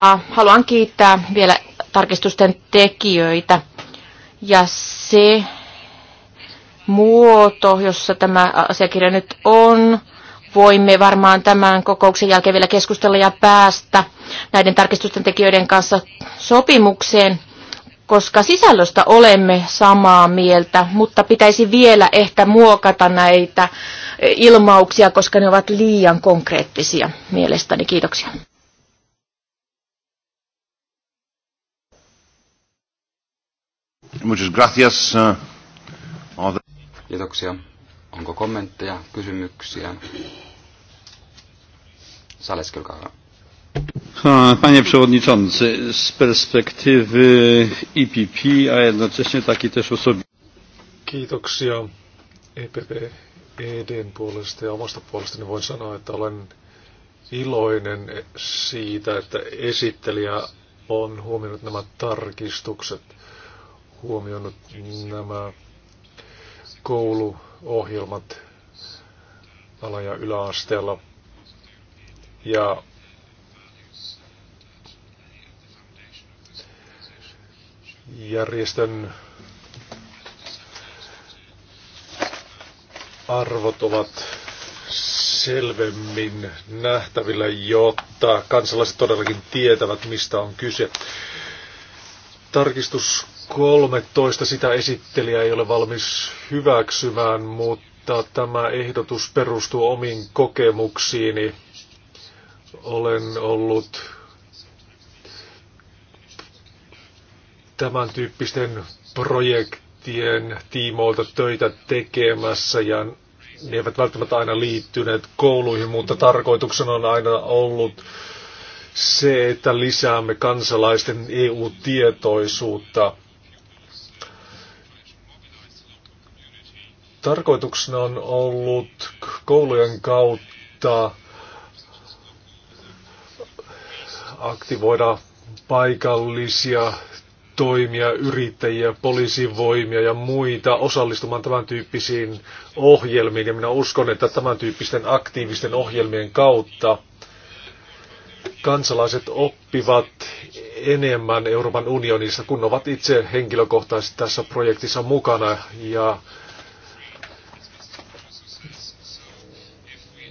Ah, haluan kiittää vielä tarkistusten tekijöitä ja se muoto, jossa tämä asiakirja nyt on, voimme varmaan tämän kokouksen jälkeen vielä keskustella ja päästä näiden tarkistusten tekijöiden kanssa sopimukseen, koska sisällöstä olemme samaa mieltä, mutta pitäisi vielä ehkä muokata näitä ilmauksia, koska ne ovat liian konkreettisia mielestäni. Kiitoksia. Muchas gracias. Kiitoksia. Onko kommentteja, kysymyksiä? Saleskelkaa. Panie Przewodniczący, z perspektywy IPP, e a jednocześnie taki też osobisty. Kiitoksia EPP EDn puolesta ja omasta puolestani voin sanoa, että olen iloinen siitä, että esittelijä on huomioinut nämä tarkistukset huomioinut nämä kouluohjelmat ala- ja yläasteella. Ja järjestön arvot ovat selvemmin nähtävillä, jotta kansalaiset todellakin tietävät, mistä on kyse. Tarkistus 13 sitä esittelijä ei ole valmis hyväksymään, mutta tämä ehdotus perustuu omiin kokemuksiini. Olen ollut tämän tyyppisten projektien tiimoilta töitä tekemässä ja ne eivät välttämättä aina liittyneet kouluihin, mutta tarkoituksena on aina ollut se, että lisäämme kansalaisten EU-tietoisuutta – Tarkoituksena on ollut koulujen kautta aktivoida paikallisia toimia, yrittäjiä, poliisivoimia ja muita osallistumaan tämän tyyppisiin ohjelmiin. Ja minä uskon, että tämän tyyppisten aktiivisten ohjelmien kautta kansalaiset oppivat enemmän Euroopan unionissa, kun ovat itse henkilökohtaisesti tässä projektissa mukana ja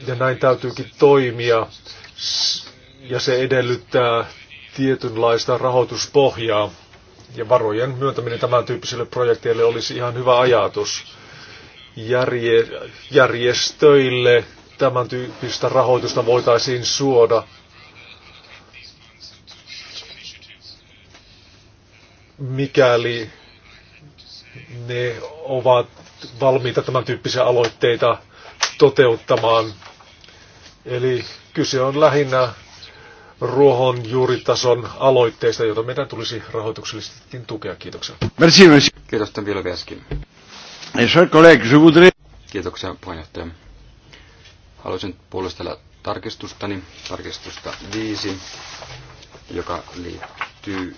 ja näin täytyykin toimia ja se edellyttää tietynlaista rahoituspohjaa ja varojen myöntäminen tämän tyyppisille projekteille olisi ihan hyvä ajatus. Järje, järjestöille tämän tyyppistä rahoitusta voitaisiin suoda mikäli ne ovat valmiita tämän tyyppisiä aloitteita toteuttamaan Eli kyse on lähinnä ruohonjuuritason aloitteista, joita meidän tulisi rahoituksellisestikin tukea. Kiitoksia. Merci, merci. Kiitos tämän vielä Veskin. Kiitoksia puheenjohtaja. Haluaisin puolustella tarkistustani, tarkistusta 5, joka liittyy,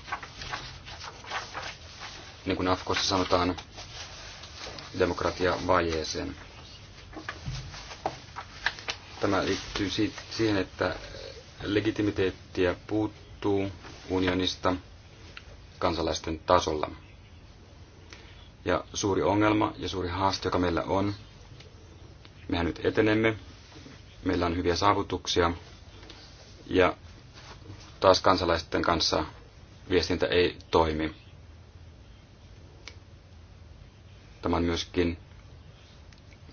niin kuin Afkossa sanotaan, demokratiavajeeseen. vajeeseen. Tämä liittyy siihen, että legitimiteettiä puuttuu unionista kansalaisten tasolla. Ja suuri ongelma ja suuri haaste, joka meillä on, mehän nyt etenemme, meillä on hyviä saavutuksia, ja taas kansalaisten kanssa viestintä ei toimi. Tämä on myöskin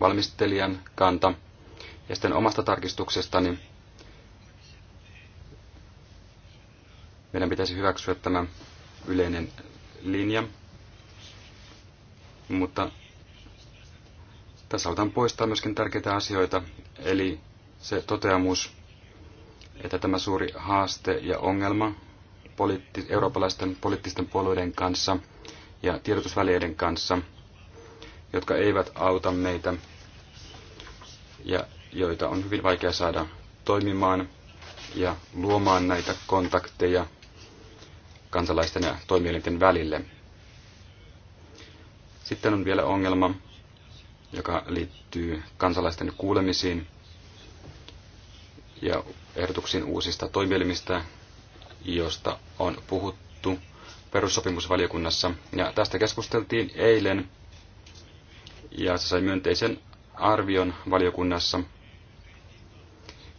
valmistelijan kanta – ja sitten omasta tarkistuksestani meidän pitäisi hyväksyä tämä yleinen linja, mutta tässä otan poistaa myöskin tärkeitä asioita, eli se toteamus, että tämä suuri haaste ja ongelma poliitti, eurooppalaisten poliittisten puolueiden kanssa ja tiedotusvälineiden kanssa, jotka eivät auta meitä ja joita on hyvin vaikea saada toimimaan ja luomaan näitä kontakteja kansalaisten ja toimielinten välille. Sitten on vielä ongelma, joka liittyy kansalaisten kuulemisiin ja ehdotuksiin uusista toimielimistä, josta on puhuttu perussopimusvaliokunnassa. Ja tästä keskusteltiin eilen ja se sai myönteisen arvion valiokunnassa –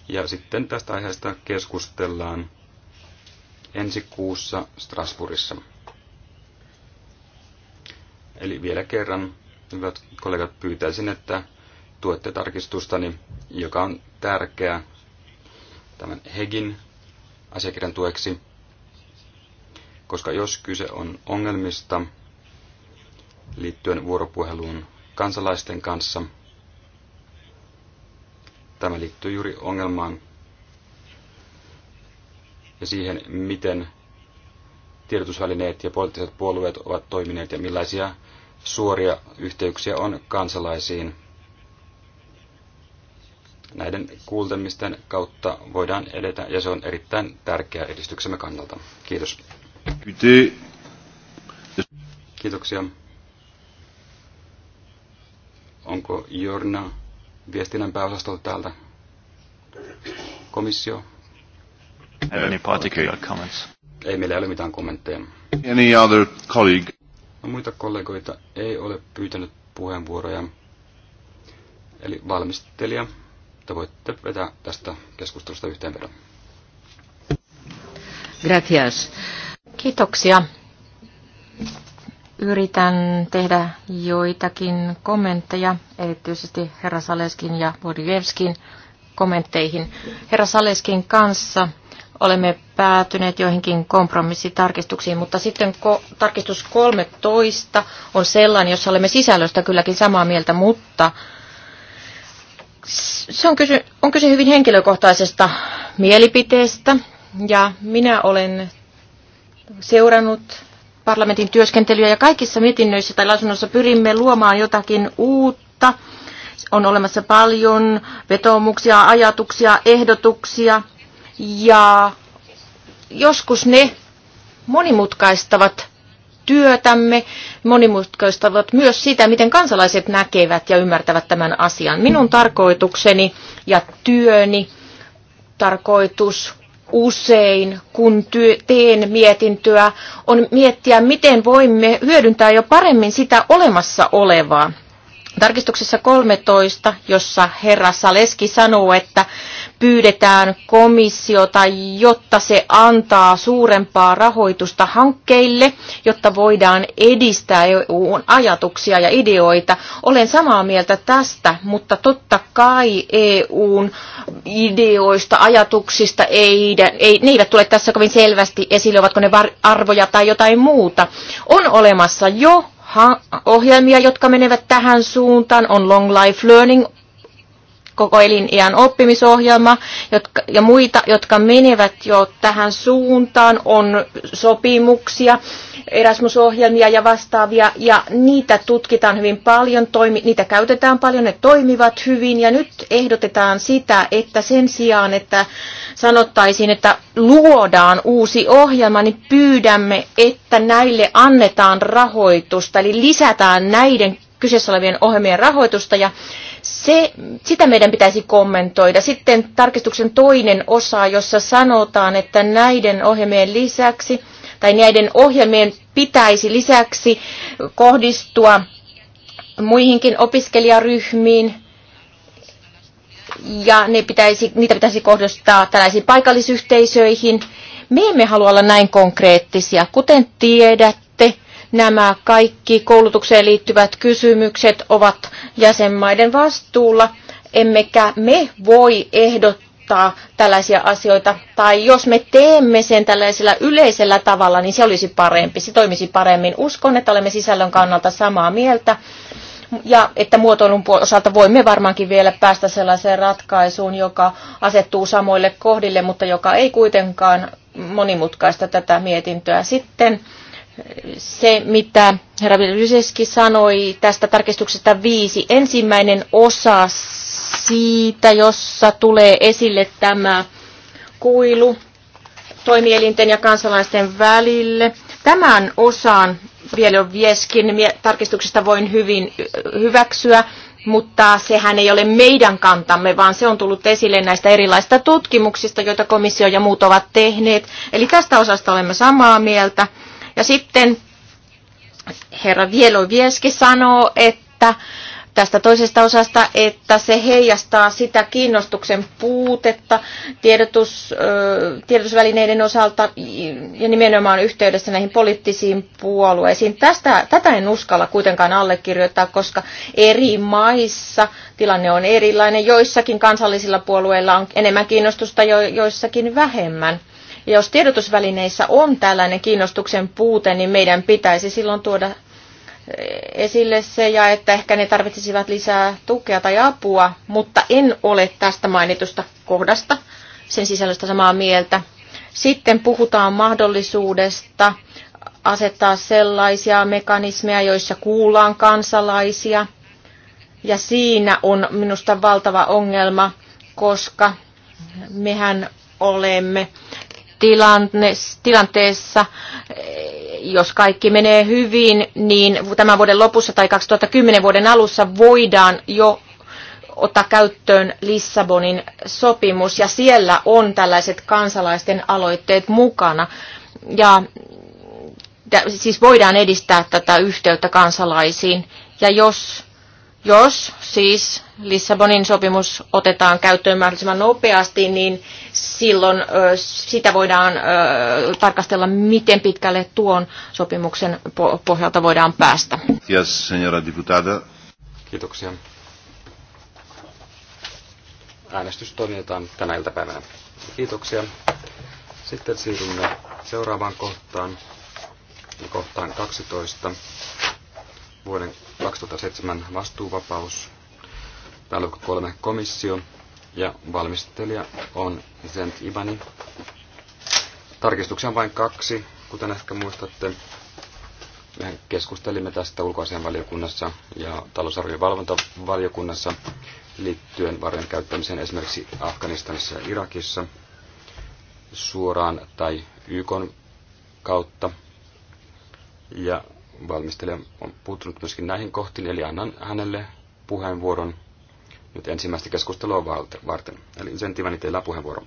ja sitten tästä aiheesta keskustellaan ensi kuussa Strasbourgissa. Eli vielä kerran, hyvät kollegat, pyytäisin, että tuette tarkistustani, joka on tärkeä tämän Hegin asiakirjan tueksi, koska jos kyse on ongelmista liittyen vuoropuheluun kansalaisten kanssa – Tämä liittyy juuri ongelmaan ja siihen, miten tiedotusvälineet ja poliittiset puolueet ovat toimineet ja millaisia suoria yhteyksiä on kansalaisiin. Näiden kuultemisten kautta voidaan edetä ja se on erittäin tärkeää edistyksemme kannalta. Kiitos. Kiitoksia. Onko Jorna viestinnän pääosastolta täältä. Komissio. any particular comments? Ei meillä ole mitään kommentteja. Any other colleague? No, muita kollegoita ei ole pyytänyt puheenvuoroja. Eli valmistelija, te voitte vetää tästä keskustelusta yhteenvedon. Gracias. Kiitoksia. Yritän tehdä joitakin kommentteja, erityisesti herra Saleskin ja Bodjevskin kommentteihin. Herra Saleskin kanssa olemme päätyneet joihinkin kompromissitarkistuksiin, mutta sitten ko- tarkistus 13 on sellainen, jossa olemme sisällöstä kylläkin samaa mieltä, mutta se on kyse, on kyse hyvin henkilökohtaisesta mielipiteestä ja minä olen seurannut parlamentin työskentelyä ja kaikissa mietinnöissä tai lausunnoissa pyrimme luomaan jotakin uutta. On olemassa paljon vetoomuksia, ajatuksia, ehdotuksia ja joskus ne monimutkaistavat työtämme, monimutkaistavat myös sitä, miten kansalaiset näkevät ja ymmärtävät tämän asian. Minun tarkoitukseni ja työni tarkoitus usein, kun työ, teen mietintöä, on miettiä, miten voimme hyödyntää jo paremmin sitä olemassa olevaa. Tarkistuksessa 13, jossa herra Saleski sanoo, että pyydetään komissiota, jotta se antaa suurempaa rahoitusta hankkeille, jotta voidaan edistää EUn ajatuksia ja ideoita. Olen samaa mieltä tästä, mutta totta kai EUn ideoista, ajatuksista, ei, ei, ne eivät tule tässä kovin selvästi esille, ovatko ne arvoja tai jotain muuta. On olemassa jo ohjelmia, jotka menevät tähän suuntaan, on Long Life Learning koko eliniän oppimisohjelma jotka, ja muita, jotka menevät jo tähän suuntaan, on sopimuksia, Erasmus-ohjelmia ja vastaavia, ja niitä tutkitaan hyvin paljon, toimi, niitä käytetään paljon, ne toimivat hyvin, ja nyt ehdotetaan sitä, että sen sijaan, että sanottaisiin, että luodaan uusi ohjelma, niin pyydämme, että näille annetaan rahoitusta, eli lisätään näiden kyseessä olevien ohjelmien rahoitusta ja se, sitä meidän pitäisi kommentoida. Sitten tarkistuksen toinen osa, jossa sanotaan, että näiden ohjelmien lisäksi tai näiden ohjelmien pitäisi lisäksi kohdistua muihinkin opiskelijaryhmiin ja ne pitäisi, niitä pitäisi kohdistaa tällaisiin paikallisyhteisöihin. Me emme halua olla näin konkreettisia. Kuten tiedät, Nämä kaikki koulutukseen liittyvät kysymykset ovat jäsenmaiden vastuulla, emmekä me voi ehdottaa tällaisia asioita. Tai jos me teemme sen tällaisella yleisellä tavalla, niin se olisi parempi, se toimisi paremmin. Uskon, että olemme sisällön kannalta samaa mieltä ja että muotoilun osalta voimme varmaankin vielä päästä sellaiseen ratkaisuun, joka asettuu samoille kohdille, mutta joka ei kuitenkaan monimutkaista tätä mietintöä. Sitten se, mitä herra Viljuseski sanoi tästä tarkistuksesta viisi, ensimmäinen osa siitä, jossa tulee esille tämä kuilu toimielinten ja kansalaisten välille. Tämän osan vielä vieskin tarkistuksesta voin hyvin hyväksyä, mutta sehän ei ole meidän kantamme, vaan se on tullut esille näistä erilaisista tutkimuksista, joita komissio ja muut ovat tehneet. Eli tästä osasta olemme samaa mieltä. Ja sitten herra Vielovieski sanoo, että tästä toisesta osasta, että se heijastaa sitä kiinnostuksen puutetta tiedotus, tiedotusvälineiden osalta ja nimenomaan yhteydessä näihin poliittisiin puolueisiin. Tästä, tätä en uskalla kuitenkaan allekirjoittaa, koska eri maissa tilanne on erilainen. Joissakin kansallisilla puolueilla on enemmän kiinnostusta, jo, joissakin vähemmän. Ja jos tiedotusvälineissä on tällainen kiinnostuksen puute, niin meidän pitäisi silloin tuoda eh, esille se ja että ehkä ne tarvitsisivat lisää tukea tai apua, mutta en ole tästä mainitusta kohdasta sen sisällöstä samaa mieltä. Sitten puhutaan mahdollisuudesta asettaa sellaisia mekanismeja, joissa kuullaan kansalaisia. Ja siinä on minusta valtava ongelma, koska mehän olemme tilanne, tilanteessa, eh, jos kaikki menee hyvin, niin tämän vuoden lopussa tai 2010 vuoden alussa voidaan jo ottaa käyttöön Lissabonin sopimus, ja siellä on tällaiset kansalaisten aloitteet mukana. Ja siis voidaan edistää tätä yhteyttä kansalaisiin, ja jos jos siis Lissabonin sopimus otetaan käyttöön mahdollisimman nopeasti, niin silloin sitä voidaan tarkastella, miten pitkälle tuon sopimuksen pohjalta voidaan päästä. Kiitoksia. Äänestys toimitetaan tänä iltapäivänä. Kiitoksia. Sitten siirrymme seuraavaan kohtaan, kohtaan 12 vuoden 2007 vastuuvapaus, pääluokka 3 komissio ja valmistelija on Zent Ibani. Tarkistuksia on vain kaksi, kuten ehkä muistatte. Me keskustelimme tästä ulkoasianvaliokunnassa ja talousarvion valvontavaliokunnassa liittyen varojen käyttämiseen esimerkiksi Afganistanissa ja Irakissa suoraan tai YK kautta. Ja valmistelija on puuttunut myöskin näihin kohtiin, eli annan hänelle puheenvuoron nyt ensimmäistä keskustelua varten. Eli Sentivani, niin teillä puheenvuoro.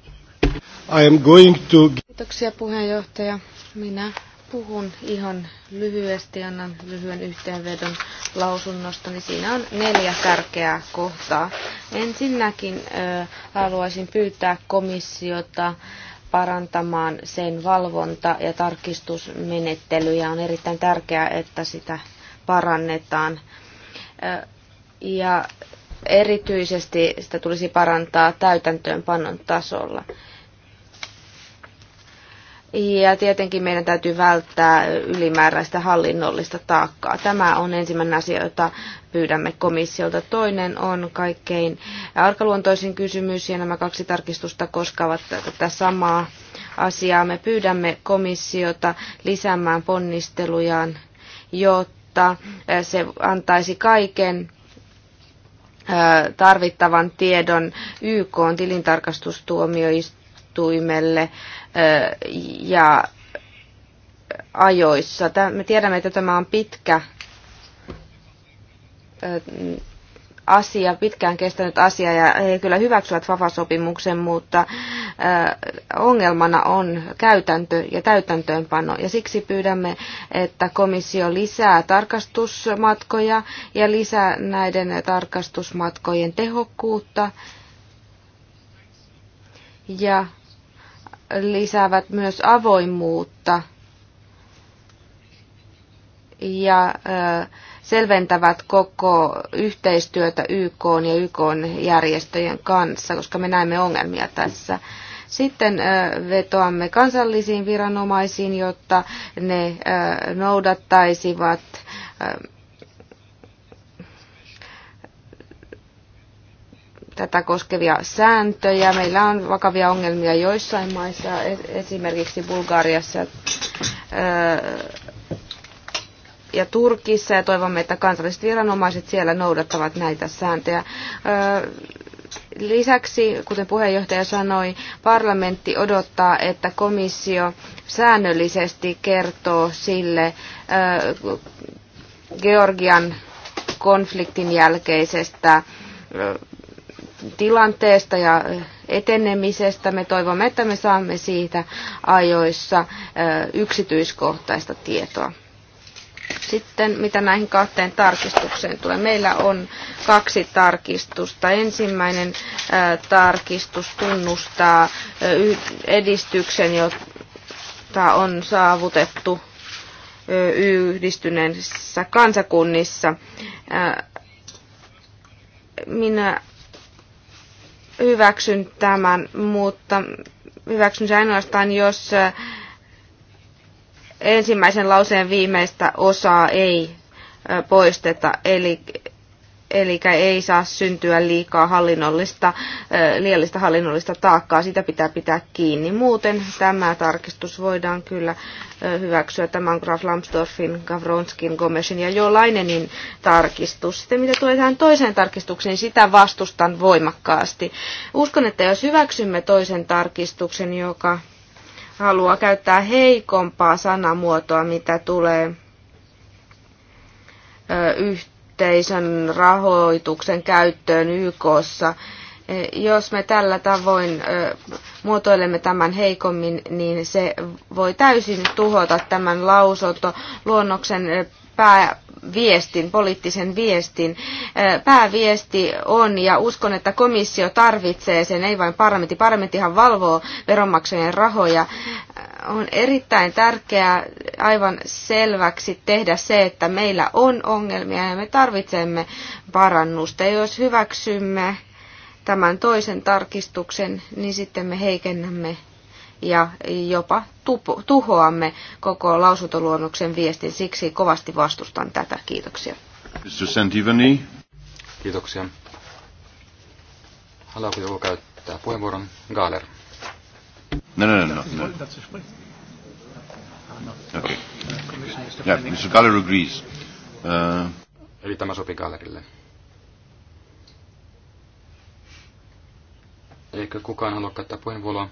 I am going to... Kiitoksia puheenjohtaja. Minä puhun ihan lyhyesti, annan lyhyen yhteenvedon lausunnosta, niin siinä on neljä tärkeää kohtaa. Ensinnäkin ö, haluaisin pyytää komissiota parantamaan sen valvonta- ja tarkistusmenettelyjä. On erittäin tärkeää, että sitä parannetaan. Ja erityisesti sitä tulisi parantaa täytäntöönpanon tasolla. Ja tietenkin meidän täytyy välttää ylimääräistä hallinnollista taakkaa. Tämä on ensimmäinen asia, jota pyydämme komissiolta. Toinen on kaikkein arkaluontoisin kysymys, ja nämä kaksi tarkistusta koskevat tätä samaa asiaa. Me pyydämme komissiota lisäämään ponnistelujaan, jotta se antaisi kaiken tarvittavan tiedon YK tilintarkastustuomioistuimelle ja ajoissa. Me tiedämme, että tämä on pitkä asia, pitkään kestänyt asia ja he kyllä hyväksyvät FAFA-sopimuksen, mutta ongelmana on käytäntö ja täytäntöönpano ja siksi pyydämme, että komissio lisää tarkastusmatkoja ja lisää näiden tarkastusmatkojen tehokkuutta ja lisäävät myös avoimuutta ja selventävät koko yhteistyötä YK ja YK järjestöjen kanssa, koska me näemme ongelmia tässä. Sitten vetoamme kansallisiin viranomaisiin, jotta ne noudattaisivat tätä koskevia sääntöjä. Meillä on vakavia ongelmia joissain maissa, esimerkiksi Bulgariassa ja Turkissa, ja toivomme, että kansalliset viranomaiset siellä noudattavat näitä sääntöjä. Lisäksi, kuten puheenjohtaja sanoi, parlamentti odottaa, että komissio säännöllisesti kertoo sille Georgian konfliktin jälkeisestä tilanteesta ja etenemisestä. Me toivomme, että me saamme siitä ajoissa yksityiskohtaista tietoa. Sitten mitä näihin kahteen tarkistukseen tulee. Meillä on kaksi tarkistusta. Ensimmäinen tarkistus tunnustaa edistyksen, jota on saavutettu yhdistyneissä kansakunnissa. Minä hyväksyn tämän, mutta hyväksyn sen ainoastaan, jos äh, ensimmäisen lauseen viimeistä osaa ei äh, poisteta, eli Eli ei saa syntyä liikaa hallinnollista, liiallista hallinnollista taakkaa, sitä pitää pitää kiinni. Muuten tämä tarkistus voidaan kyllä hyväksyä tämän Graf Lambsdorffin, Gavronskin, Gomesin ja Lainenin tarkistus. Sitten mitä tulee tähän toiseen tarkistukseen, sitä vastustan voimakkaasti. Uskon, että jos hyväksymme toisen tarkistuksen, joka haluaa käyttää heikompaa sanamuotoa, mitä tulee yhteen, yhteisön rahoituksen käyttöön YKssa. E, jos me tällä tavoin muotoilemme tämän heikommin, niin se voi täysin tuhota tämän lausunto luonnoksen pääviestin, poliittisen viestin. Pääviesti on, ja uskon, että komissio tarvitsee sen, ei vain parlamentti. Parlamenttihan valvoo veronmaksajien rahoja. On erittäin tärkeää aivan selväksi tehdä se, että meillä on ongelmia ja me tarvitsemme parannusta. Ja jos hyväksymme tämän toisen tarkistuksen, niin sitten me heikennämme ja jopa tupo, tuhoamme koko lausuntoluonnoksen viestin. Siksi kovasti vastustan tätä. Kiitoksia. Mr. Kiitoksia. Haluaako joku käyttää puheenvuoron? Gaaler. No, no, no, no. no. Okay. Yeah, Mr. Gaaler agrees. Uh... Eli tämä sopii Gaalerille. Eikö kukaan halua käyttää puheenvuoroa?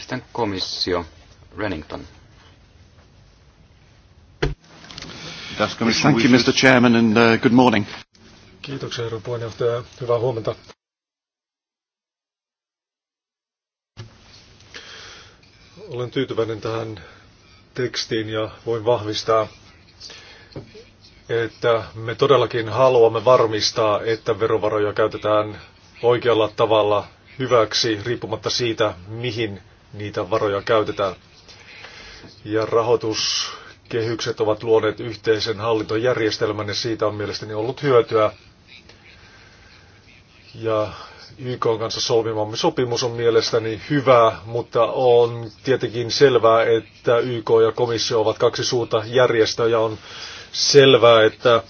sitten komissio, Rennington. Thank you, Mr. Chairman, and uh, good morning. Kiitoksia, herra puheenjohtaja. Hyvää huomenta. Olen tyytyväinen tähän tekstiin ja voin vahvistaa, että me todellakin haluamme varmistaa, että verovaroja käytetään oikealla tavalla hyväksi, riippumatta siitä, mihin niitä varoja käytetään. Ja rahoituskehykset ovat luoneet yhteisen hallintojärjestelmän ja siitä on mielestäni ollut hyötyä. Ja YK kanssa solmimamme sopimus on mielestäni hyvä, mutta on tietenkin selvää, että YK ja komissio ovat kaksi suurta järjestöä ja on selvää, että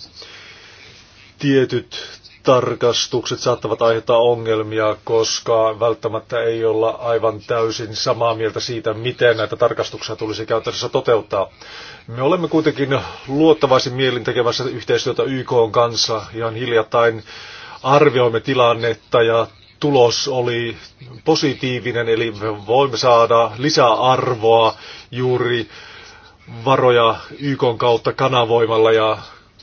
tietyt tarkastukset saattavat aiheuttaa ongelmia, koska välttämättä ei olla aivan täysin samaa mieltä siitä, miten näitä tarkastuksia tulisi käytännössä toteuttaa. Me olemme kuitenkin luottavaisin mielin tekemässä yhteistyötä YK kanssa. Ihan hiljattain arvioimme tilannetta ja tulos oli positiivinen, eli me voimme saada lisää arvoa juuri varoja YK kautta kanavoimalla ja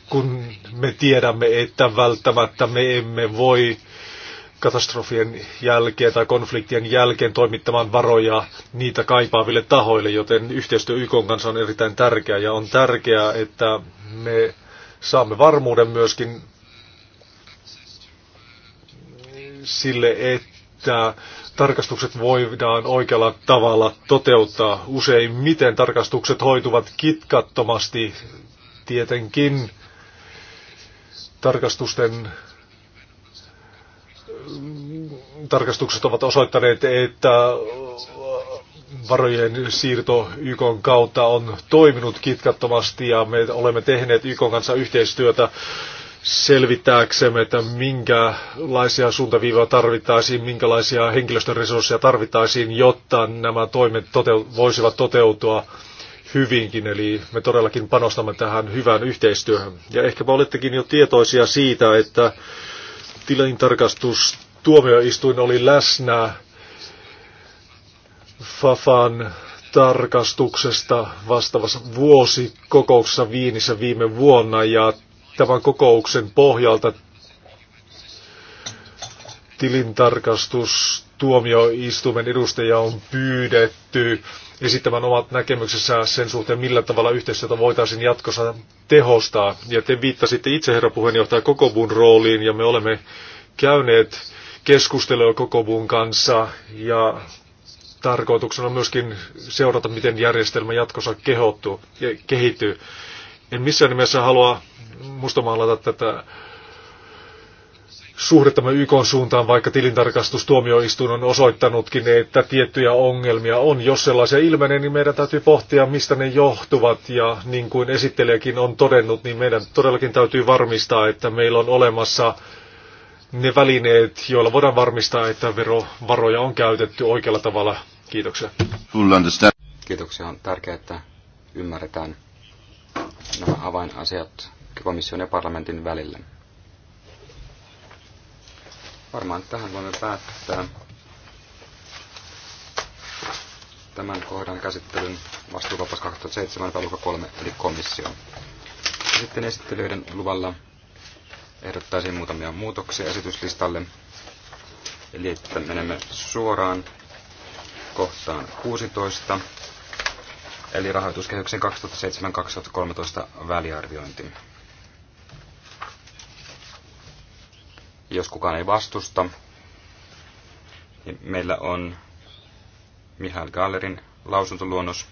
kun me tiedämme, että välttämättä me emme voi katastrofien jälkeen tai konfliktien jälkeen toimittamaan varoja niitä kaipaaville tahoille, joten yhteistyö YK kanssa on erittäin tärkeää ja on tärkeää, että me saamme varmuuden myöskin sille, että tarkastukset voidaan oikealla tavalla toteuttaa. Useimmiten tarkastukset hoituvat kitkattomasti tietenkin tarkastusten tarkastukset ovat osoittaneet, että varojen siirto YK kautta on toiminut kitkattomasti ja me olemme tehneet YK kanssa yhteistyötä selvittääksemme, että minkälaisia suuntaviivoja tarvittaisiin, minkälaisia henkilöstöresursseja tarvittaisiin, jotta nämä toimet toteu- voisivat toteutua hyvinkin, eli me todellakin panostamme tähän hyvään yhteistyöhön. Ja ehkäpä olettekin jo tietoisia siitä, että tilintarkastus tuomioistuin oli läsnä Fafan tarkastuksesta vastaavassa vuosikokouksessa Viinissä viime vuonna ja tämän kokouksen pohjalta tilintarkastus tuomioistuimen edustaja on pyydetty esittämään omat näkemyksensä sen suhteen, millä tavalla yhteistyötä voitaisiin jatkossa tehostaa. Ja te viittasitte itse, herra puheenjohtaja, Kokobun rooliin, ja me olemme käyneet keskustelua Kokobun kanssa, ja tarkoituksena on myöskin seurata, miten järjestelmä jatkossa kehottuu, kehittyy. En missään nimessä halua mustamaalata tätä suhdettamme YK suuntaan, vaikka tilintarkastustuomioistuin on osoittanutkin, että tiettyjä ongelmia on. Jos sellaisia ilmenee, niin meidän täytyy pohtia, mistä ne johtuvat. Ja niin kuin esittelijäkin on todennut, niin meidän todellakin täytyy varmistaa, että meillä on olemassa ne välineet, joilla voidaan varmistaa, että verovaroja on käytetty oikealla tavalla. Kiitoksia. Kiitoksia. On tärkeää, että ymmärretään nämä avainasiat komission ja parlamentin välillä. Varmaan tähän voimme päättää tämän kohdan käsittelyn vastuuvapas 2007 pääluokka 3 eli komissio. Sitten esittelyiden luvalla ehdottaisin muutamia muutoksia esityslistalle. Eli että menemme suoraan kohtaan 16, eli rahoituskehyksen 2007-2013 väliarviointiin. Jos kukaan ei vastusta, niin meillä on Mihail Gallerin lausuntoluonnos.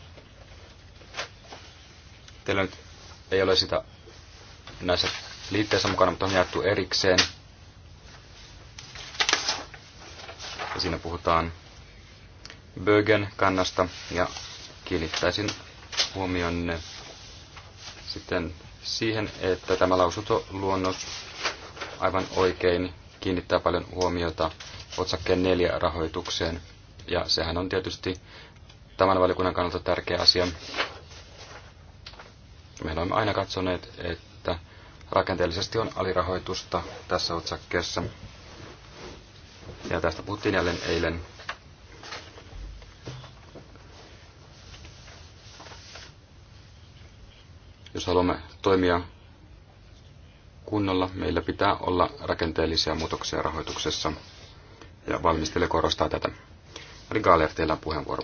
Teillä nyt ei ole sitä näissä liitteissä mukana, mutta on jaettu erikseen. Ja siinä puhutaan Bögen kannasta ja kiinnittäisin huomionne sitten siihen, että tämä lausuntoluonnos aivan oikein kiinnittää paljon huomiota otsakkeen neljä rahoitukseen. Ja sehän on tietysti tämän valikunnan kannalta tärkeä asia. Me olemme aina katsoneet, että rakenteellisesti on alirahoitusta tässä otsakkeessa. Ja tästä puhuttiin jälleen eilen. Jos haluamme toimia kunnolla. Meillä pitää olla rakenteellisia muutoksia rahoituksessa. Ja valmistele korostaa tätä. Rigaaleer, teillä on puheenvuoro.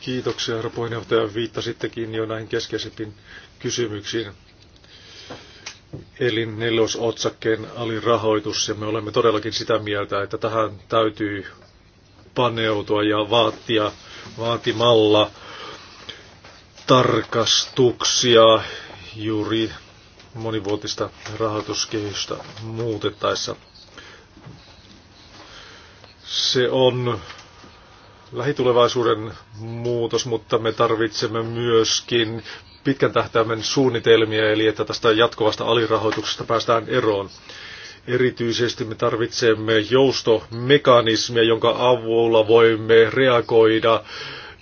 Kiitoksia, herra puheenjohtaja. Viittasittekin jo näihin keskeisimpiin kysymyksiin. Eli nelosotsakkeen alirahoitus, ja me olemme todellakin sitä mieltä, että tähän täytyy paneutua ja vaatia vaatimalla tarkastuksia juuri monivuotista rahoituskehystä muutettaessa. Se on lähitulevaisuuden muutos, mutta me tarvitsemme myöskin pitkän tähtäimen suunnitelmia, eli että tästä jatkuvasta alirahoituksesta päästään eroon. Erityisesti me tarvitsemme joustomekanismia, jonka avulla voimme reagoida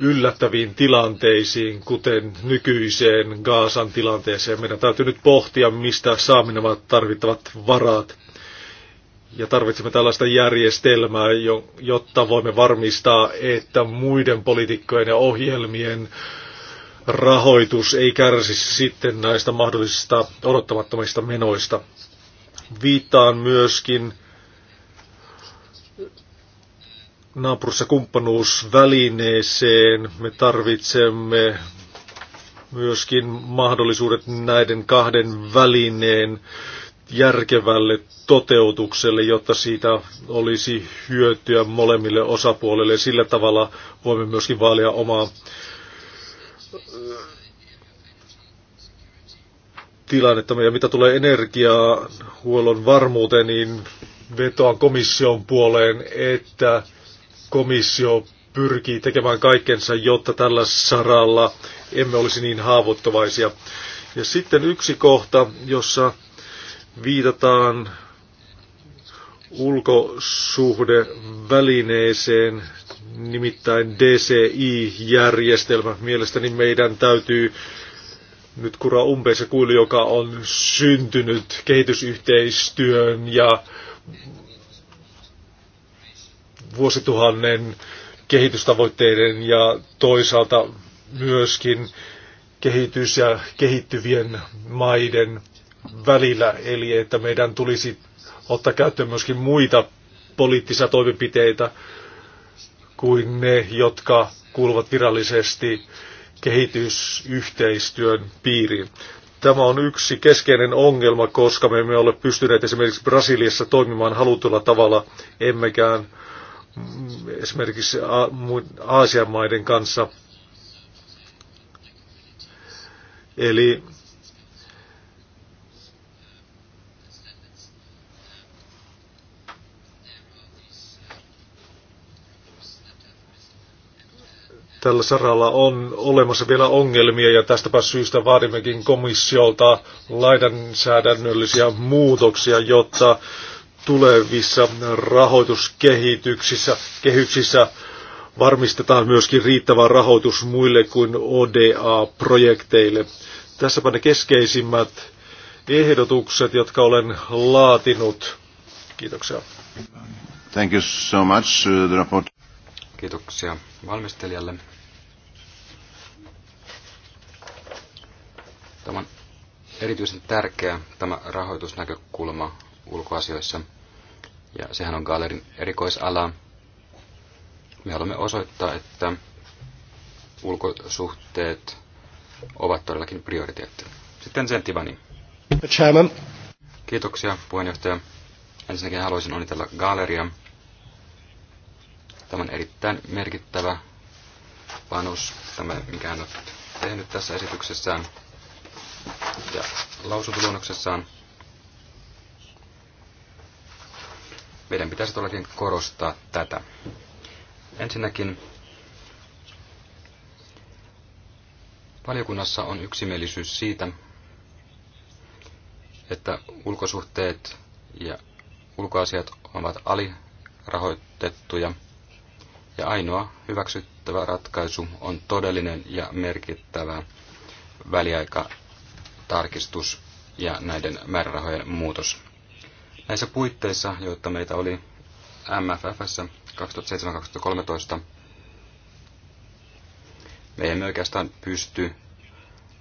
yllättäviin tilanteisiin, kuten nykyiseen Gaasan tilanteeseen. Meidän täytyy nyt pohtia, mistä saamme nämä tarvittavat varat. Ja tarvitsemme tällaista järjestelmää, jotta voimme varmistaa, että muiden poliitikkojen ja ohjelmien rahoitus ei kärsisi sitten näistä mahdollisista odottamattomista menoista. Viittaan myöskin naapurissa kumppanuusvälineeseen. Me tarvitsemme myöskin mahdollisuudet näiden kahden välineen järkevälle toteutukselle, jotta siitä olisi hyötyä molemmille osapuolille. Sillä tavalla voimme myöskin vaalia omaa äh, tilannetta. Ja mitä tulee energiahuollon varmuuteen, niin vetoan komission puoleen, että komissio pyrkii tekemään kaikkensa, jotta tällä saralla emme olisi niin haavoittuvaisia. Ja sitten yksi kohta, jossa viitataan ulkosuhdevälineeseen, nimittäin DCI-järjestelmä. Mielestäni meidän täytyy nyt kuraa umpeessa se joka on syntynyt kehitysyhteistyön ja vuosituhannen kehitystavoitteiden ja toisaalta myöskin kehitys- ja kehittyvien maiden välillä, eli että meidän tulisi ottaa käyttöön myöskin muita poliittisia toimenpiteitä kuin ne, jotka kuuluvat virallisesti kehitysyhteistyön piiriin. Tämä on yksi keskeinen ongelma, koska me emme ole pystyneet esimerkiksi Brasiliassa toimimaan halutulla tavalla, emmekään esimerkiksi Aasian maiden kanssa. Eli tällä saralla on olemassa vielä ongelmia ja tästäpä syystä vaadimmekin komissiolta lainsäädännöllisiä muutoksia, jotta tulevissa rahoituskehityksissä kehyksissä varmistetaan myöskin riittävä rahoitus muille kuin ODA-projekteille. Tässäpä ne keskeisimmät ehdotukset, jotka olen laatinut. Kiitoksia. Thank you so much, uh, the report. Kiitoksia valmistelijalle. Tämä on erityisen tärkeä tämä rahoitusnäkökulma ulkoasioissa. Ja sehän on Gallerin erikoisala. Me haluamme osoittaa, että ulkosuhteet ovat todellakin prioriteetti. Sitten sen Tivani. Kiitoksia puheenjohtaja. Ensinnäkin haluaisin onnitella Galleria. Tämä on erittäin merkittävä panos, tämä mikä hän on tehnyt tässä esityksessään ja lausuntoluonnoksessaan. Meidän pitäisi todellakin korostaa tätä. Ensinnäkin valiokunnassa on yksimielisyys siitä, että ulkosuhteet ja ulkoasiat ovat alirahoitettuja ja ainoa hyväksyttävä ratkaisu on todellinen ja merkittävä väliaikatarkistus ja näiden määrärahojen muutos. Näissä puitteissa, joita meitä oli MFFssä 2007-2013, me emme oikeastaan pysty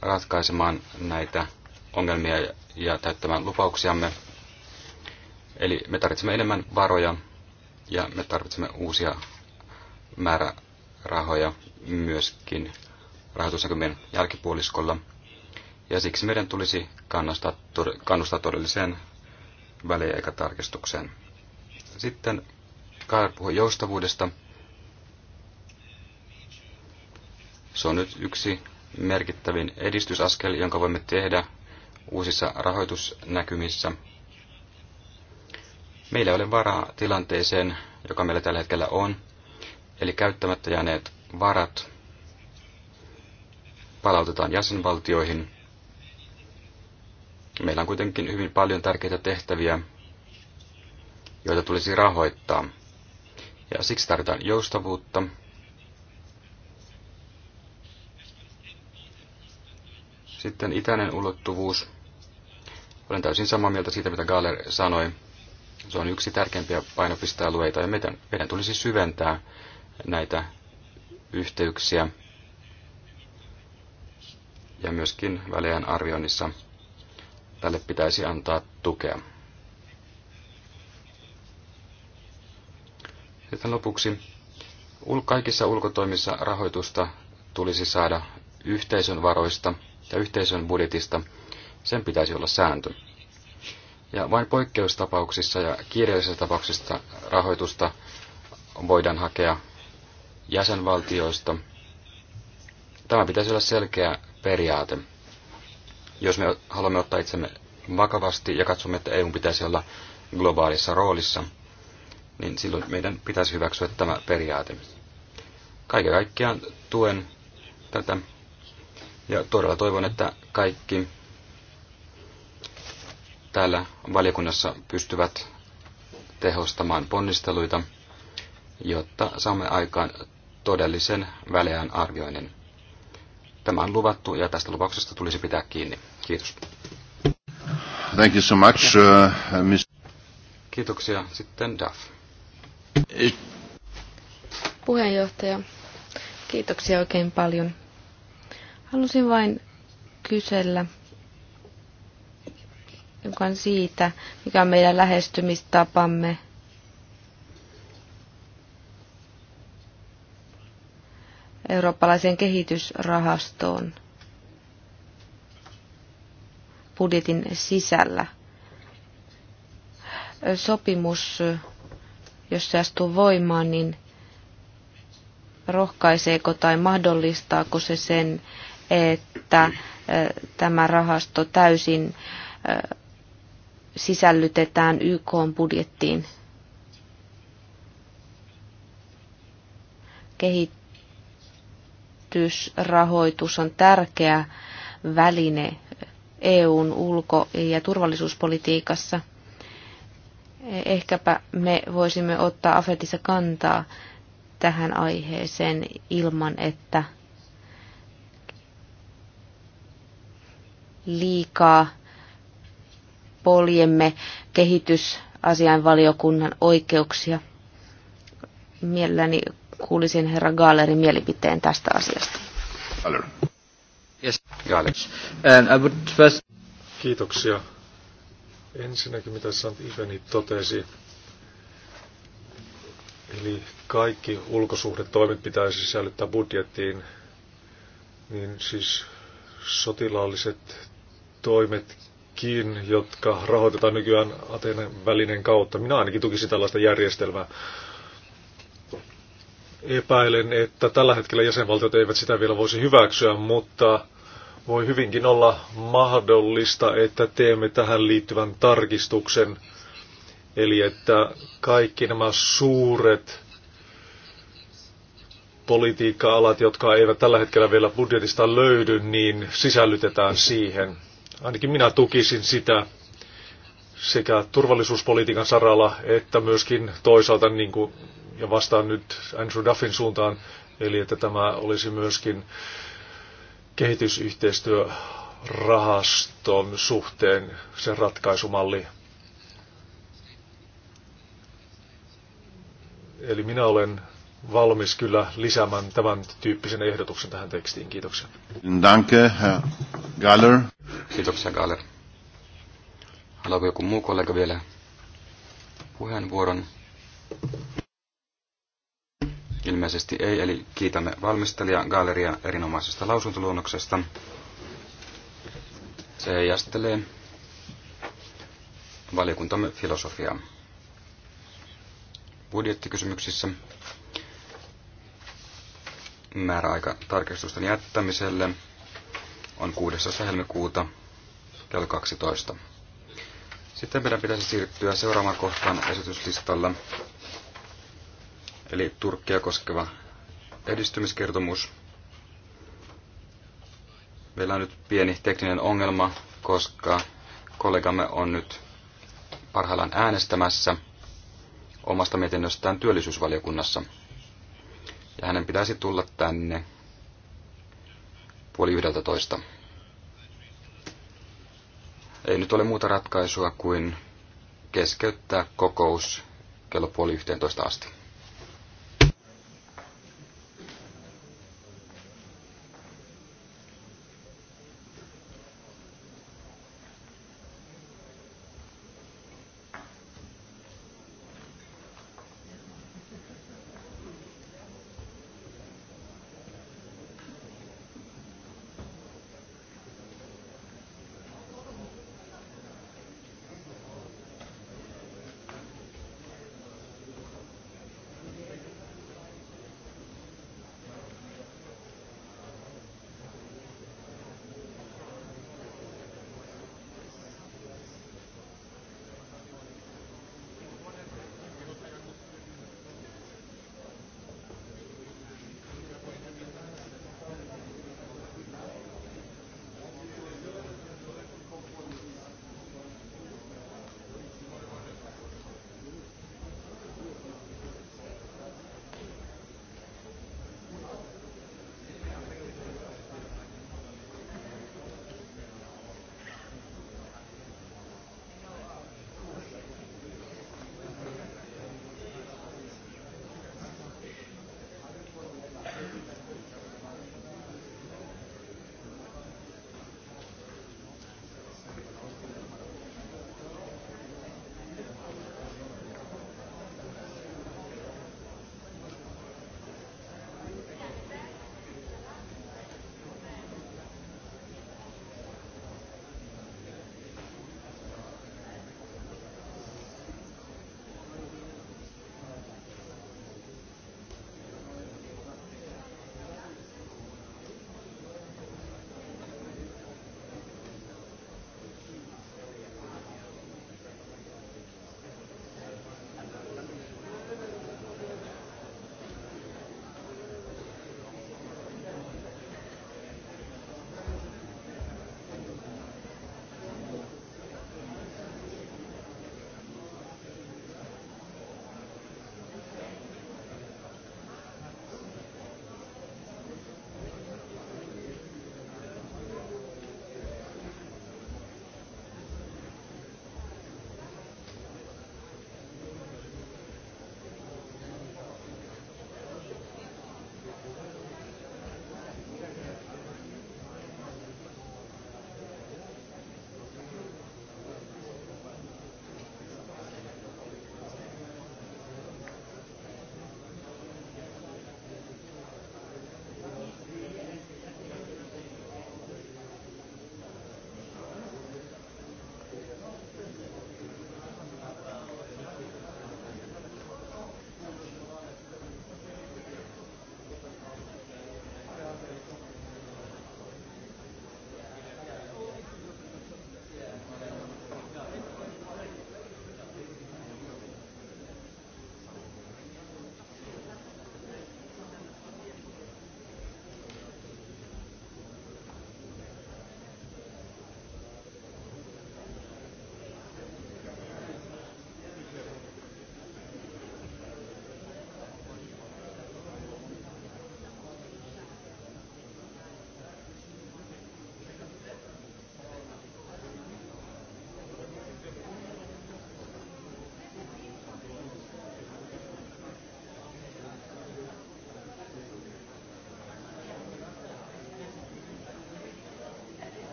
ratkaisemaan näitä ongelmia ja täyttämään lupauksiamme. Eli me tarvitsemme enemmän varoja ja me tarvitsemme uusia määrärahoja myöskin rahoitusnäkymien jälkipuoliskolla. Ja siksi meidän tulisi kannustaa todelliseen väliaikatarkistukseen. Sitten Kaar puhui joustavuudesta. Se on nyt yksi merkittävin edistysaskel, jonka voimme tehdä uusissa rahoitusnäkymissä. Meillä ei ole varaa tilanteeseen, joka meillä tällä hetkellä on, eli käyttämättä jääneet varat palautetaan jäsenvaltioihin Meillä on kuitenkin hyvin paljon tärkeitä tehtäviä, joita tulisi rahoittaa. Ja siksi tarvitaan joustavuutta. Sitten itäinen ulottuvuus. Olen täysin samaa mieltä siitä, mitä Galler sanoi. Se on yksi tärkeimpiä painopistealueita ja meidän, meidän tulisi syventää näitä yhteyksiä ja myöskin väleän arvioinnissa Tälle pitäisi antaa tukea. Sitten lopuksi. Kaikissa ulkotoimissa rahoitusta tulisi saada yhteisön varoista ja yhteisön budjetista. Sen pitäisi olla sääntö. Ja vain poikkeustapauksissa ja kiireellisissä tapauksissa rahoitusta voidaan hakea jäsenvaltioista. Tämä pitäisi olla selkeä periaate. Jos me haluamme ottaa itsemme vakavasti ja katsomme, että EU pitäisi olla globaalissa roolissa, niin silloin meidän pitäisi hyväksyä tämä periaate. Kaiken kaikkiaan tuen tätä ja todella toivon, että kaikki täällä valiokunnassa pystyvät tehostamaan ponnisteluita, jotta saamme aikaan todellisen väleän arvioinnin. Tämä on luvattu ja tästä lupauksesta tulisi pitää kiinni. Kiitos. Thank you so much, uh, Kiitoksia. Sitten Duff. Puheenjohtaja, kiitoksia oikein paljon. Halusin vain kysellä on siitä, mikä on meidän lähestymistapamme eurooppalaiseen kehitysrahastoon budjetin sisällä. Sopimus, jos se astuu voimaan, niin rohkaiseeko tai mahdollistaako se sen, että äh, tämä rahasto täysin äh, sisällytetään YK budjettiin? Kehitysrahoitus on tärkeä väline EUn ulko- ja turvallisuuspolitiikassa. Ehkäpä me voisimme ottaa Afetissa kantaa tähän aiheeseen ilman, että liikaa poljemme kehitysasianvaliokunnan oikeuksia. Mielelläni kuulisin herra Gaalerin mielipiteen tästä asiasta. Hello. First... Kiitoksia. Ensinnäkin mitä Sant Iveni totesi, eli kaikki ulkosuhdetoimet pitäisi sisällyttää budjettiin, niin siis sotilaalliset toimetkin, jotka rahoitetaan nykyään Atenan välinen kautta. Minä ainakin tukisin tällaista järjestelmää. Epäilen, että tällä hetkellä jäsenvaltiot eivät sitä vielä voisi hyväksyä, mutta voi hyvinkin olla mahdollista, että teemme tähän liittyvän tarkistuksen, eli että kaikki nämä suuret politiikka-alat, jotka eivät tällä hetkellä vielä budjetista löydy, niin sisällytetään siihen. Ainakin minä tukisin sitä sekä turvallisuuspolitiikan saralla että myöskin toisaalta, niin kuin, ja vastaan nyt Andrew Duffin suuntaan, eli että tämä olisi myöskin kehitysyhteistyörahaston suhteen, sen ratkaisumalli. Eli minä olen valmis kyllä lisäämään tämän tyyppisen ehdotuksen tähän tekstiin. Kiitoksia. Danke, Herr Galler. Kiitoksia, Galler. Haluaako joku muu kollega vielä puheenvuoron? Ilmeisesti ei, eli kiitämme valmistelija Galleria erinomaisesta lausuntoluonnoksesta. Se heijastelee valiokuntamme filosofiaa. Budjettikysymyksissä määräaika tarkistusten jättämiselle on 6. helmikuuta kello 12. Sitten meidän pitäisi siirtyä seuraavaan kohtaan esityslistalla, eli Turkkia koskeva edistymiskertomus. Meillä on nyt pieni tekninen ongelma, koska kollegamme on nyt parhaillaan äänestämässä omasta mietinnöstään työllisyysvaliokunnassa. Ja hänen pitäisi tulla tänne puoli yhdeltä toista. Ei nyt ole muuta ratkaisua kuin keskeyttää kokous kello puoli yhteentoista asti.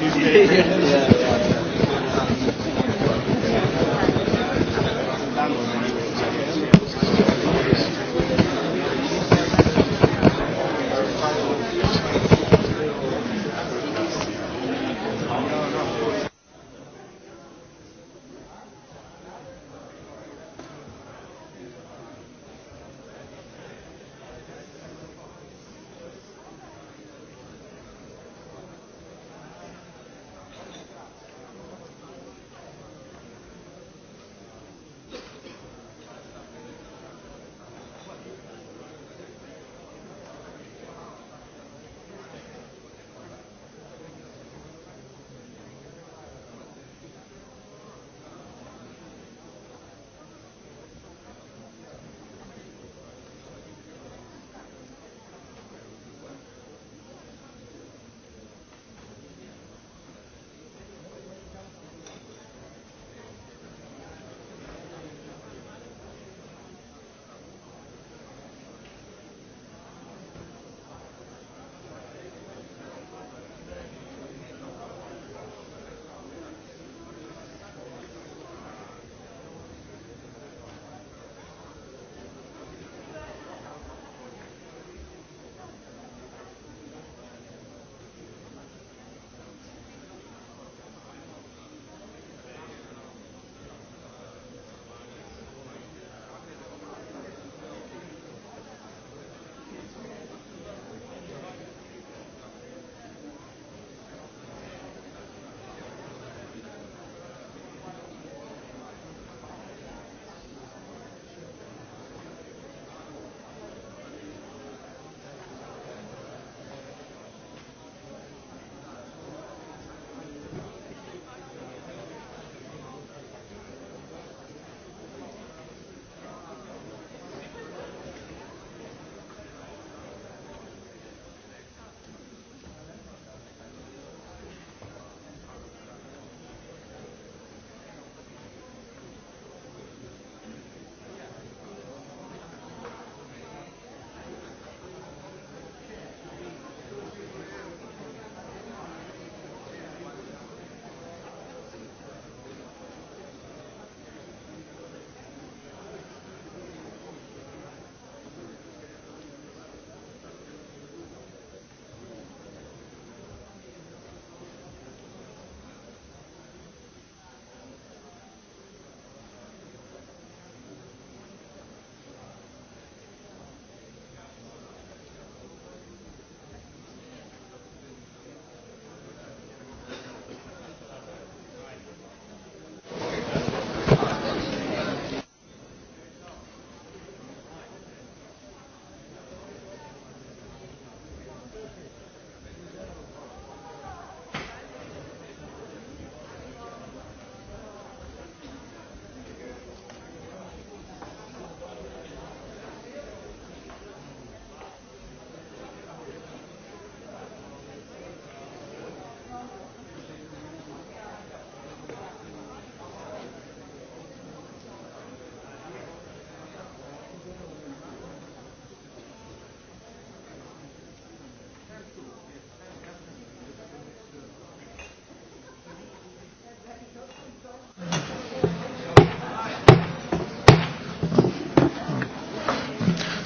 yeah.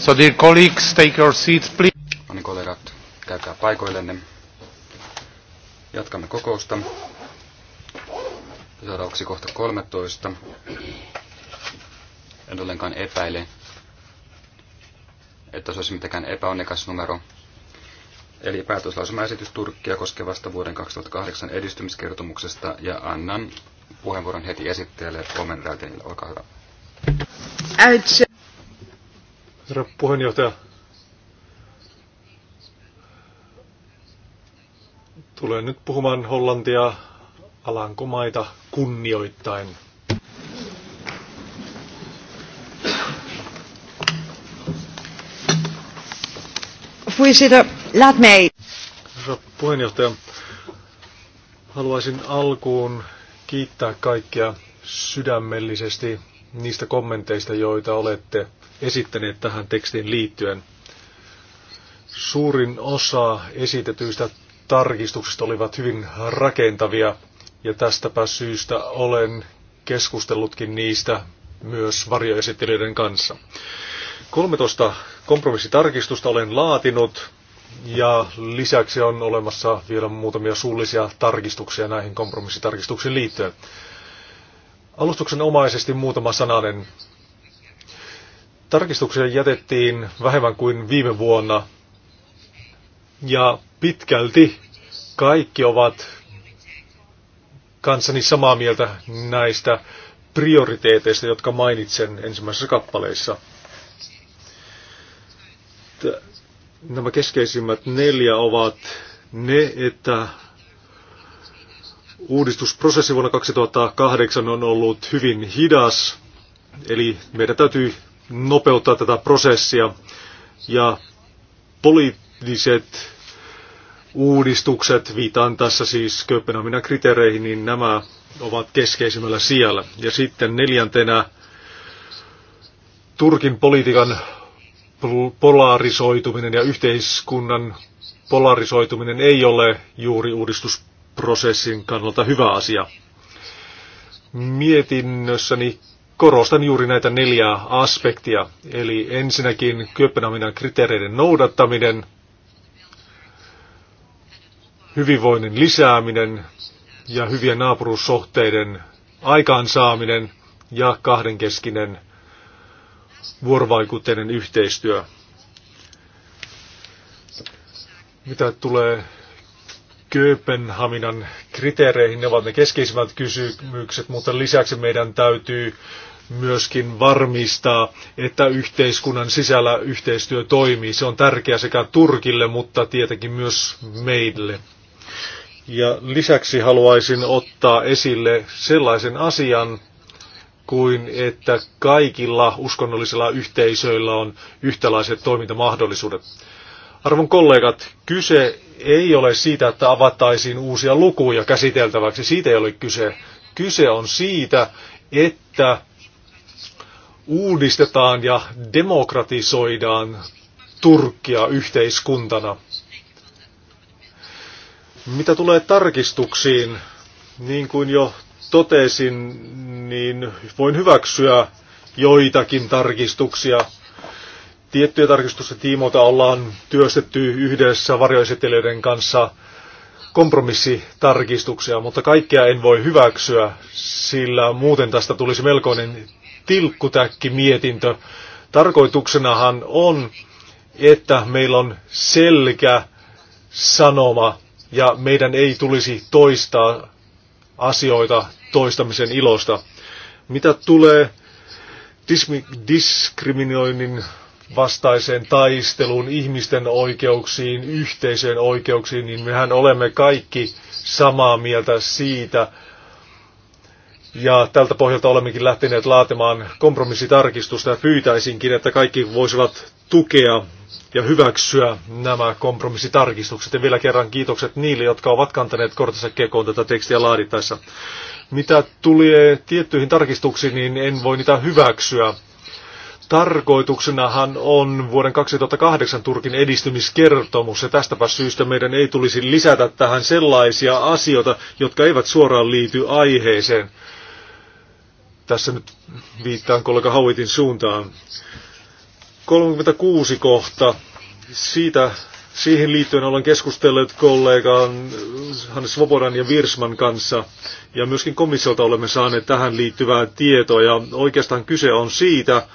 So dear colleagues, take your seats, please. No niin, kollegat, käykää paikoillenne. Jatkamme kokousta. Seuraavaksi kohta 13. En ollenkaan epäile, että se olisi mitenkään epäonnekas numero. Eli päätöslausumaesitys Turkkia koskevasta vuoden 2008 edistymiskertomuksesta ja annan puheenvuoron heti esittäjälle Omen Räytenille. Olkaa hyvä. Äitse. Herra puheenjohtaja, tulen nyt puhumaan hollantia alankomaita kunnioittain. Herra puheenjohtaja, haluaisin alkuun kiittää kaikkia sydämellisesti niistä kommenteista, joita olette esittäneet tähän tekstiin liittyen. Suurin osa esitetyistä tarkistuksista olivat hyvin rakentavia ja tästäpä syystä olen keskustellutkin niistä myös varjoesittelijöiden kanssa. 13 kompromissitarkistusta olen laatinut ja lisäksi on olemassa vielä muutamia suullisia tarkistuksia näihin kompromissitarkistuksiin liittyen. Alustuksen omaisesti muutama sananen Tarkistuksia jätettiin vähemmän kuin viime vuonna ja pitkälti kaikki ovat kanssani samaa mieltä näistä prioriteeteista, jotka mainitsen ensimmäisessä kappaleissa. Nämä keskeisimmät neljä ovat ne, että uudistusprosessi vuonna 2008 on ollut hyvin hidas, eli meidän täytyy nopeuttaa tätä prosessia ja poliittiset uudistukset, viitaan tässä siis Kööpenhaminan kriteereihin, niin nämä ovat keskeisimmällä siellä. Ja sitten neljäntenä Turkin politiikan polarisoituminen ja yhteiskunnan polarisoituminen ei ole juuri uudistusprosessin kannalta hyvä asia. Mietinnössäni korostan juuri näitä neljää aspektia. Eli ensinnäkin Kööpenhaminan kriteereiden noudattaminen, hyvinvoinnin lisääminen ja hyvien naapuruussohteiden aikaansaaminen ja kahdenkeskinen vuorovaikutteinen yhteistyö. Mitä tulee Kööpenhaminan kriteereihin, ne ovat ne keskeisimmät kysymykset, mutta lisäksi meidän täytyy myöskin varmistaa, että yhteiskunnan sisällä yhteistyö toimii. Se on tärkeää sekä Turkille, mutta tietenkin myös meille. Ja lisäksi haluaisin ottaa esille sellaisen asian, kuin että kaikilla uskonnollisilla yhteisöillä on yhtäläiset toimintamahdollisuudet. Arvon kollegat, kyse ei ole siitä, että avattaisiin uusia lukuja käsiteltäväksi. Siitä ei ole kyse. Kyse on siitä, että uudistetaan ja demokratisoidaan Turkkia yhteiskuntana. Mitä tulee tarkistuksiin, niin kuin jo totesin, niin voin hyväksyä joitakin tarkistuksia. Tiettyjä tarkistusten tiimoilta ollaan työstetty yhdessä varjoesittelijöiden kanssa kompromissitarkistuksia, mutta kaikkea en voi hyväksyä, sillä muuten tästä tulisi melkoinen tilkkutäkki mietintö. Tarkoituksenahan on, että meillä on selkä sanoma ja meidän ei tulisi toistaa asioita toistamisen ilosta. Mitä tulee diskriminoinnin vastaiseen taisteluun, ihmisten oikeuksiin, yhteisöjen oikeuksiin, niin mehän olemme kaikki samaa mieltä siitä, ja tältä pohjalta olemmekin lähteneet laatimaan kompromissitarkistusta ja pyytäisinkin, että kaikki voisivat tukea ja hyväksyä nämä kompromissitarkistukset. Ja vielä kerran kiitokset niille, jotka ovat kantaneet kortensa kekoon tätä tekstiä laadittaessa. Mitä tulee tiettyihin tarkistuksiin, niin en voi niitä hyväksyä. Tarkoituksenahan on vuoden 2008 Turkin edistymiskertomus, ja tästäpä syystä meidän ei tulisi lisätä tähän sellaisia asioita, jotka eivät suoraan liity aiheeseen. Tässä nyt viittaan kollega hauitin suuntaan. 36 kohta. Siitä, siihen liittyen olen keskustellut kollegaan Hannes Svobodan ja Virsman kanssa. Ja myöskin komissiolta olemme saaneet tähän liittyvää tietoa. Ja oikeastaan kyse on siitä,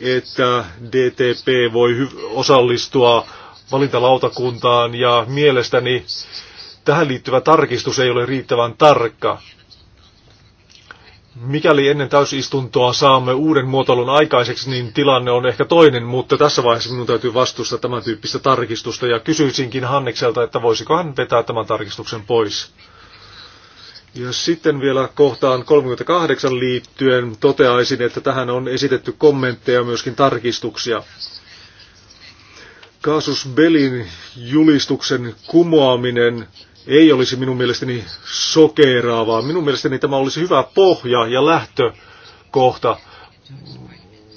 että DTP voi osallistua valintalautakuntaan ja mielestäni tähän liittyvä tarkistus ei ole riittävän tarkka. Mikäli ennen täysistuntoa saamme uuden muotoilun aikaiseksi, niin tilanne on ehkä toinen, mutta tässä vaiheessa minun täytyy vastustaa tämän tyyppistä tarkistusta ja kysyisinkin Hannekselta, että voisiko hän vetää tämän tarkistuksen pois. Ja sitten vielä kohtaan 38 liittyen toteaisin, että tähän on esitetty kommentteja ja myöskin tarkistuksia. Kaasus Belin julistuksen kumoaminen ei olisi minun mielestäni sokeeraavaa. Minun mielestäni tämä olisi hyvä pohja ja lähtökohta.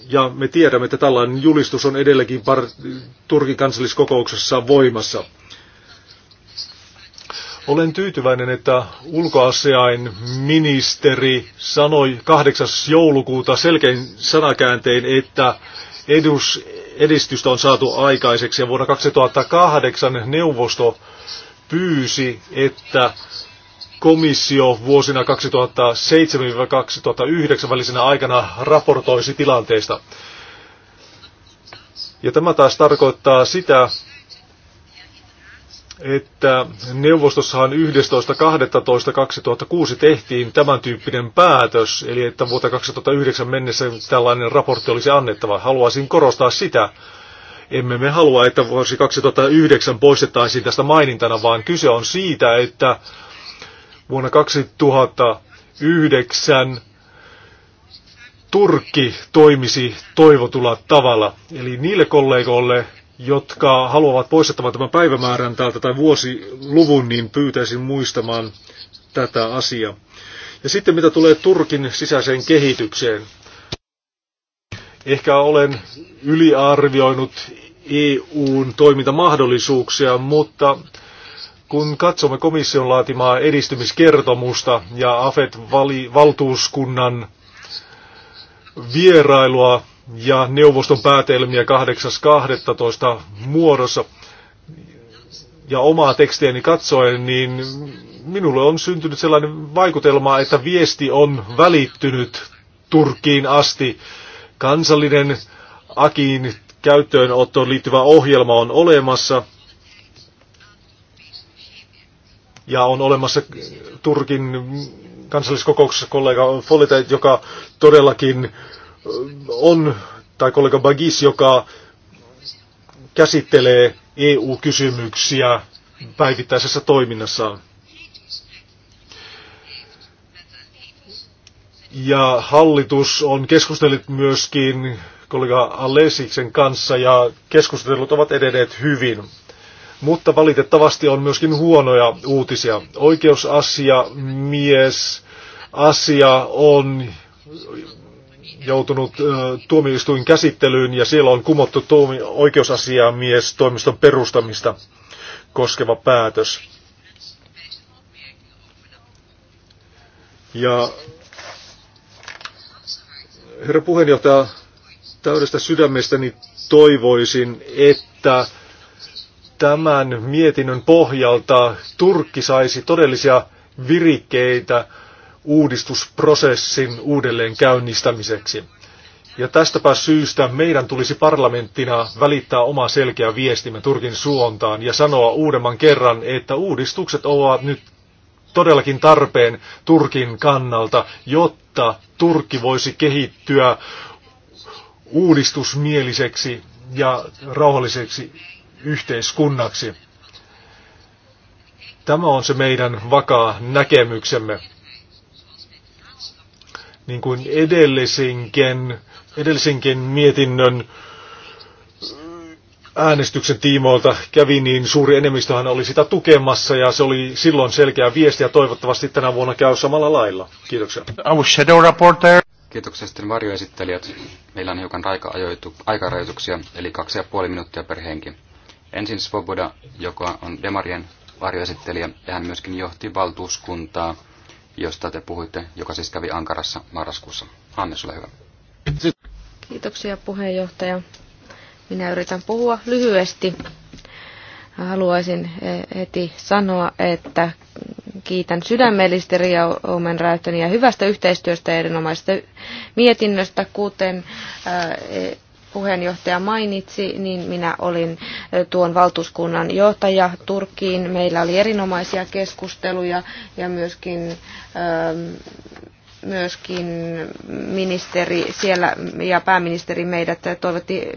Ja me tiedämme, että tällainen julistus on edelleenkin par- Turkin kansalliskokouksessa voimassa. Olen tyytyväinen, että ulkoasiain ministeri sanoi 8. joulukuuta selkein sanakääntein, että edus, edistystä on saatu aikaiseksi ja vuonna 2008 neuvosto pyysi, että komissio vuosina 2007-2009 välisenä aikana raportoisi tilanteesta. Ja tämä taas tarkoittaa sitä, että neuvostossahan 11.12.2006 tehtiin tämän tyyppinen päätös, eli että vuoteen 2009 mennessä tällainen raportti olisi annettava. Haluaisin korostaa sitä, emme me halua, että vuosi 2009 poistettaisiin tästä mainintana, vaan kyse on siitä, että vuonna 2009 Turkki toimisi toivotulla tavalla. Eli niille kollegoille, jotka haluavat poistettavan tämän päivämäärän täältä tai vuosiluvun, niin pyytäisin muistamaan tätä asiaa. Ja sitten mitä tulee Turkin sisäiseen kehitykseen. Ehkä olen yliarvioinut EUn toimintamahdollisuuksia, mutta kun katsomme komission laatimaa edistymiskertomusta ja AFET-valtuuskunnan vierailua ja neuvoston päätelmiä 8.12. muodossa ja omaa tekstiäni katsoen, niin minulle on syntynyt sellainen vaikutelma, että viesti on välittynyt Turkkiin asti. Kansallinen Akin käyttöönottoon liittyvä ohjelma on olemassa. Ja on olemassa Turkin kansalliskokouksessa kollega Folita, joka todellakin on, tai kollega Bagis, joka käsittelee EU-kysymyksiä päivittäisessä toiminnassaan. Ja hallitus on keskustellut myöskin kollega Alesiksen kanssa ja keskustelut ovat edenneet hyvin. Mutta valitettavasti on myöskin huonoja uutisia. Oikeusasia, mies, asia on joutunut tuomioistuin käsittelyyn ja siellä on kumottu tuomi- mies toimiston perustamista koskeva päätös. Ja herra puheenjohtaja, täydestä sydämestäni niin toivoisin, että tämän mietinnön pohjalta Turkki saisi todellisia virikkeitä uudistusprosessin uudelleen käynnistämiseksi. Ja tästäpä syystä meidän tulisi parlamenttina välittää oma selkeä viestimme Turkin suuntaan ja sanoa uudemman kerran, että uudistukset ovat nyt todellakin tarpeen Turkin kannalta, jotta Turkki voisi kehittyä uudistusmieliseksi ja rauhalliseksi yhteiskunnaksi. Tämä on se meidän vakaa näkemyksemme. Niin kuin edellisinkin, edellisinkin mietinnön äänestyksen tiimoilta kävi, niin suuri enemmistöhän oli sitä tukemassa ja se oli silloin selkeä viesti ja toivottavasti tänä vuonna käy samalla lailla. Kiitoksia. Our shadow reporter. Kiitoksia sitten varjoesittelijät. Meillä on hiukan aikarajoituksia, eli kaksi ja puoli minuuttia per henki. Ensin Svoboda, joka on Demarien varjoesittelijä, ja hän myöskin johti valtuuskuntaa, josta te puhuitte, joka siis kävi Ankarassa marraskuussa. Hanne, sulle hyvä. Kiitoksia puheenjohtaja. Minä yritän puhua lyhyesti haluaisin eh, heti sanoa, että kiitän sydämellisesti Ria Omen ja hyvästä yhteistyöstä ja erinomaisesta mietinnöstä, kuten eh, eh, puheenjohtaja mainitsi, niin minä olin tuon valtuuskunnan johtaja Turkkiin. Meillä oli erinomaisia keskusteluja ja myöskin myöskin ministeri siellä ja pääministeri meidät toivotti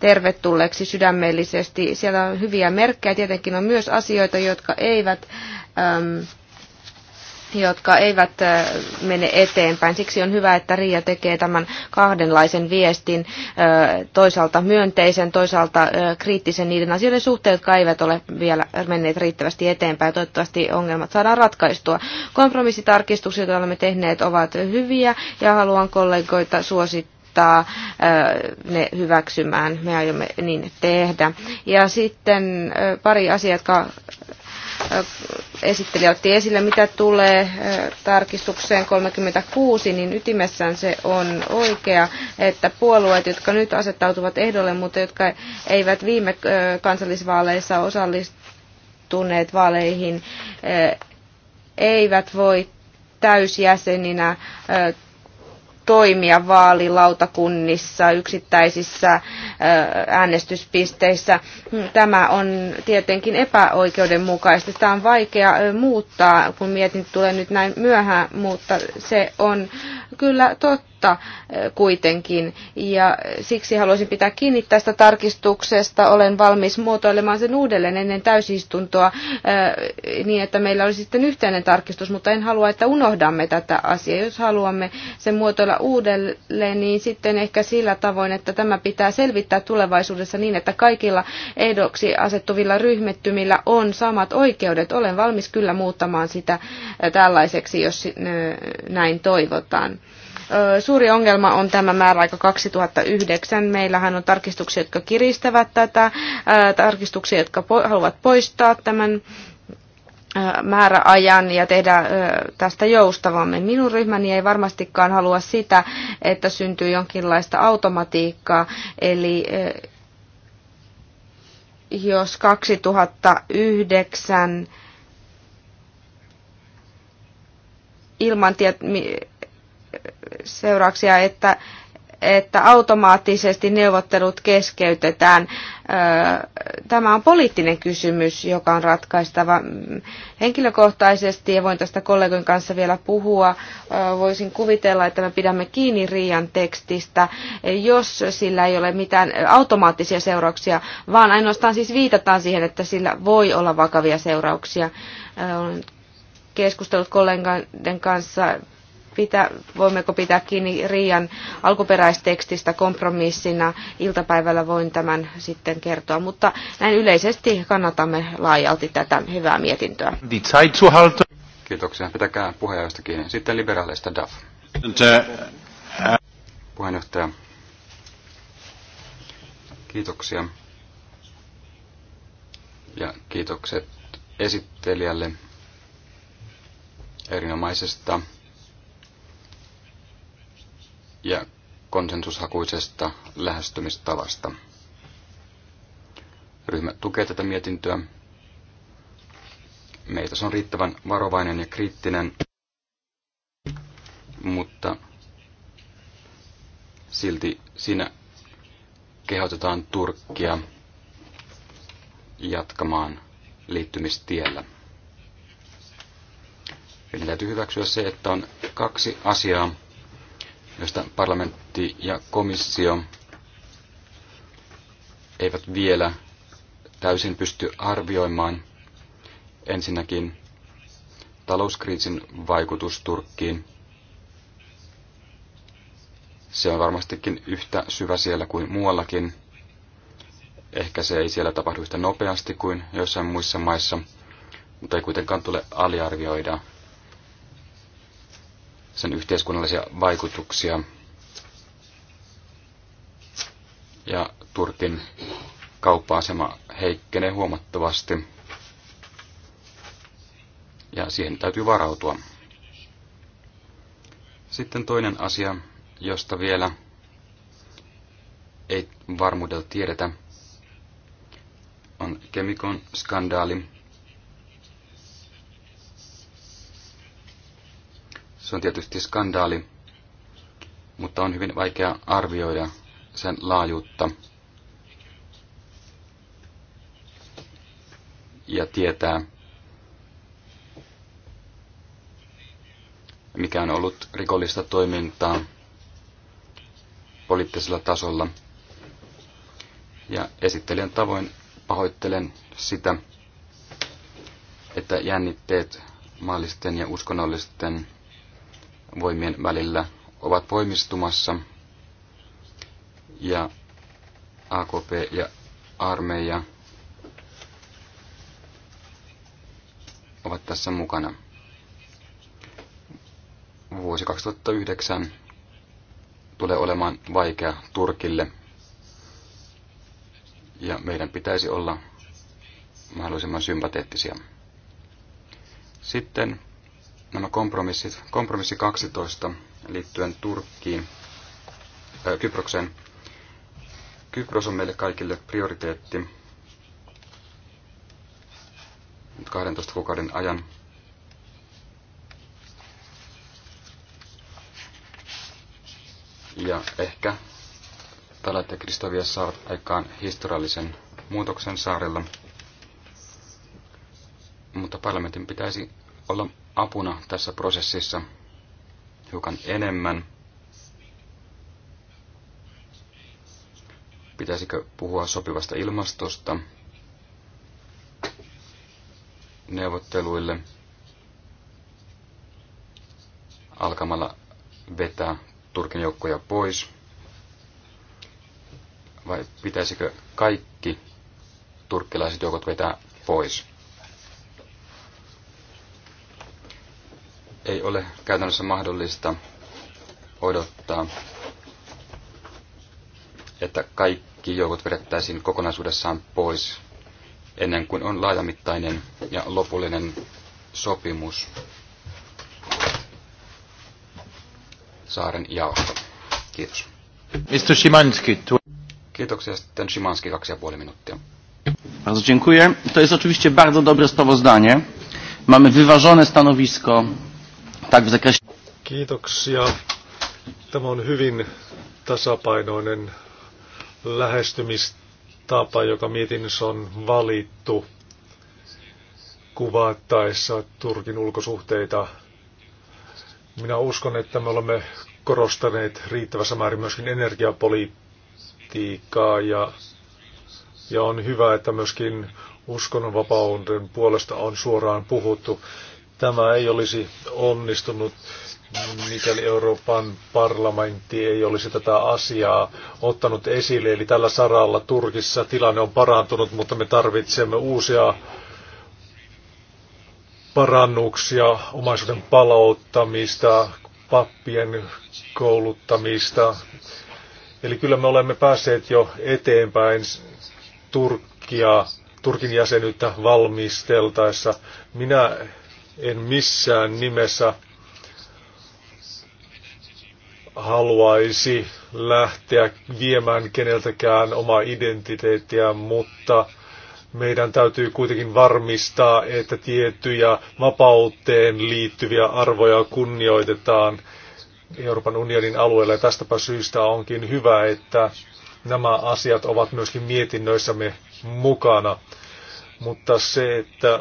tervetulleeksi sydämellisesti. Siellä on hyviä merkkejä, tietenkin on myös asioita, jotka eivät, äm, jotka eivät äh, mene eteenpäin. Siksi on hyvä, että Riia tekee tämän kahdenlaisen viestin, äh, toisaalta myönteisen, toisaalta äh, kriittisen niiden asioiden suhteen, jotka eivät ole vielä menneet riittävästi eteenpäin. Toivottavasti ongelmat saadaan ratkaistua. Kompromissitarkistukset, joita olemme tehneet, ovat hyviä ja haluan kollegoita suosittaa pakottaa ne hyväksymään. Me aiomme niin tehdä. Ja sitten pari asiaa, jotka esittelijä otti esille, mitä tulee tarkistukseen 36, niin ytimessään se on oikea, että puolueet, jotka nyt asettautuvat ehdolle, mutta jotka eivät viime kansallisvaaleissa osallistuneet vaaleihin, eivät voi täysjäseninä toimia vaalilautakunnissa, yksittäisissä äänestyspisteissä. Tämä on tietenkin epäoikeudenmukaista. Tämä on vaikea muuttaa, kun mietin tulee nyt näin myöhään, mutta se on kyllä totta mutta eh, kuitenkin. Ja siksi haluaisin pitää kiinni tästä tarkistuksesta. Olen valmis muotoilemaan sen uudelleen ennen täysistuntoa eh, niin, että meillä olisi sitten yhteinen tarkistus, mutta en halua, että unohdamme tätä asiaa. Jos haluamme sen muotoilla uudelleen, niin sitten ehkä sillä tavoin, että tämä pitää selvittää tulevaisuudessa niin, että kaikilla ehdoksi asettuvilla ryhmittymillä on samat oikeudet. Olen valmis kyllä muuttamaan sitä eh, tällaiseksi, jos näin toivotaan. Suuri ongelma on tämä määräaika 2009. Meillähän on tarkistuksia, jotka kiristävät tätä, tarkistuksia, jotka haluavat poistaa tämän määräajan ja tehdä tästä joustavamme. Minun ryhmäni ei varmastikaan halua sitä, että syntyy jonkinlaista automatiikkaa, eli jos 2009 ilman seurauksia, että, että automaattisesti neuvottelut keskeytetään. Tämä on poliittinen kysymys, joka on ratkaistava henkilökohtaisesti ja voin tästä kollegojen kanssa vielä puhua. Voisin kuvitella, että me pidämme kiinni Riian tekstistä, jos sillä ei ole mitään automaattisia seurauksia, vaan ainoastaan siis viitataan siihen, että sillä voi olla vakavia seurauksia. Olen keskustellut kollegoiden kanssa pitä, voimmeko pitää kiinni Riian alkuperäistekstistä kompromissina. Iltapäivällä voin tämän sitten kertoa, mutta näin yleisesti kannatamme laajalti tätä hyvää mietintöä. Kiitoksia. Pitäkää puheenjohtajasta kiinni. Sitten liberaaleista DAF. Uh, uh, Puheenjohtaja. Kiitoksia. Ja kiitokset esittelijälle erinomaisesta ja konsensushakuisesta lähestymistavasta. Ryhmä tukee tätä mietintöä. Meitä on riittävän varovainen ja kriittinen, mutta silti siinä kehotetaan Turkkia jatkamaan liittymistiellä. Meidän täytyy hyväksyä se, että on kaksi asiaa, josta parlamentti ja komissio eivät vielä täysin pysty arvioimaan. Ensinnäkin talouskriisin vaikutus Turkkiin. Se on varmastikin yhtä syvä siellä kuin muuallakin. Ehkä se ei siellä tapahdu yhtä nopeasti kuin joissain muissa maissa, mutta ei kuitenkaan tule aliarvioida sen yhteiskunnallisia vaikutuksia ja Turkin kauppa-asema heikkenee huomattavasti ja siihen täytyy varautua. Sitten toinen asia, josta vielä ei varmuudella tiedetä, on Kemikon skandaali. Se on tietysti skandaali, mutta on hyvin vaikea arvioida sen laajuutta ja tietää, mikä on ollut rikollista toimintaa poliittisella tasolla. Ja esittelijän tavoin pahoittelen sitä, että jännitteet maallisten ja uskonnollisten voimien välillä ovat voimistumassa ja AKP ja armeija ovat tässä mukana. Vuosi 2009 tulee olemaan vaikea Turkille ja meidän pitäisi olla mahdollisimman sympateettisia. Sitten nämä kompromissit. Kompromissi 12 liittyen Turkkiin, ää, äh, Kyprokseen. Kypros on meille kaikille prioriteetti 12 kuukauden ajan. Ja ehkä Talat ja Kristovia saavat aikaan historiallisen muutoksen saarella, mutta parlamentin pitäisi olla apuna tässä prosessissa hiukan enemmän. Pitäisikö puhua sopivasta ilmastosta neuvotteluille alkamalla vetää Turkin joukkoja pois? Vai pitäisikö kaikki turkkilaiset joukot vetää pois? ei ole käytännössä mahdollista odottaa, että kaikki joukot vedettäisiin kokonaisuudessaan pois ennen kuin on laajamittainen ja lopullinen sopimus saaren jaosta. Kiitos. Mr. Szymanski. Kiitoksia sitten Szymanski, kaksi ja puoli minuuttia. Bardzo dziękuję. To jest oczywiście bardzo dobre sprawozdanie. Mamy wyważone stanowisko Kiitoksia. Tämä on hyvin tasapainoinen lähestymistapa, joka mietinnössä on valittu kuvattaessa Turkin ulkosuhteita. Minä uskon, että me olemme korostaneet riittävässä määrin myöskin energiapolitiikkaa ja, ja on hyvä, että myöskin uskonnonvapauden puolesta on suoraan puhuttu. Tämä ei olisi onnistunut, mikäli Euroopan parlamentti ei olisi tätä asiaa ottanut esille. Eli tällä saralla Turkissa tilanne on parantunut, mutta me tarvitsemme uusia parannuksia, omaisuuden palauttamista, pappien kouluttamista. Eli kyllä me olemme päässeet jo eteenpäin Turkkia, Turkin jäsenyyttä valmisteltaessa. Minä en missään nimessä haluaisi lähteä viemään keneltäkään omaa identiteettiä, mutta meidän täytyy kuitenkin varmistaa, että tiettyjä vapauteen liittyviä arvoja kunnioitetaan Euroopan unionin alueella. Ja tästäpä syystä onkin hyvä, että nämä asiat ovat myöskin mietinnöissämme mukana. Mutta se, että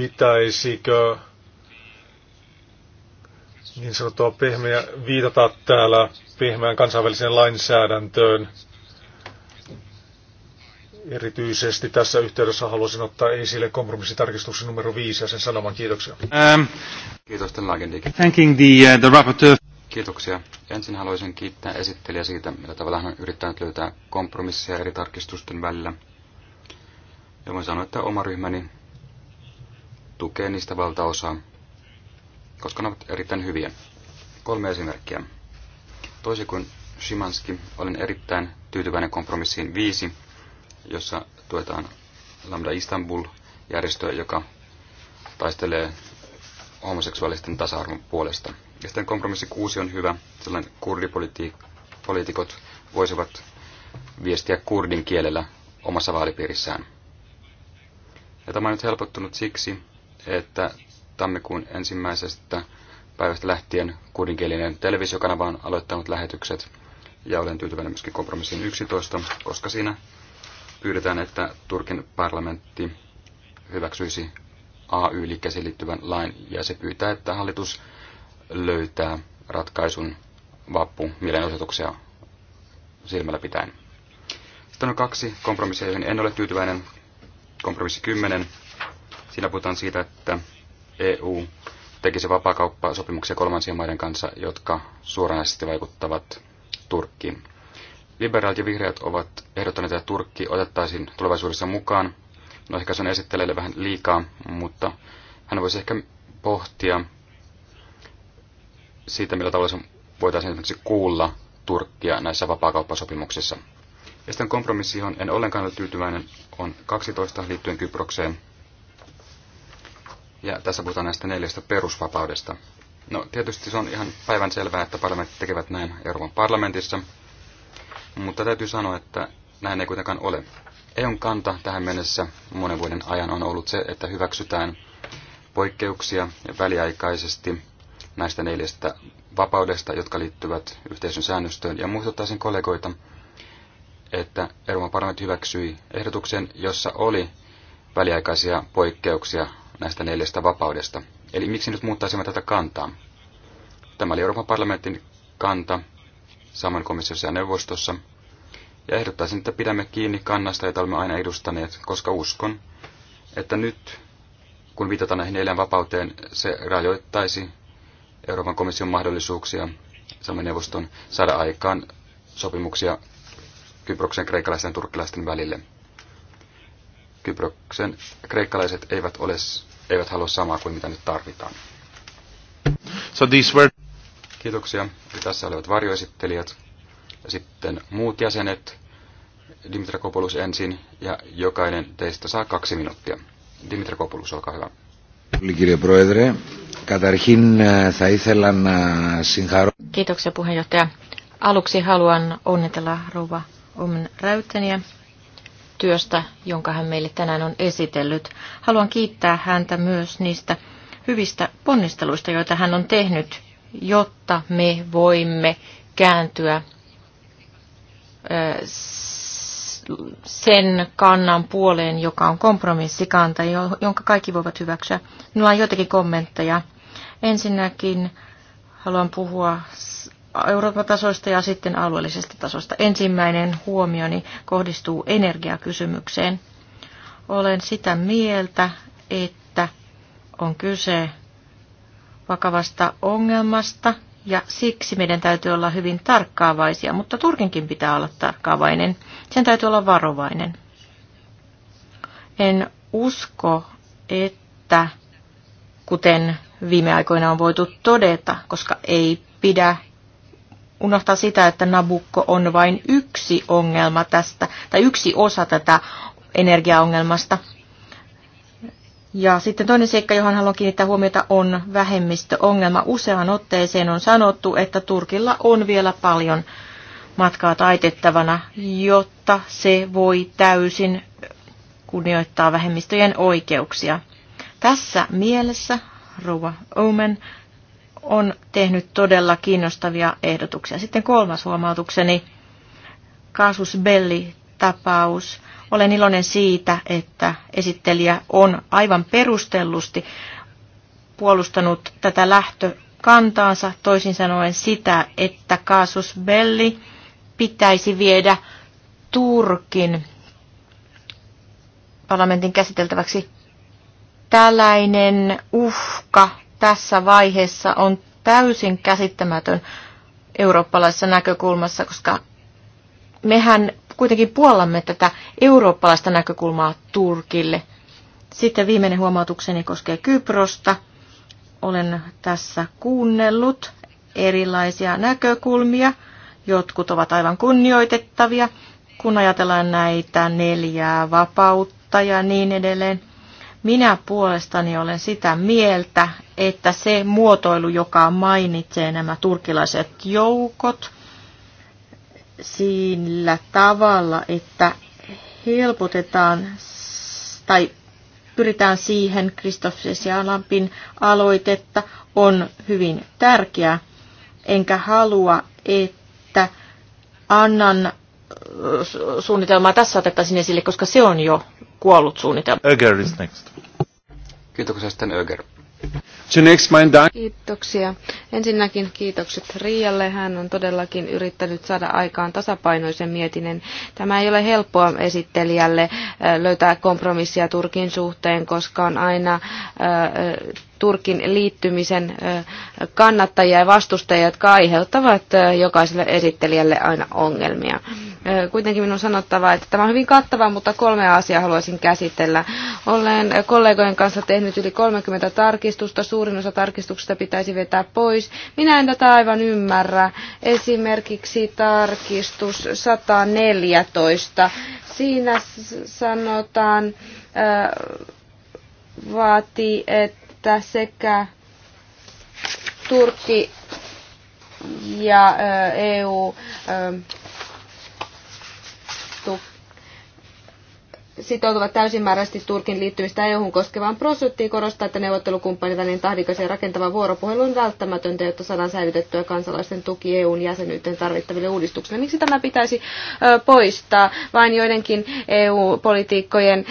pitäisikö niin sanottua pehmeä, viitata täällä pehmeään kansainväliseen lainsäädäntöön. Erityisesti tässä yhteydessä haluaisin ottaa esille kompromissitarkistuksen numero 5 ja sen sanoman kiitoksia. Um, kiitos Thanking the, uh, the rapporteur. Kiitoksia. Ensin haluaisin kiittää esittelijä siitä, millä tavalla hän on yrittänyt löytää kompromisseja eri tarkistusten välillä. Ja voin sanoa, että oma ryhmäni tukee niistä valtaosaa, koska ne ovat erittäin hyviä. Kolme esimerkkiä. Toisin kuin Shimanski, olen erittäin tyytyväinen kompromissiin 5, jossa tuetaan Lambda Istanbul-järjestöä, joka taistelee homoseksuaalisten tasa-arvon puolesta. Ja sitten kompromissi 6 on hyvä, sellainen kurdipoliitikot voisivat viestiä kurdin kielellä omassa vaalipiirissään. Ja tämä on nyt helpottunut siksi, että tammikuun ensimmäisestä päivästä lähtien kuudinkielinen televisiokanava on aloittanut lähetykset. Ja olen tyytyväinen myöskin kompromissin 11, koska siinä pyydetään, että Turkin parlamentti hyväksyisi AY-liikkeeseen liittyvän lain ja se pyytää, että hallitus löytää ratkaisun vappu mielenosoituksia silmällä pitäen. Sitten on kaksi kompromissia, joihin en ole tyytyväinen. Kompromissi 10 Siinä puhutaan siitä, että EU tekisi vapaakauppasopimuksia kolmansien maiden kanssa, jotka suoranaisesti vaikuttavat Turkkiin. Liberaalit ja vihreät ovat ehdottaneet, että Turkki otettaisiin tulevaisuudessa mukaan. No ehkä se on esittelijälle vähän liikaa, mutta hän voisi ehkä pohtia siitä, millä tavalla se voitaisiin esimerkiksi kuulla Turkkia näissä vapaakauppasopimuksissa. Ja sitten kompromissi, johon en ollenkaan ole tyytyväinen, on 12 liittyen Kyprokseen. Ja tässä puhutaan näistä neljästä perusvapaudesta. No tietysti se on ihan päivän selvää, että parlamentit tekevät näin Euroopan parlamentissa, mutta täytyy sanoa, että näin ei kuitenkaan ole. EUn kanta tähän mennessä monen vuoden ajan on ollut se, että hyväksytään poikkeuksia väliaikaisesti näistä neljästä vapaudesta, jotka liittyvät yhteisön säännöstöön. Ja muistuttaisin kollegoita, että Euroopan parlamentti hyväksyi ehdotuksen, jossa oli väliaikaisia poikkeuksia näistä neljästä vapaudesta. Eli miksi nyt muuttaisimme tätä kantaa? Tämä oli Euroopan parlamentin kanta, saman komissiossa ja neuvostossa. Ja ehdottaisin, että pidämme kiinni kannasta, jota olemme aina edustaneet, koska uskon, että nyt, kun viitataan näihin neljän vapauteen, se rajoittaisi Euroopan komission mahdollisuuksia, saman neuvoston, saada aikaan sopimuksia Kyproksen kreikkalaisten ja turkkilaisten välille. Kyproksen kreikkalaiset eivät ole eivät halua samaa kuin mitä nyt tarvitaan. So these were... Kiitoksia. Ja tässä olivat varjoesittelijät. Ja sitten muut jäsenet. Dimitra Kopulus ensin ja jokainen teistä saa kaksi minuuttia. Dimitra Kopulus, olkaa hyvä. Niin, äh, äh, Kiitoksia puheenjohtaja. Aluksi haluan onnitella rouva Omen Räyteniä työstä, jonka hän meille tänään on esitellyt. Haluan kiittää häntä myös niistä hyvistä ponnisteluista, joita hän on tehnyt, jotta me voimme kääntyä sen kannan puoleen, joka on kompromissikanta, jonka kaikki voivat hyväksyä. Minulla on joitakin kommentteja. Ensinnäkin haluan puhua Euroopan tasoista ja sitten alueellisesta tasosta. Ensimmäinen huomioni kohdistuu energiakysymykseen. Olen sitä mieltä, että on kyse vakavasta ongelmasta ja siksi meidän täytyy olla hyvin tarkkaavaisia, mutta Turkinkin pitää olla tarkkaavainen. Sen täytyy olla varovainen. En usko, että kuten viime aikoina on voitu todeta, koska ei pidä unohtaa sitä, että Nabukko on vain yksi ongelma tästä, tai yksi osa tätä energiaongelmasta. Ja sitten toinen seikka, johon haluan kiinnittää huomiota, on vähemmistöongelma. Useaan otteeseen on sanottu, että Turkilla on vielä paljon matkaa taitettavana, jotta se voi täysin kunnioittaa vähemmistöjen oikeuksia. Tässä mielessä Rova Omen on tehnyt todella kiinnostavia ehdotuksia. Sitten kolmas huomautukseni, Kasus Belli-tapaus. Olen iloinen siitä, että esittelijä on aivan perustellusti puolustanut tätä lähtökantaansa, toisin sanoen sitä, että Kasus Belli pitäisi viedä Turkin parlamentin käsiteltäväksi tällainen uhka tässä vaiheessa on täysin käsittämätön eurooppalaisessa näkökulmassa, koska mehän kuitenkin puollamme tätä eurooppalaista näkökulmaa Turkille. Sitten viimeinen huomautukseni koskee Kyprosta. Olen tässä kuunnellut erilaisia näkökulmia. Jotkut ovat aivan kunnioitettavia, kun ajatellaan näitä neljää vapautta ja niin edelleen. Minä puolestani olen sitä mieltä, että se muotoilu, joka mainitsee nämä turkilaiset joukot, sillä tavalla, että helpotetaan tai pyritään siihen Kristoff Sialampin aloitetta, on hyvin tärkeä. Enkä halua, että annan suunnitelmaa tässä otettaisiin esille, koska se on jo kuollut suunnitelma. Öger is next. Kiitoksia sitten Öger. Kiitoksia. Ensinnäkin kiitokset Riialle. Hän on todellakin yrittänyt saada aikaan tasapainoisen mietinen. Tämä ei ole helppoa esittelijälle äh, löytää kompromissia Turkin suhteen, koska on aina äh, Turkin liittymisen kannattajia ja vastustajia, jotka aiheuttavat jokaiselle esittelijälle aina ongelmia. Kuitenkin minun on sanottava, että tämä on hyvin kattava, mutta kolme asiaa haluaisin käsitellä. Olen kollegojen kanssa tehnyt yli 30 tarkistusta. Suurin osa tarkistuksista pitäisi vetää pois. Minä en tätä aivan ymmärrä. Esimerkiksi tarkistus 114. Siinä sanotaan, vaatii, että että sekä Turkki ja EU sitoutuvat täysimääräisesti Turkin liittymistä EU-hun koskevaan prosenttiin korostaa, että neuvottelukumppanin välinen tahdikas ja rakentava vuoropuhelu on välttämätöntä, jotta saadaan säilytettyä kansalaisten tuki EUn jäsenyyteen tarvittaville uudistuksille. Miksi tämä pitäisi poistaa? Vain joidenkin EU-politiikkojen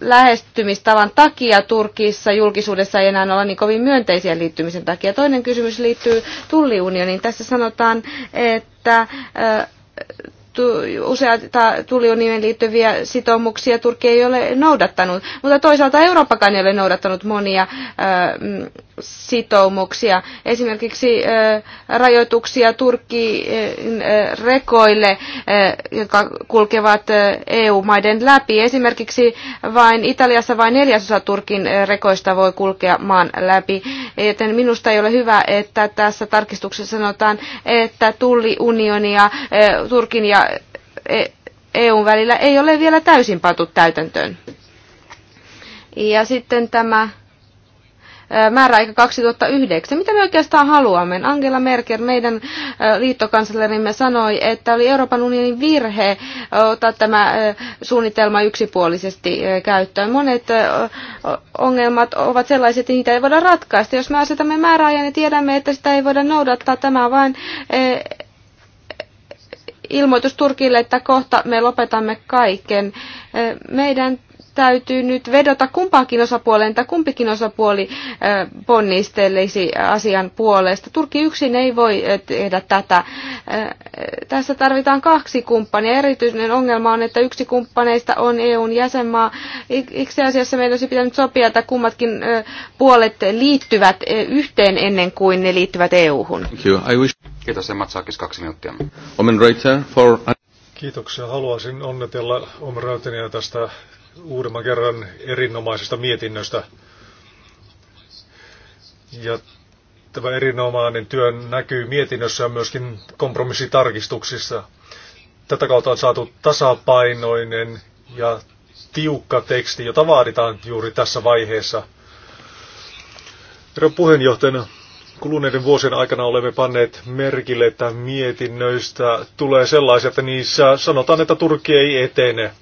lähestymistavan takia Turkissa julkisuudessa ei enää olla niin kovin myönteisiä liittymisen takia. Toinen kysymys liittyy tulliunioniin. Tässä sanotaan, että äh, useita tulliunioniin liittyviä sitoumuksia Turkki ei ole noudattanut, mutta toisaalta Euroopakaan ei ole noudattanut monia äh, sitoumuksia. Esimerkiksi rajoituksia Turkkiin rekoille, jotka kulkevat EU-maiden läpi. Esimerkiksi vain Italiassa vain neljäsosa Turkin rekoista voi kulkea maan läpi. Joten minusta ei ole hyvä, että tässä tarkistuksessa sanotaan, että tulliunionia Turkin ja EUn e välillä ei ole vielä täysin patu täytäntöön. Ja sitten tämä määräaika 2009. Mitä me oikeastaan haluamme? Angela Merkel, meidän liittokanslerimme, sanoi, että oli Euroopan unionin virhe ottaa tämä suunnitelma yksipuolisesti käyttöön. Monet ongelmat ovat sellaiset, että niitä ei voida ratkaista. Jos me asetamme määräajan ja niin tiedämme, että sitä ei voida noudattaa, tämä vain ilmoitus Turkille, että kohta me lopetamme kaiken. Meidän täytyy nyt vedota kumpaakin osapuoleen, että kumpikin osapuoli ponnistelisi asian puolesta. Turkki yksin ei voi tehdä tätä. Tässä tarvitaan kaksi kumppania. Erityinen ongelma on, että yksi kumppaneista on EUn jäsenmaa. Itse asiassa meidän olisi pitänyt sopia, että kummatkin puolet liittyvät yhteen ennen kuin ne liittyvät EU-hun. Kiitos, Emma Saakis, kaksi minuuttia. for... Kiitoksia. Haluaisin onnitella Omer tästä uudemman kerran erinomaisesta mietinnöstä. Ja tämä erinomainen työ näkyy mietinnössä ja myöskin kompromissitarkistuksissa. Tätä kautta on saatu tasapainoinen ja tiukka teksti, jota vaaditaan juuri tässä vaiheessa. Herra puheenjohtajana, kuluneiden vuosien aikana olemme panneet merkille, että mietinnöistä tulee sellaisia, että niissä sanotaan, että Turkki ei etene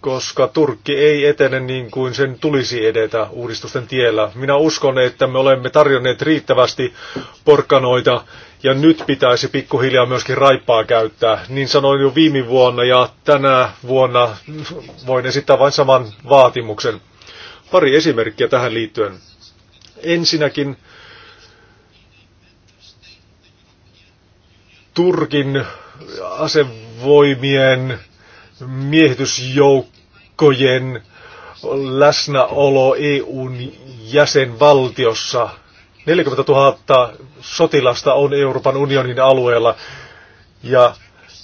koska Turkki ei etene niin kuin sen tulisi edetä uudistusten tiellä. Minä uskon, että me olemme tarjonneet riittävästi porkkanoita ja nyt pitäisi pikkuhiljaa myöskin raippaa käyttää. Niin sanoin jo viime vuonna ja tänä vuonna voin esittää vain saman vaatimuksen. Pari esimerkkiä tähän liittyen. Ensinnäkin Turkin asevoimien miehitysjoukkojen läsnäolo EUn jäsenvaltiossa. 40 000 sotilasta on Euroopan unionin alueella. Ja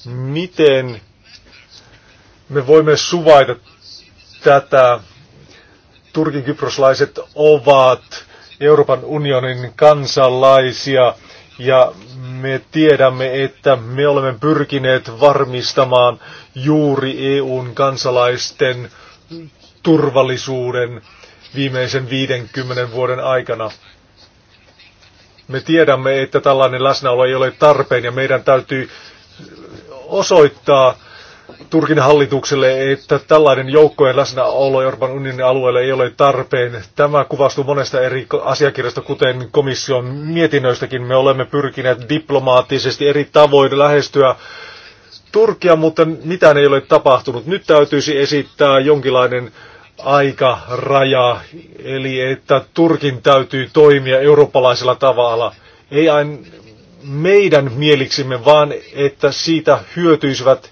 miten me voimme suvaita tätä? Turkin kyproslaiset ovat Euroopan unionin kansalaisia ja me tiedämme, että me olemme pyrkineet varmistamaan juuri EUn kansalaisten turvallisuuden viimeisen 50 vuoden aikana. Me tiedämme, että tällainen läsnäolo ei ole tarpeen ja meidän täytyy osoittaa Turkin hallitukselle, että tällainen joukkojen läsnäolo Euroopan unionin alueelle ei ole tarpeen. Tämä kuvastuu monesta eri asiakirjasta, kuten komission mietinnöistäkin. Me olemme pyrkineet diplomaattisesti eri tavoin lähestyä Turkia, mutta mitään ei ole tapahtunut. Nyt täytyisi esittää jonkinlainen aikaraja, eli että Turkin täytyy toimia eurooppalaisella tavalla. Ei aina meidän mieliksimme, vaan että siitä hyötyisivät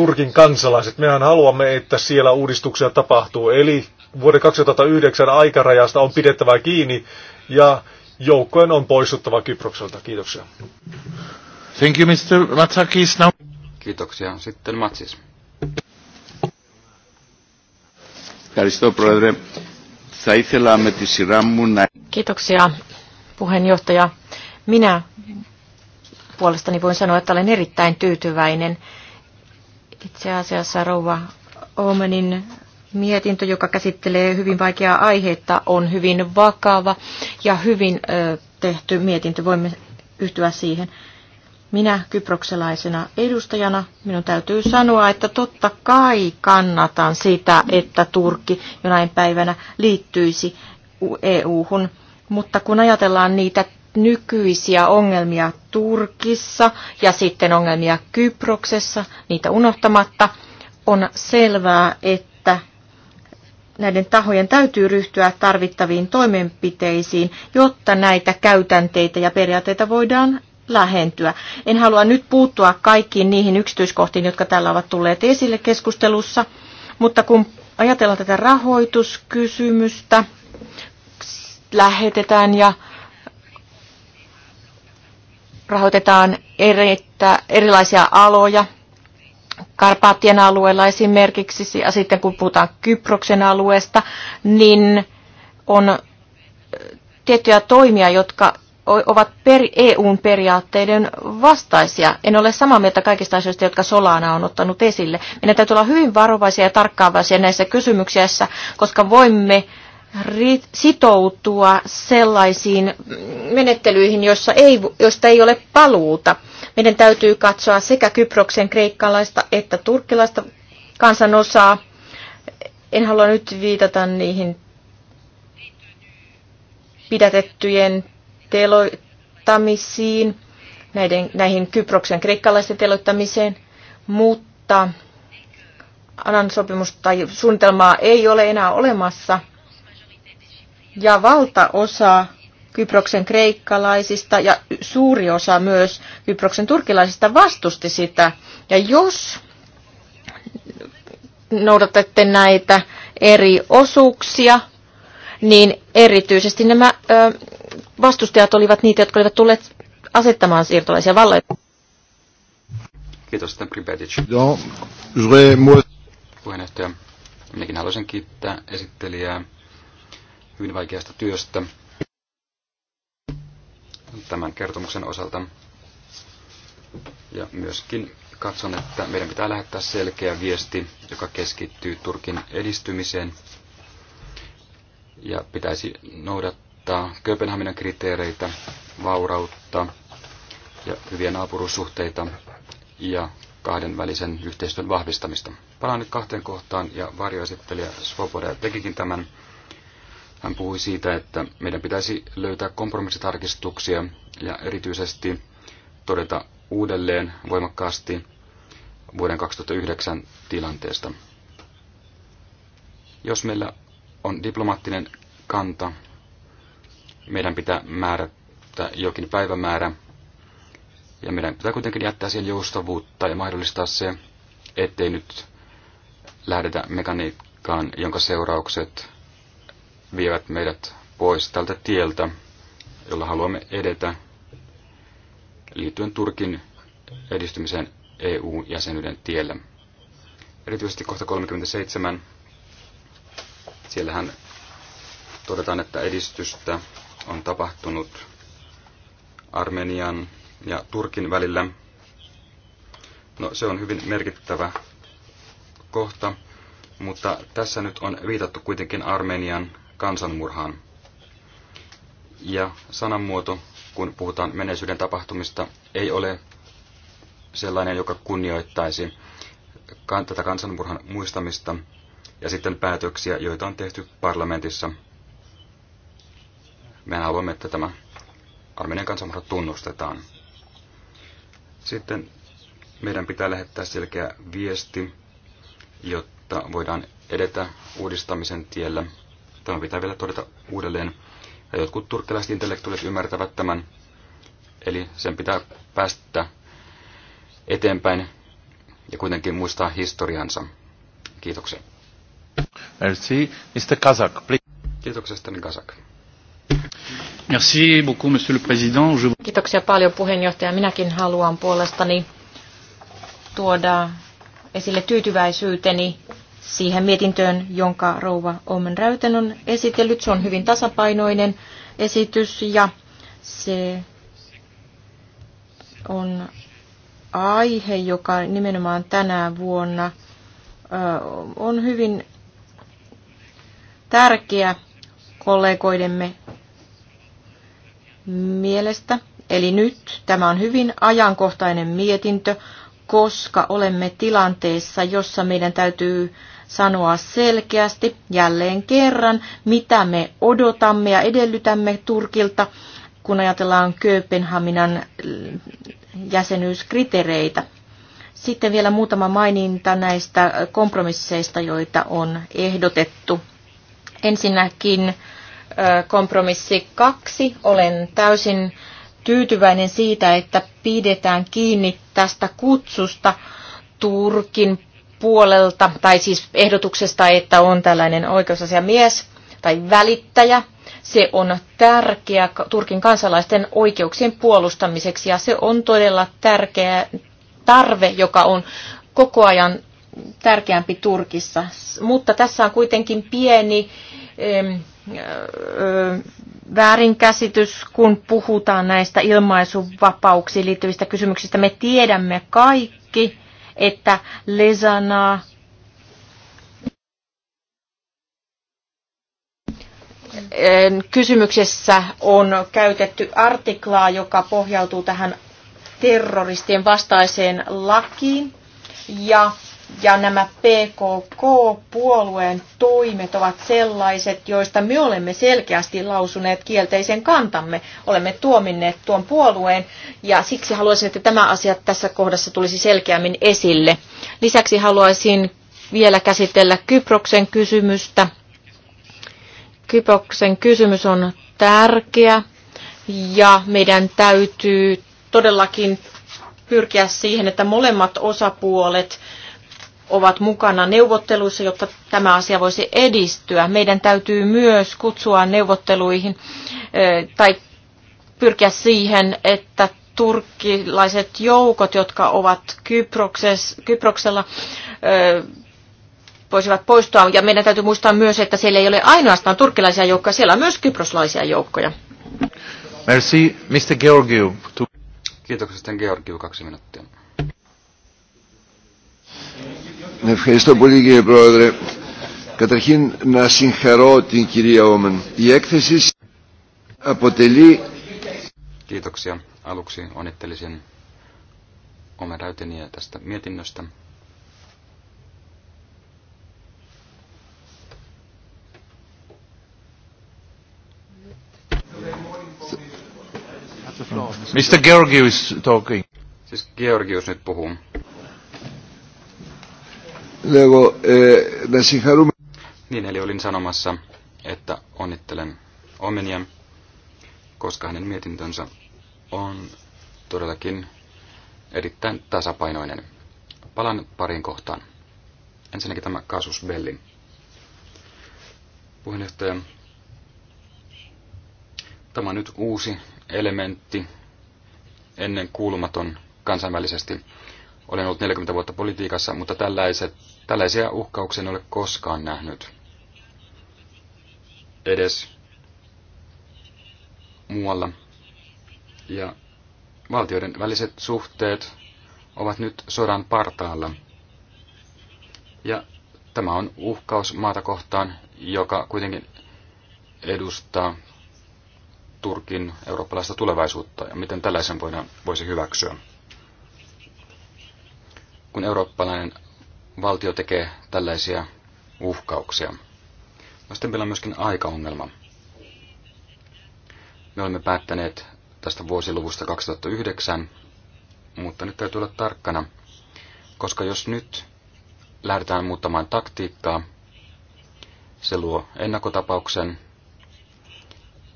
Turkin kansalaiset. Mehän haluamme, että siellä uudistuksia tapahtuu. Eli vuoden 2009 aikarajasta on pidettävä kiinni ja joukkojen on poistuttava Kyprokselta. Kiitoksia. Thank you, Mr. Matsakis. Now... Kiitoksia. Sitten Matsis. Kiitoksia, puheenjohtaja. Minä puolestani voin sanoa, että olen erittäin tyytyväinen itse asiassa rouva Omenin mietintö, joka käsittelee hyvin vaikeaa aihetta, on hyvin vakava ja hyvin ö, tehty mietintö. Voimme yhtyä siihen. Minä kyprokselaisena edustajana, minun täytyy sanoa, että totta kai kannatan sitä, että Turkki jonain päivänä liittyisi EU-hun. Mutta kun ajatellaan niitä nykyisiä ongelmia Turkissa ja sitten ongelmia Kyproksessa, niitä unohtamatta, on selvää, että näiden tahojen täytyy ryhtyä tarvittaviin toimenpiteisiin, jotta näitä käytänteitä ja periaatteita voidaan lähentyä. En halua nyt puuttua kaikkiin niihin yksityiskohtiin, jotka täällä ovat tulleet esille keskustelussa, mutta kun ajatellaan tätä rahoituskysymystä, lähetetään ja rahoitetaan erittä, erilaisia aloja. Karpaattien alueella esimerkiksi, ja sitten kun puhutaan Kyproksen alueesta, niin on tiettyjä toimia, jotka ovat per, EUn periaatteiden vastaisia. En ole samaa mieltä kaikista asioista, jotka Solana on ottanut esille. Meidän täytyy olla hyvin varovaisia ja tarkkaavaisia näissä kysymyksissä, koska voimme sitoutua sellaisiin menettelyihin, joissa ei, joista ei ole paluuta. Meidän täytyy katsoa sekä Kyproksen kreikkalaista että turkkilaista kansanosaa. En halua nyt viitata niihin pidätettyjen teloittamisiin, näiden, näihin Kyproksen kreikkalaisten teloittamiseen, mutta Anan sopimus tai suunnitelmaa ei ole enää olemassa – ja valtaosa Kyproksen kreikkalaisista ja suuri osa myös Kyproksen turkilaisista vastusti sitä. Ja jos noudatatte näitä eri osuuksia, niin erityisesti nämä ö, vastustajat olivat niitä, jotka olivat tulleet asettamaan siirtolaisia valloja. Kiitos, Templi Puheenjohtaja, minäkin haluaisin kiittää esittelijää hyvin vaikeasta työstä tämän kertomuksen osalta. Ja myöskin katson, että meidän pitää lähettää selkeä viesti, joka keskittyy Turkin edistymiseen. Ja pitäisi noudattaa Kööpenhaminan kriteereitä, vaurautta ja hyviä naapuruussuhteita ja kahdenvälisen yhteistyön vahvistamista. Palaan nyt kahteen kohtaan ja varjoesittelijä Svoboda tekikin tämän hän puhui siitä, että meidän pitäisi löytää kompromissitarkistuksia ja erityisesti todeta uudelleen voimakkaasti vuoden 2009 tilanteesta. Jos meillä on diplomaattinen kanta, meidän pitää määrätä jokin päivämäärä, ja meidän pitää kuitenkin jättää siihen joustavuutta ja mahdollistaa se, ettei nyt lähdetä mekaniikkaan, jonka seuraukset vievät meidät pois tältä tieltä, jolla haluamme edetä liittyen Turkin edistymiseen EU-jäsenyyden tiellä. Erityisesti kohta 37. Siellähän todetaan, että edistystä on tapahtunut Armenian ja Turkin välillä. No se on hyvin merkittävä kohta, mutta tässä nyt on viitattu kuitenkin Armenian kansanmurhaan. Ja sananmuoto, kun puhutaan menneisyyden tapahtumista, ei ole sellainen, joka kunnioittaisi tätä kansanmurhan muistamista ja sitten päätöksiä, joita on tehty parlamentissa. Me haluamme, että tämä Armenian kansanmurha tunnustetaan. Sitten meidän pitää lähettää selkeä viesti, jotta voidaan edetä uudistamisen tiellä. Tämä pitää vielä todeta uudelleen. Ja jotkut turkkilaiset intellektuaalit ymmärtävät tämän. Eli sen pitää päästä eteenpäin ja kuitenkin muistaa historiansa. Kiitoksia. Merci. Mr. Kazak, please. Kiitoksia, Sten Kazak. Merci beaucoup, monsieur le président. Je... Kiitoksia paljon puheenjohtaja. Minäkin haluan puolestani tuoda esille tyytyväisyyteni siihen mietintöön, jonka rouva Omen Räyten on esitellyt. Se on hyvin tasapainoinen esitys ja se on aihe, joka nimenomaan tänä vuonna on hyvin tärkeä kollegoidemme mielestä. Eli nyt tämä on hyvin ajankohtainen mietintö koska olemme tilanteessa, jossa meidän täytyy sanoa selkeästi jälleen kerran, mitä me odotamme ja edellytämme Turkilta, kun ajatellaan Kööpenhaminan mm, jäsenyyskriteereitä. Sitten vielä muutama maininta näistä kompromisseista, joita on ehdotettu. Ensinnäkin kompromissi kaksi. Olen täysin tyytyväinen siitä, että pidetään kiinni tästä kutsusta Turkin puolelta, tai siis ehdotuksesta, että on tällainen oikeusasiamies tai välittäjä. Se on tärkeä Turkin kansalaisten oikeuksien puolustamiseksi ja se on todella tärkeä tarve, joka on koko ajan tärkeämpi Turkissa. Mutta tässä on kuitenkin pieni väärinkäsitys, kun puhutaan näistä ilmaisuvapauksiin liittyvistä kysymyksistä. Me tiedämme kaikki, että lesana kysymyksessä on käytetty artiklaa, joka pohjautuu tähän terroristien vastaiseen lakiin. Ja ja nämä PKK-puolueen toimet ovat sellaiset, joista me olemme selkeästi lausuneet kielteisen kantamme. Olemme tuominneet tuon puolueen ja siksi haluaisin, että tämä asia tässä kohdassa tulisi selkeämmin esille. Lisäksi haluaisin vielä käsitellä Kyproksen kysymystä. Kyproksen kysymys on tärkeä ja meidän täytyy todellakin pyrkiä siihen, että molemmat osapuolet ovat mukana neuvotteluissa, jotta tämä asia voisi edistyä. Meidän täytyy myös kutsua neuvotteluihin eh, tai pyrkiä siihen, että turkkilaiset joukot, jotka ovat Kyproksella, eh, voisivat poistua. Ja meidän täytyy muistaa myös, että siellä ei ole ainoastaan turkkilaisia joukkoja, siellä on myös kyproslaisia joukkoja. Merci, Mr. Georgiou. Kiitoksia sitten Georgiou, kaksi minuuttia. Ευχαριστώ πολύ κύριε Πρόεδρε. Καταρχήν να συγχαρώ την κυρία Όμεν. Η έκθεση αποτελεί... Kiitoksia. Aluksi onnittelisin Omen Räyteniä tästä mietinnöstä. Mr. is talking. Siis Georgius nyt puhuu. Luego, eh, Niin, eli olin sanomassa, että onnittelen Omenia, koska hänen mietintönsä on todellakin erittäin tasapainoinen. Palan pariin kohtaan. Ensinnäkin tämä kasus Bellin. Puheenjohtaja, tämä on nyt uusi elementti, ennen kuulumaton kansainvälisesti. Olen ollut 40 vuotta politiikassa, mutta tällaiset, tällaisia uhkauksia en ole koskaan nähnyt. Edes muualla. Ja valtioiden väliset suhteet ovat nyt sodan partaalla. Ja tämä on uhkaus maata kohtaan, joka kuitenkin edustaa Turkin eurooppalaista tulevaisuutta ja miten tällaisen voidaan, voisi hyväksyä kun eurooppalainen valtio tekee tällaisia uhkauksia. No sitten meillä on myöskin aikaongelma. Me olemme päättäneet tästä vuosiluvusta 2009, mutta nyt täytyy olla tarkkana, koska jos nyt lähdetään muuttamaan taktiikkaa, se luo ennakkotapauksen,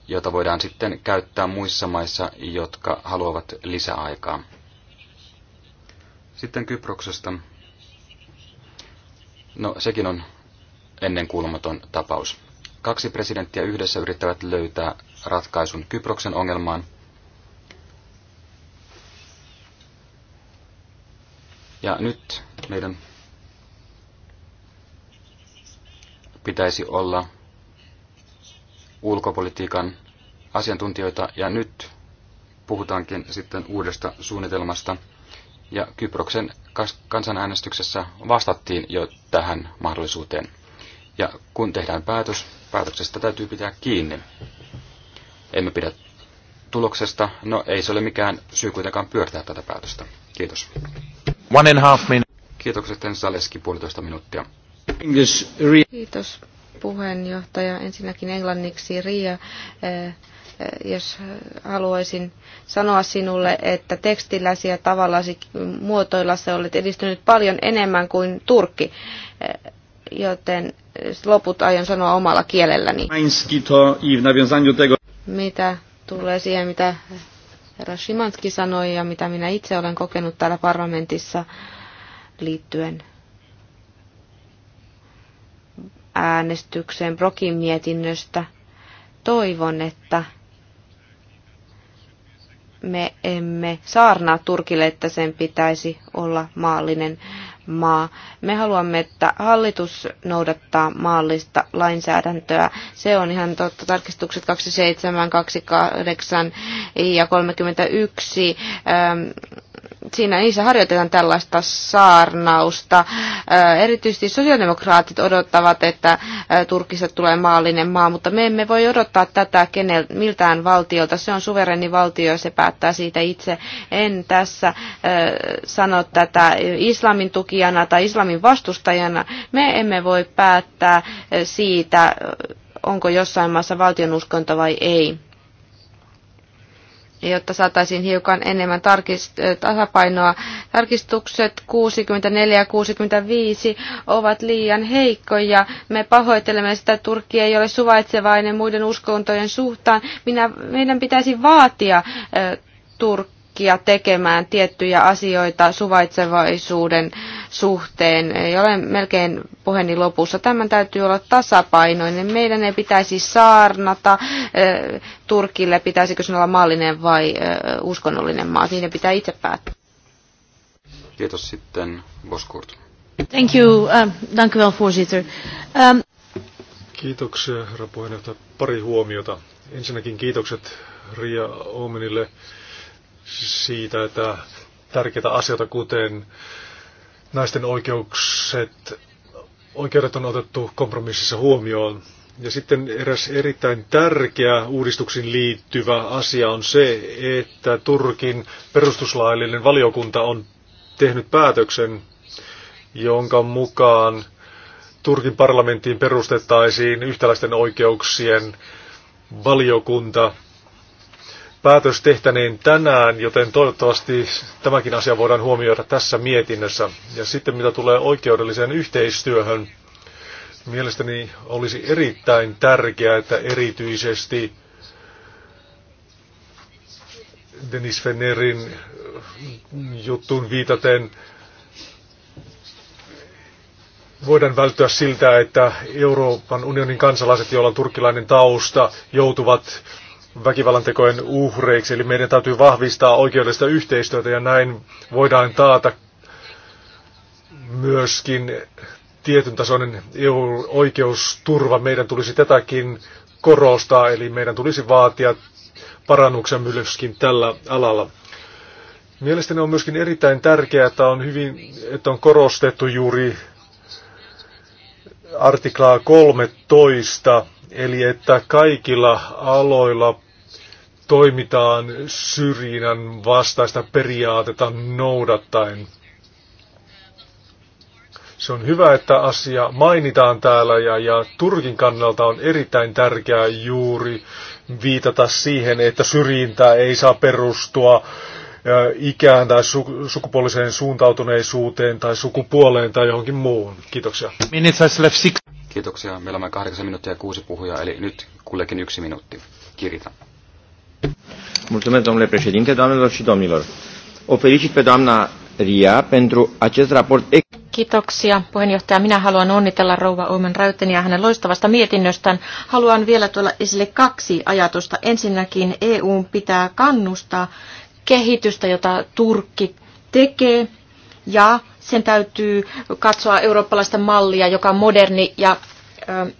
jota voidaan sitten käyttää muissa maissa, jotka haluavat lisäaikaa. Sitten Kyproksesta. No sekin on ennenkuulumaton tapaus. Kaksi presidenttiä yhdessä yrittävät löytää ratkaisun Kyproksen ongelmaan. Ja nyt meidän pitäisi olla ulkopolitiikan asiantuntijoita ja nyt puhutaankin sitten uudesta suunnitelmasta – ja Kyproksen kansanäänestyksessä vastattiin jo tähän mahdollisuuteen. Ja kun tehdään päätös, päätöksestä täytyy pitää kiinni. Emme pidä tuloksesta. No ei se ole mikään syy kuitenkaan pyörtää tätä päätöstä. Kiitos. One and a half minute. Kiitokset Ensaleski puolitoista minuuttia. English. Kiitos puheenjohtaja. Ensinnäkin englanniksi Ria. Eh, Eh, jos haluaisin sanoa sinulle, että tekstilläsi ja tavallasi muotoillasi olet edistynyt paljon enemmän kuin Turkki, eh, joten loput aion sanoa omalla kielelläni. Mitä tulee siihen, mitä herra Shimanski sanoi ja mitä minä itse olen kokenut täällä parlamentissa liittyen äänestykseen Brokin mietinnöstä. Toivon, että me emme saarnaa Turkille, että sen pitäisi olla maallinen maa. Me haluamme, että hallitus noudattaa maallista lainsäädäntöä. Se on ihan totta. Tarkistukset 27, 28 ja 31 ähm, siinä niissä harjoitetaan tällaista saarnausta. Äh, erityisesti sosiaalidemokraatit odottavat, että äh, Turkissa tulee maallinen maa, mutta me emme voi odottaa tätä kenel, miltään valtiolta. Se on suvereni valtio ja se päättää siitä itse. En tässä äh, sano tätä islamin tukijana tai islamin vastustajana. Me emme voi päättää siitä, onko jossain maassa valtion uskonto vai ei jotta saataisiin hiukan enemmän tarkist- tasapainoa. Tarkistukset 64 ja 65 ovat liian heikkoja. Me pahoittelemme sitä, että Turkki ei ole suvaitsevainen muiden uskontojen suhtaan. Minä, meidän pitäisi vaatia Turkki pakkoa tekemään tiettyjä asioita suvaitsevaisuuden suhteen. Ei ole melkein puheeni lopussa. Tämän täytyy olla tasapainoinen. Meidän ei pitäisi saarnata eh, Turkille, pitäisikö sen olla maallinen vai eh, uskonnollinen maa. Siinä pitää itse päättää. Kiitos sitten Boskurt. Thank you. uh, dank wel, voorzitter. Um... Kiitoksia, herra puheenjohtaja. Pari huomiota. Ensinnäkin kiitokset Ria Omenille siitä, että tärkeitä asioita, kuten naisten oikeukset, oikeudet on otettu kompromississa huomioon. Ja sitten eräs erittäin tärkeä uudistuksiin liittyvä asia on se, että Turkin perustuslaillinen valiokunta on tehnyt päätöksen, jonka mukaan Turkin parlamenttiin perustettaisiin yhtäläisten oikeuksien valiokunta, päätös tehtäneen tänään, joten toivottavasti tämäkin asia voidaan huomioida tässä mietinnössä. Ja sitten mitä tulee oikeudelliseen yhteistyöhön, mielestäni olisi erittäin tärkeää, että erityisesti Denis Fenerin juttuun viitaten voidaan välttyä siltä, että Euroopan unionin kansalaiset, joilla on turkkilainen tausta, joutuvat väkivallan tekojen uhreiksi. Eli meidän täytyy vahvistaa oikeudellista yhteistyötä ja näin voidaan taata myöskin tietyn tasoinen EU-oikeusturva. Meidän tulisi tätäkin korostaa, eli meidän tulisi vaatia parannuksen myöskin tällä alalla. Mielestäni on myöskin erittäin tärkeää, että on, hyvin, että on korostettu juuri artiklaa 13 Eli että kaikilla aloilla toimitaan syrjinnän vastaista periaatetta noudattaen. Se on hyvä, että asia mainitaan täällä ja, ja Turkin kannalta on erittäin tärkeää juuri viitata siihen, että syrjintää ei saa perustua ikään tai su- sukupuoliseen suuntautuneisuuteen tai sukupuoleen tai johonkin muuhun. Kiitoksia. Kiitoksia. Meillä on kahdeksan minuuttia ja kuusi puhujaa, eli nyt kullekin yksi minuutti. Kirita. Mulțumesc, domnule președinte, doamnelor și domnilor. O felicit pe doamna Ria pentru acest raport. Kiitoksia puheenjohtaja. Minä haluan onnitella rouva Omen ja hänen loistavasta mietinnöstään. Haluan vielä tuolla esille kaksi ajatusta. Ensinnäkin EU pitää kannustaa kehitystä, jota Turkki tekee, ja sen täytyy katsoa eurooppalaista mallia, joka on moderni ja ö,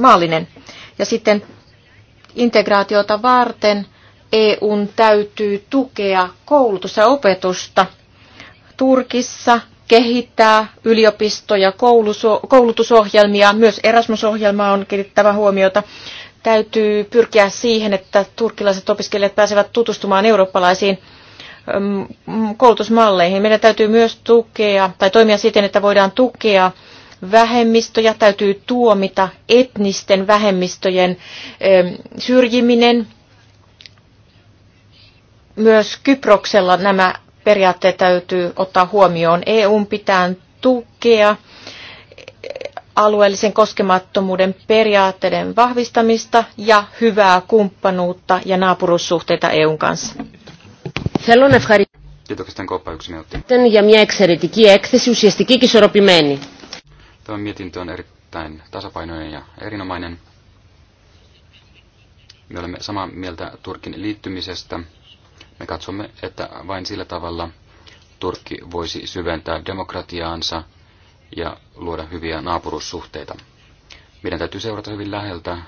maallinen. Ja sitten integraatiota varten EUn täytyy tukea koulutusta ja opetusta Turkissa, kehittää yliopistoja, koulutusohjelmia. Myös Erasmus-ohjelma on kehittävä huomiota. Täytyy pyrkiä siihen, että turkkilaiset opiskelijat pääsevät tutustumaan eurooppalaisiin koulutusmalleihin. Meidän täytyy myös tukea tai toimia siten, että voidaan tukea vähemmistöjä, täytyy tuomita etnisten vähemmistöjen syrjiminen. Myös Kyproksella nämä periaatteet täytyy ottaa huomioon. EUn pitää tukea alueellisen koskemattomuuden periaatteiden vahvistamista ja hyvää kumppanuutta ja naapurussuhteita EUn kanssa. Θέλω να ευχαριστήσω. για μια εξαιρετική έκθεση, ουσιαστική και ισορροπημένη. Tämä mietintö on erittäin tasapainoinen ja erinomainen. Me olemme samaa mieltä Turkin liittymisestä. Me katsomme, että vain sillä tavalla Turkki voisi syventää demokratiaansa ja luoda hyviä naapuruussuhteita. Meidän täytyy seurata hyvin läheltä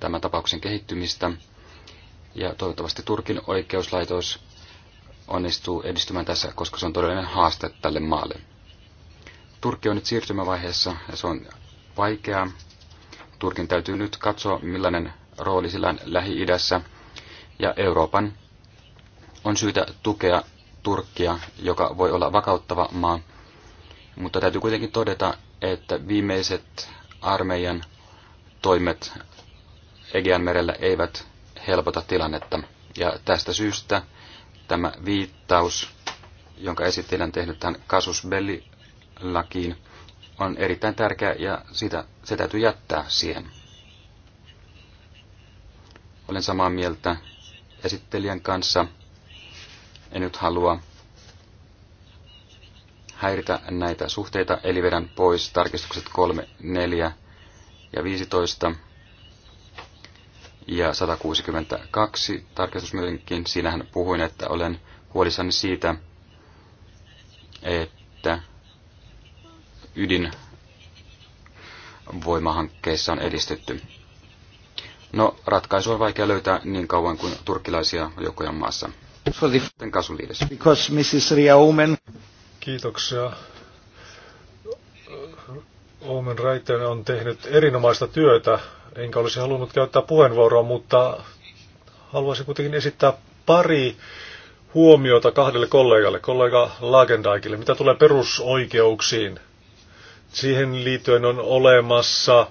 tämän tapauksen kehittymistä ja toivottavasti Turkin oikeuslaitos onnistuu edistymään tässä, koska se on todellinen haaste tälle maalle. Turkki on nyt siirtymävaiheessa ja se on vaikeaa. Turkin täytyy nyt katsoa, millainen rooli sillä on Lähi-idässä ja Euroopan on syytä tukea Turkkia, joka voi olla vakauttava maa. Mutta täytyy kuitenkin todeta, että viimeiset armeijan toimet Egean merellä eivät helpota tilannetta. Ja tästä syystä tämä viittaus, jonka esittelen tehnyt tämän Kasus Belli-lakiin, on erittäin tärkeä ja sitä, se täytyy jättää siihen. Olen samaa mieltä esittelijän kanssa. En nyt halua häiritä näitä suhteita, eli vedän pois tarkistukset 3, 4 ja 15 ja 162 tarkistusmyötinkin. Siinähän puhuin, että olen huolissani siitä, että ydinvoimahankkeissa on edistetty. No, ratkaisu on vaikea löytää niin kauan kuin turkkilaisia joukkoja maassa. Because Mrs. Ria Omen. Kiitoksia. Omen Raiten on tehnyt erinomaista työtä enkä olisi halunnut käyttää puheenvuoroa, mutta haluaisin kuitenkin esittää pari huomiota kahdelle kollegalle, kollega Lagendaikille, mitä tulee perusoikeuksiin. Siihen liittyen on olemassa äh,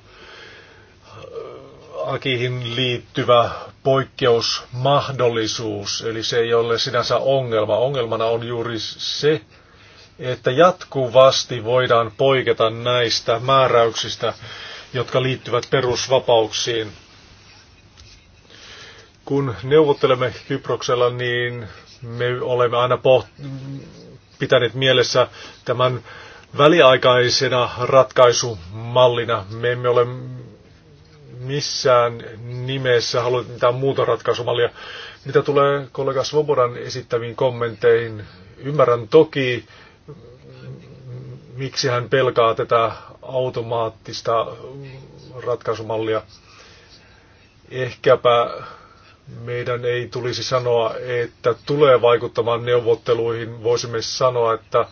Akihin liittyvä poikkeusmahdollisuus, eli se ei ole sinänsä ongelma. Ongelmana on juuri se, että jatkuvasti voidaan poiketa näistä määräyksistä jotka liittyvät perusvapauksiin. Kun neuvottelemme Kyproksella, niin me olemme aina poht- pitäneet mielessä tämän väliaikaisena ratkaisumallina. Me emme ole missään nimessä halunnut mitään muuta ratkaisumallia. Mitä tulee kollega Svobodan esittäviin kommentteihin, ymmärrän toki, miksi hän pelkaa tätä automaattista ratkaisumallia. Ehkäpä meidän ei tulisi sanoa, että tulee vaikuttamaan neuvotteluihin, voisimme sanoa, että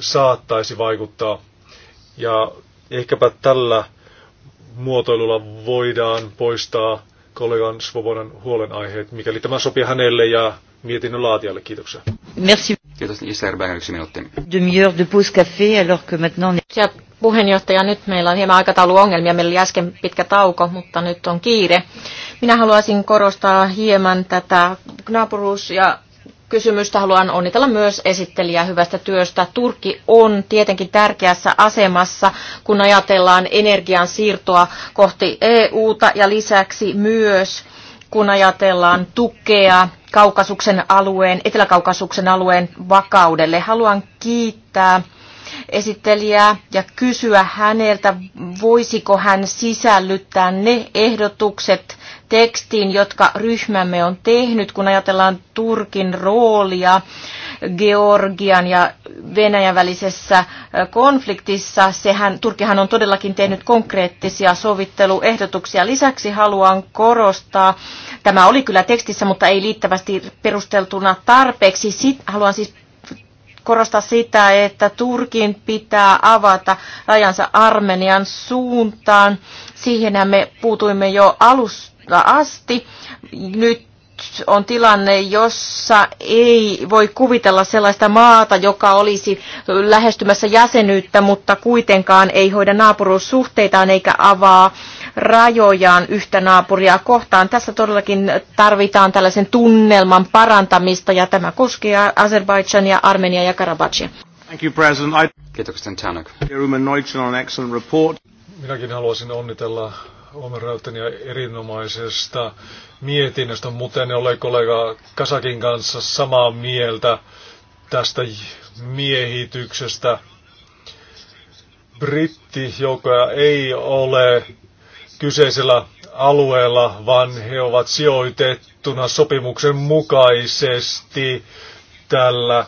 saattaisi vaikuttaa. Ja ehkäpä tällä muotoilulla voidaan poistaa kollegan Svobodan huolenaiheet, mikäli tämä sopii hänelle ja mietinnön laatijalle. Kiitoksia. Merci. Kiitos, Isler Berger, yksi minuutti. Demi-heure de pause café, alors que maintenant puheenjohtaja, nyt meillä on hieman aikatauluongelmia. Meillä oli äsken pitkä tauko, mutta nyt on kiire. Minä haluaisin korostaa hieman tätä naapuruus- ja kysymystä. Haluan onnitella myös esittelijää hyvästä työstä. Turkki on tietenkin tärkeässä asemassa, kun ajatellaan energian siirtoa kohti EUta ja lisäksi myös kun ajatellaan tukea Kaukasuksen alueen, Etelä-Kaukasuksen alueen vakaudelle. Haluan kiittää esittelijää ja kysyä häneltä, voisiko hän sisällyttää ne ehdotukset tekstiin, jotka ryhmämme on tehnyt, kun ajatellaan Turkin roolia Georgian ja Venäjän välisessä äh, konfliktissa. Sehän, Turkihan on todellakin tehnyt konkreettisia sovitteluehdotuksia. Lisäksi haluan korostaa, tämä oli kyllä tekstissä, mutta ei liittävästi perusteltuna tarpeeksi. Sit, haluan siis korostaa sitä, että Turkin pitää avata rajansa Armenian suuntaan. Siihen me puutuimme jo alusta asti. Nyt on tilanne, jossa ei voi kuvitella sellaista maata, joka olisi lähestymässä jäsenyyttä, mutta kuitenkaan ei hoida naapuruussuhteitaan eikä avaa rajojaan yhtä naapuria kohtaan. Tässä todellakin tarvitaan tällaisen tunnelman parantamista ja tämä koskee ja Armenia ja Karabatsia. Thank you, President. Minäkin haluaisin onnitella Rautenia erinomaisesta mietinnöstä, mutta en ole kollega Kasakin kanssa samaa mieltä tästä miehityksestä. Brittijoukkoja ei ole kyseisellä alueella, vaan he ovat sijoitettuna sopimuksen mukaisesti tällä äh,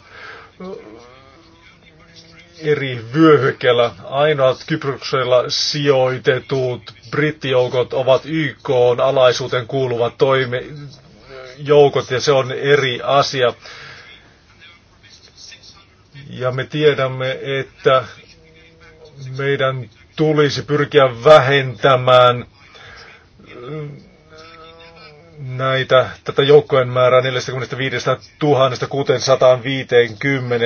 eri vyöhykellä Ainoat Kyproksella sijoitetut brittijoukot ovat YK alaisuuteen kuuluvat toime joukot ja se on eri asia. Ja me tiedämme, että meidän tulisi pyrkiä vähentämään mm, näitä, tätä joukkojen määrää 45 000 650.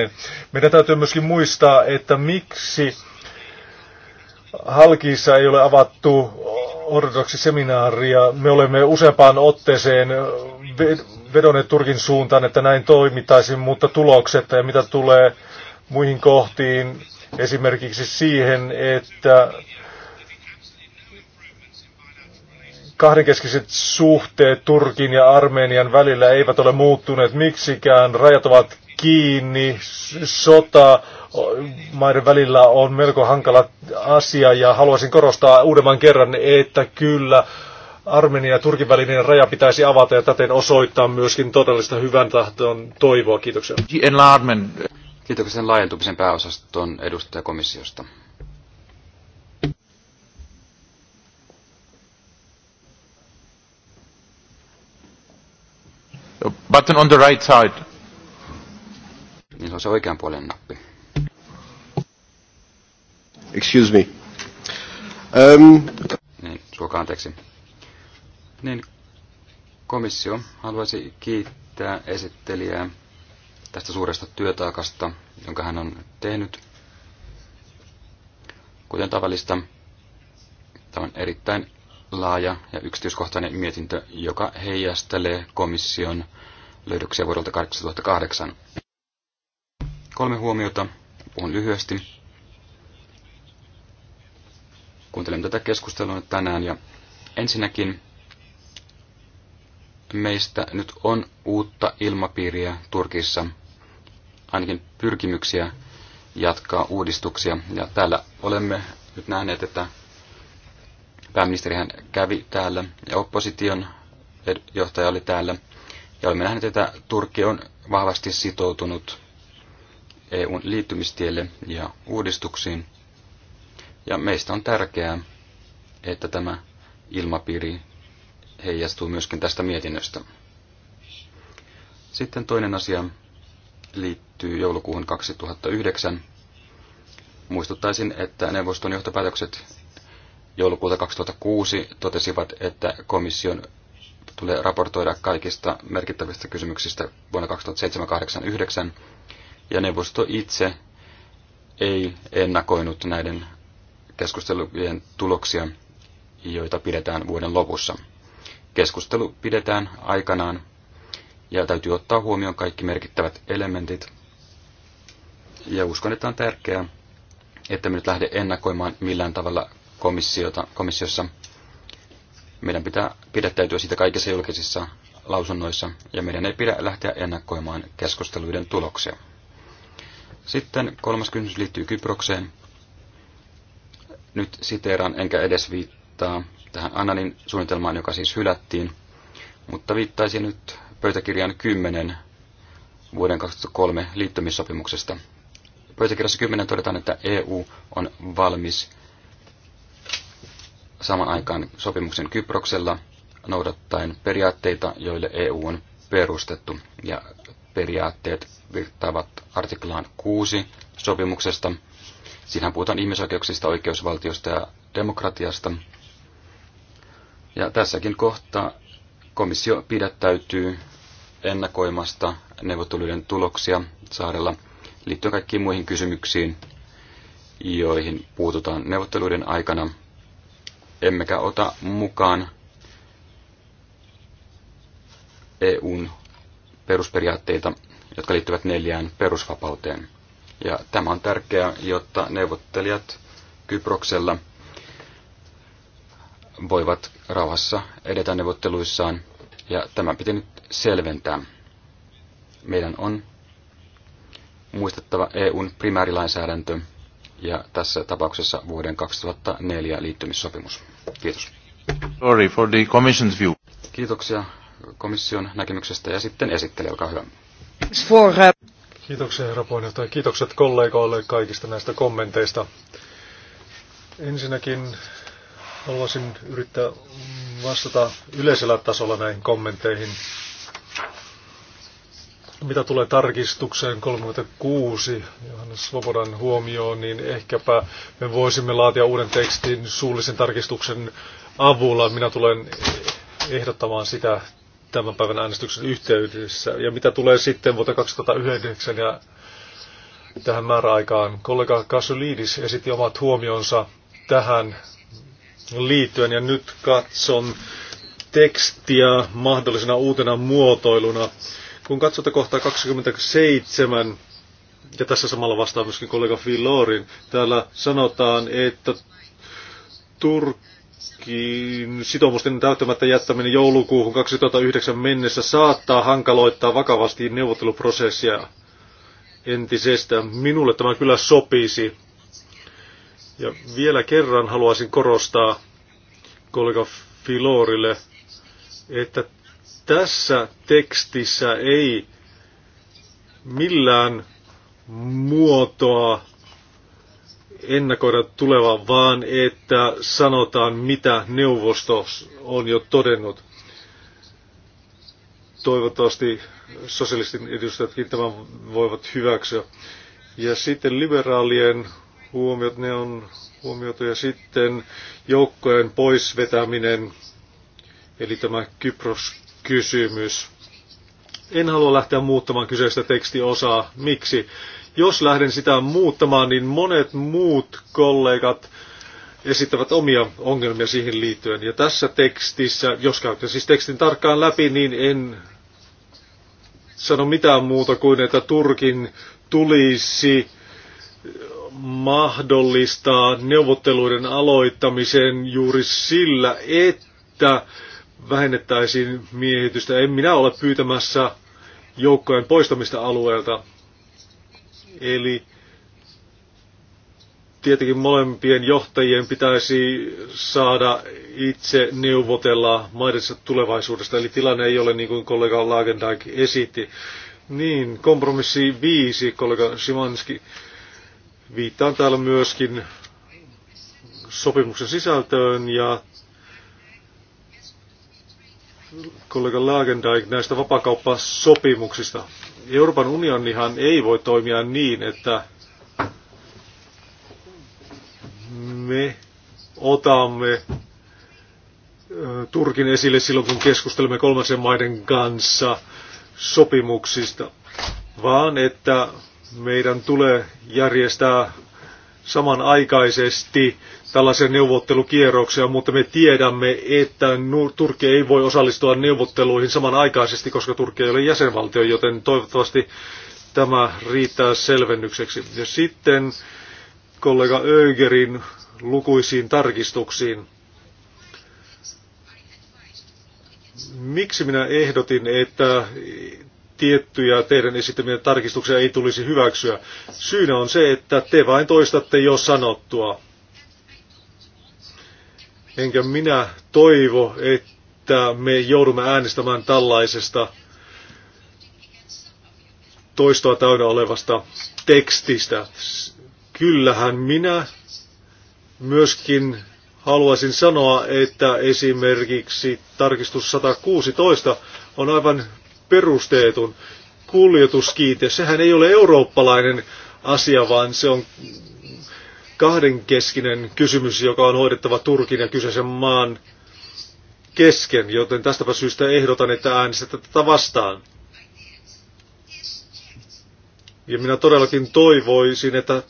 Meidän täytyy myöskin muistaa, että miksi Halkiissa ei ole avattu ortodoksi seminaaria. Me olemme useampaan otteeseen vedonneet Turkin suuntaan, että näin toimittaisiin, mutta tulokset ja mitä tulee muihin kohtiin, Esimerkiksi siihen, että kahdenkeskiset suhteet Turkin ja Armenian välillä eivät ole muuttuneet miksikään. Rajat ovat kiinni, sota maiden välillä on melko hankala asia ja haluaisin korostaa uudemman kerran, että kyllä armenia ja Turkin välinen raja pitäisi avata ja täten osoittaa myöskin todellista hyvän tahton toivoa. Kiitoksia. Kiitoksen laajentumisen pääosaston edustajakomissiosta. button on the right side. Niin se on se puolen nappi. Excuse me. Um... Niin, suokaa anteeksi. Niin, komissio haluaisi kiittää esittelijää tästä suuresta työtaakasta, jonka hän on tehnyt. Kuten tavallista, tämä on erittäin laaja ja yksityiskohtainen mietintö, joka heijastelee komission löydöksiä vuodelta 2008. Kolme huomiota, puhun lyhyesti. Kuuntelemme tätä keskustelua tänään ja ensinnäkin meistä nyt on uutta ilmapiiriä Turkissa – ainakin pyrkimyksiä jatkaa uudistuksia. Ja täällä olemme nyt nähneet, että pääministerihän kävi täällä ja opposition johtaja oli täällä. Ja olemme nähneet, että Turkki on vahvasti sitoutunut EUn liittymistielle ja uudistuksiin. Ja meistä on tärkeää, että tämä ilmapiiri heijastuu myöskin tästä mietinnöstä. Sitten toinen asia, liittyy joulukuuhun 2009. Muistuttaisin, että neuvoston johtopäätökset joulukuuta 2006 totesivat, että komission tulee raportoida kaikista merkittävistä kysymyksistä vuonna 2007 2009 ja neuvosto itse ei ennakoinut näiden keskustelujen tuloksia, joita pidetään vuoden lopussa. Keskustelu pidetään aikanaan ja täytyy ottaa huomioon kaikki merkittävät elementit. Ja uskon, että on tärkeää, että me nyt lähde ennakoimaan millään tavalla komissiota, komissiossa. Meidän pitää pidättäytyä siitä kaikissa julkisissa lausunnoissa, ja meidän ei pidä lähteä ennakoimaan keskusteluiden tuloksia. Sitten kolmas kysymys liittyy Kyprokseen. Nyt siteeraan enkä edes viittaa tähän Ananin suunnitelmaan, joka siis hylättiin, mutta viittaisin nyt pöytäkirjan 10 vuoden 2003 liittymissopimuksesta. Pöytäkirjassa 10 todetaan, että EU on valmis saman aikaan sopimuksen Kyproksella noudattaen periaatteita, joille EU on perustettu. Ja periaatteet virtaavat artiklaan 6 sopimuksesta. Siinähän puhutaan ihmisoikeuksista, oikeusvaltiosta ja demokratiasta. Ja tässäkin kohtaa Komissio pidättäytyy ennakoimasta neuvotteluiden tuloksia saarella liittyen kaikkiin muihin kysymyksiin, joihin puututaan neuvotteluiden aikana, emmekä ota mukaan EUn perusperiaatteita, jotka liittyvät neljään perusvapauteen. Ja tämä on tärkeää, jotta neuvottelijat Kyproksella – voivat rauhassa edetä neuvotteluissaan, ja tämä piti nyt selventää. Meidän on muistettava EUn primäärilainsäädäntö ja tässä tapauksessa vuoden 2004 liittymissopimus. Kiitos. Sorry for the commission's view. Kiitoksia komission näkemyksestä ja sitten esittely, olkaa hyvä. Kiitoksia herra puheenjohtaja. Kiitokset kollegoille kaikista näistä kommenteista. Ensinnäkin Haluaisin yrittää vastata yleisellä tasolla näihin kommenteihin, Mitä tulee tarkistukseen 36, Johannes Svobodan huomioon, niin ehkäpä me voisimme laatia uuden tekstin suullisen tarkistuksen avulla. Minä tulen ehdottamaan sitä tämän päivän äänestyksen yhteydessä. Ja mitä tulee sitten vuoteen 2009 ja tähän määräaikaan, kollega Kasulidis esitti omat huomionsa tähän liittyen ja nyt katson tekstiä mahdollisena uutena muotoiluna. Kun katsotte kohtaa 27, ja tässä samalla vastaa myöskin kollega Filorin, täällä sanotaan, että Turkin sitoumusten täyttämättä jättäminen joulukuuhun 2009 mennessä saattaa hankaloittaa vakavasti neuvotteluprosessia Entisestä Minulle tämä kyllä sopisi. Ja vielä kerran haluaisin korostaa kollega Filorille, että tässä tekstissä ei millään muotoa ennakoida tuleva, vaan että sanotaan, mitä neuvosto on jo todennut. Toivottavasti sosialistin edustajatkin tämän voivat hyväksyä. Ja sitten liberaalien huomiot, ne on huomioitu. Ja sitten joukkojen poisvetäminen, eli tämä Kypros-kysymys. En halua lähteä muuttamaan kyseistä tekstiosaa. Miksi? Jos lähden sitä muuttamaan, niin monet muut kollegat esittävät omia ongelmia siihen liittyen. Ja tässä tekstissä, jos käytän siis tekstin tarkkaan läpi, niin en sano mitään muuta kuin, että Turkin tulisi mahdollistaa neuvotteluiden aloittamisen juuri sillä, että vähennettäisiin miehitystä. En minä ole pyytämässä joukkojen poistamista alueelta. Eli tietenkin molempien johtajien pitäisi saada itse neuvotella maidensa tulevaisuudesta. Eli tilanne ei ole niin kuin kollega Lagendijk esitti. Niin, kompromissi viisi, kollega Simanski. Viittaan täällä myöskin sopimuksen sisältöön ja kollega Lagendijk näistä vapakauppasopimuksista. Euroopan unionihan ei voi toimia niin, että me otamme Turkin esille silloin, kun keskustelemme kolmansien maiden kanssa sopimuksista, vaan että meidän tulee järjestää samanaikaisesti tällaisia neuvottelukierroksia, mutta me tiedämme, että Turkki ei voi osallistua neuvotteluihin samanaikaisesti, koska Turkki ei ole jäsenvaltio, joten toivottavasti tämä riittää selvennykseksi. Ja sitten kollega Ögerin lukuisiin tarkistuksiin. Miksi minä ehdotin, että tiettyjä teidän esittämien tarkistuksia ei tulisi hyväksyä. Syynä on se, että te vain toistatte jo sanottua. Enkä minä toivo, että me joudumme äänestämään tällaisesta toistoa täynnä olevasta tekstistä. Kyllähän minä myöskin haluaisin sanoa, että esimerkiksi tarkistus 116 on aivan perusteetun kuljetuskiintiö. Sehän ei ole eurooppalainen asia, vaan se on kahdenkeskinen kysymys, joka on hoidettava Turkin ja kyseisen maan kesken, joten tästäpä syystä ehdotan, että äänestetään tätä vastaan. Ja minä todellakin toivoisin, että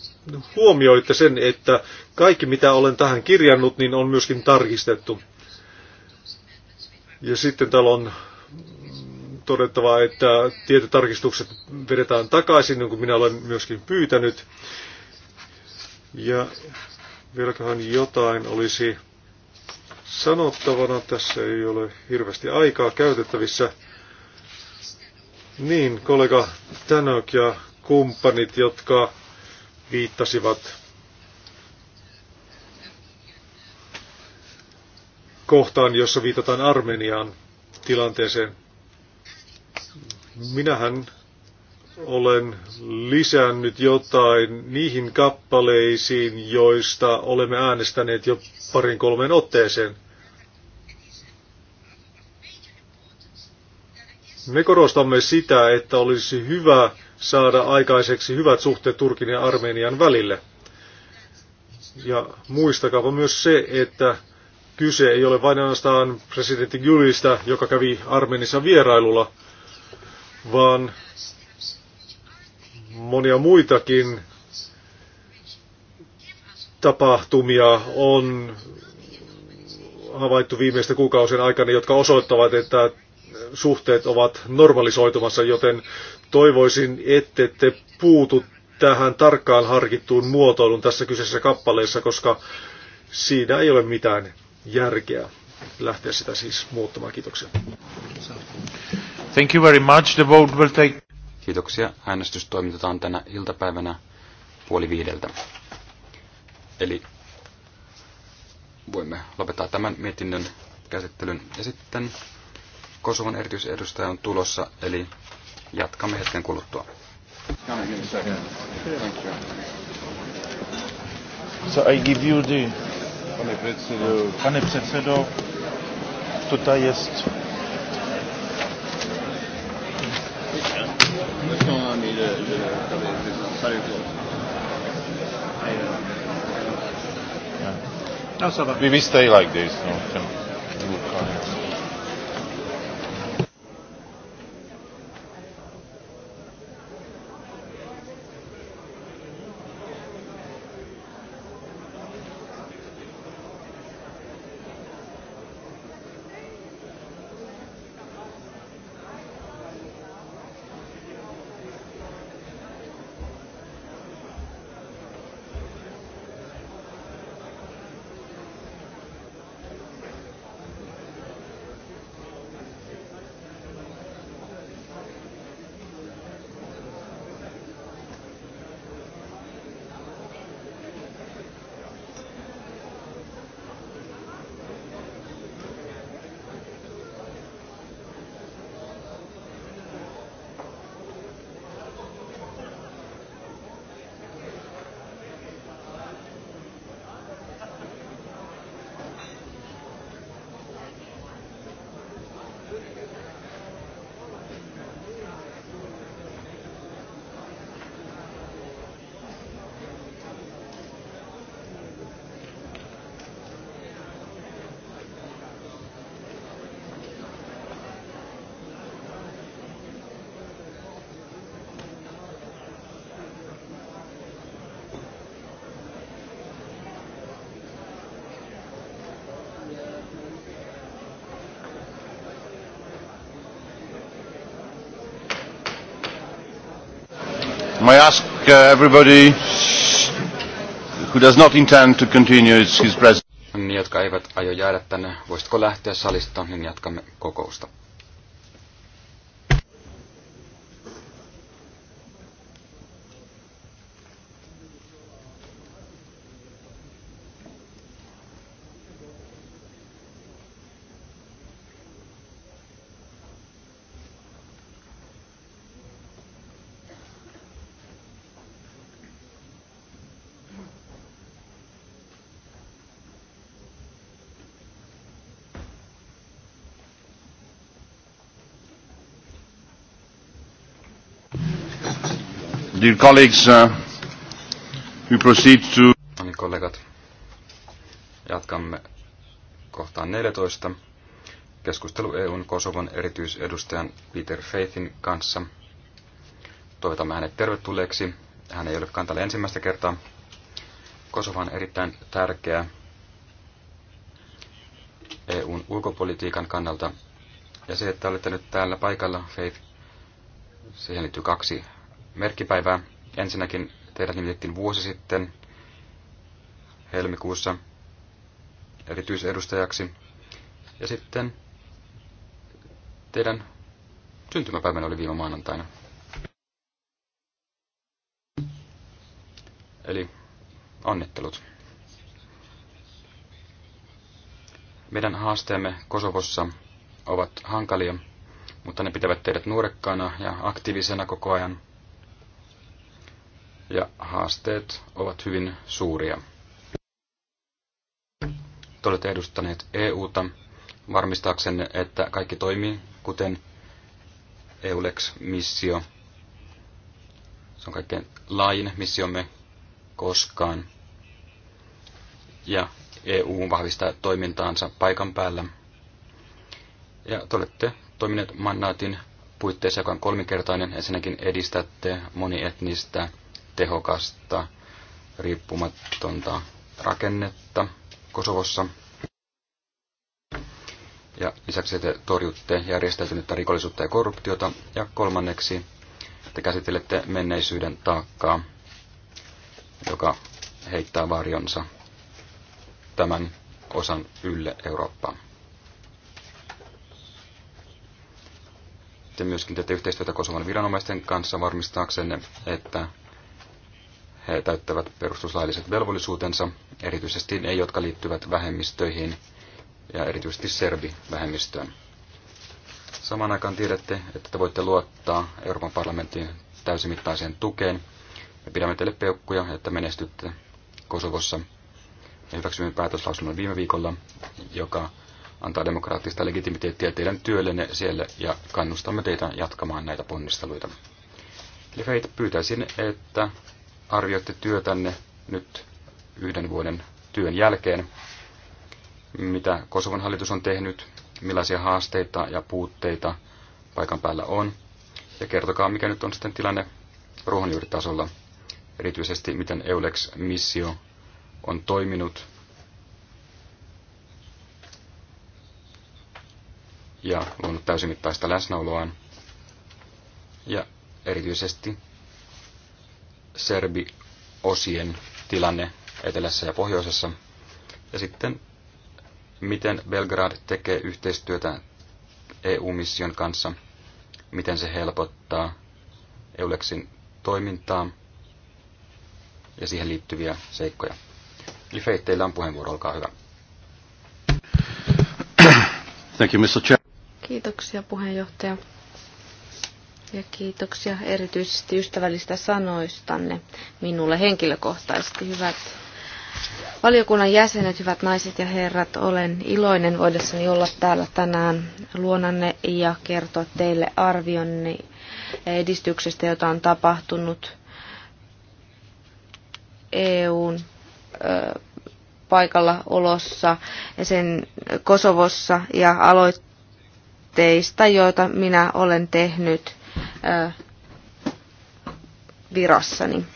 huomioitte sen, että kaikki mitä olen tähän kirjannut, niin on myöskin tarkistettu. Ja sitten täällä on todettava, että tietotarkistukset vedetään takaisin, niin kuin minä olen myöskin pyytänyt. Ja vieläköhän jotain olisi sanottavana. Tässä ei ole hirveästi aikaa käytettävissä. Niin, kollega Tänök ja kumppanit, jotka viittasivat kohtaan, jossa viitataan Armenian tilanteeseen. Minähän olen lisännyt jotain niihin kappaleisiin, joista olemme äänestäneet jo parin kolmeen otteeseen. Me korostamme sitä, että olisi hyvä saada aikaiseksi hyvät suhteet Turkin ja Armenian välille. Ja muistakaa myös se, että kyse ei ole vain ainoastaan presidentti Gylistä, joka kävi Armenissa vierailulla, vaan monia muitakin tapahtumia on havaittu viimeisten kuukausien aikana, jotka osoittavat, että suhteet ovat normalisoitumassa, joten toivoisin, ette te puutu tähän tarkkaan harkittuun muotoilun tässä kyseisessä kappaleessa, koska siinä ei ole mitään järkeä lähteä sitä siis muuttamaan. Kiitoksia. Thank you very much. The vote will take... Kiitoksia. Äänestys toimitetaan tänä iltapäivänä puoli viideltä. Eli voimme lopettaa tämän mietinnön käsittelyn. Ja sitten Kosovan erityisedustaja on tulossa, eli jatkamme hetken kuluttua. So I give you the... Pane předsedo, Pane předsedo, tutaj jest Yeah. No, ça va. We, we stay like this. No, May I ask uh, everybody who does not intend to continue his presence? Ne, niin, jotka eivät aio jäädä tänne, voisitko lähteä salista, niin jatkamme kokousta. Dear colleagues, uh, we proceed to... No niin, kollegat, jatkamme kohtaan 14. Keskustelu EUn Kosovon erityisedustajan Peter Faithin kanssa. Toivotamme hänet tervetulleeksi. Hän ei ole kantalle ensimmäistä kertaa. Kosova on erittäin tärkeä EUn ulkopolitiikan kannalta. Ja se, että olette nyt täällä paikalla, Faith, siihen liittyy kaksi merkkipäivää. Ensinnäkin teidät nimitettiin vuosi sitten helmikuussa erityisedustajaksi. Ja sitten teidän syntymäpäivänä oli viime maanantaina. Eli onnittelut. Meidän haasteemme Kosovossa ovat hankalia, mutta ne pitävät teidät nuorekkaana ja aktiivisena koko ajan ja haasteet ovat hyvin suuria. Te olette edustaneet EUta varmistaaksenne, että kaikki toimii, kuten EULEX-missio. Se on kaikkein laajin missiomme koskaan. Ja EU vahvistaa toimintaansa paikan päällä. Ja te olette toimineet mandaatin puitteissa, joka on kolminkertainen. Ensinnäkin edistätte monietnistä tehokasta, riippumatonta rakennetta Kosovossa. Ja lisäksi te torjutte järjestäytynyttä rikollisuutta ja korruptiota. Ja kolmanneksi te käsittelette menneisyyden taakkaa, joka heittää varjonsa tämän osan ylle Eurooppaa. Te myöskin teette yhteistyötä Kosovan viranomaisten kanssa varmistaaksenne, että he täyttävät perustuslailliset velvollisuutensa, erityisesti ne, jotka liittyvät vähemmistöihin ja erityisesti serbivähemmistöön. Samaan aikaan tiedätte, että te voitte luottaa Euroopan parlamentin täysimittaiseen tukeen. Me pidämme teille peukkuja, että menestytte Kosovossa. Me hyväksymme päätöslausunnon viime viikolla, joka antaa demokraattista legitimiteettiä teidän työllenne siellä ja kannustamme teitä jatkamaan näitä ponnisteluita. Lefeit pyytäisin, että arvioitte työtänne nyt yhden vuoden työn jälkeen? Mitä Kosovon hallitus on tehnyt? Millaisia haasteita ja puutteita paikan päällä on? Ja kertokaa, mikä nyt on sitten tilanne ruohonjuuritasolla, erityisesti miten EULEX-missio on toiminut ja luonut täysimittaista läsnäoloaan. Ja erityisesti serbiosien tilanne etelässä ja pohjoisessa. Ja sitten, miten Belgrad tekee yhteistyötä EU-mission kanssa, miten se helpottaa EULEXin toimintaa ja siihen liittyviä seikkoja. Eli Feit, teillä on puheenvuoro, olkaa hyvä. Thank you, Mr. Chair. Kiitoksia puheenjohtaja. Ja kiitoksia erityisesti ystävällistä sanoistanne minulle henkilökohtaisesti. Hyvät valiokunnan jäsenet, hyvät naiset ja herrat, olen iloinen voidessani olla täällä tänään luonanne ja kertoa teille arvionni edistyksestä, jota on tapahtunut EUn ö, paikalla olossa ja sen Kosovossa ja aloitteista, joita minä olen tehnyt virassani. Niin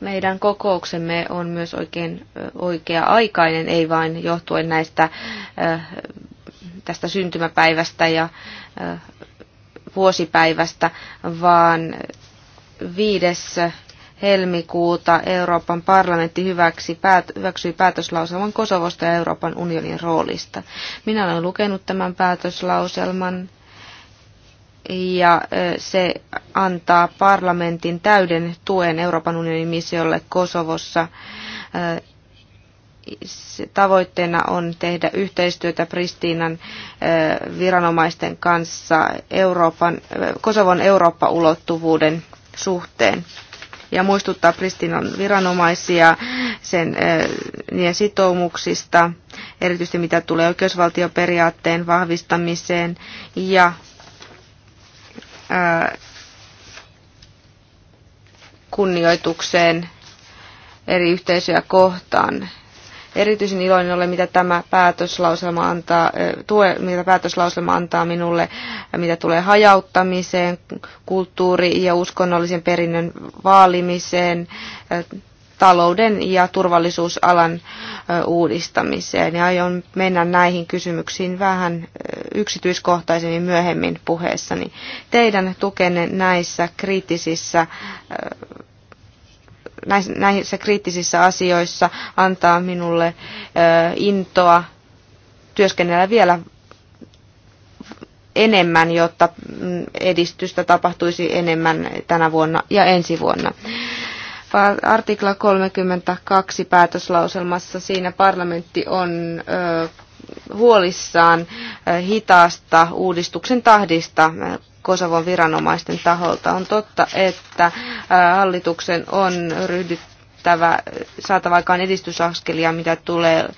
meidän kokouksemme on myös oikein oikea-aikainen, ei vain johtuen näistä tästä syntymäpäivästä ja vuosipäivästä, vaan 5. helmikuuta Euroopan parlamentti hyväksi, päät, hyväksyi päätöslauselman Kosovosta ja Euroopan unionin roolista. Minä olen lukenut tämän päätöslauselman ja se antaa parlamentin täyden tuen Euroopan unionin missiolle Kosovossa. Tavoitteena on tehdä yhteistyötä Pristiinan viranomaisten kanssa Euroopan, Kosovon Eurooppa-ulottuvuuden suhteen ja muistuttaa Pristinan viranomaisia sen niiden sitoumuksista, erityisesti mitä tulee oikeusvaltioperiaatteen vahvistamiseen ja kunnioitukseen eri yhteisöjä kohtaan. Erityisen iloinen olen, mitä tämä päätöslauselma antaa, tue, mitä päätöslauselma antaa minulle, mitä tulee hajauttamiseen, kulttuuri- ja uskonnollisen perinnön vaalimiseen, talouden ja turvallisuusalan uudistamiseen. Ja aion mennä näihin kysymyksiin vähän yksityiskohtaisemmin myöhemmin puheessani. Teidän tukenne näissä kriittisissä näissä kriittisissä asioissa antaa minulle intoa työskennellä vielä enemmän, jotta mm, edistystä tapahtuisi enemmän tänä vuonna ja ensi vuonna. Artikla 32 päätöslauselmassa siinä parlamentti on huolissaan hitaasta uudistuksen tahdista Kosovon viranomaisten taholta. On totta, että hallituksen on ryhdyttävä saatava aikaan edistysaskelia, mitä tulee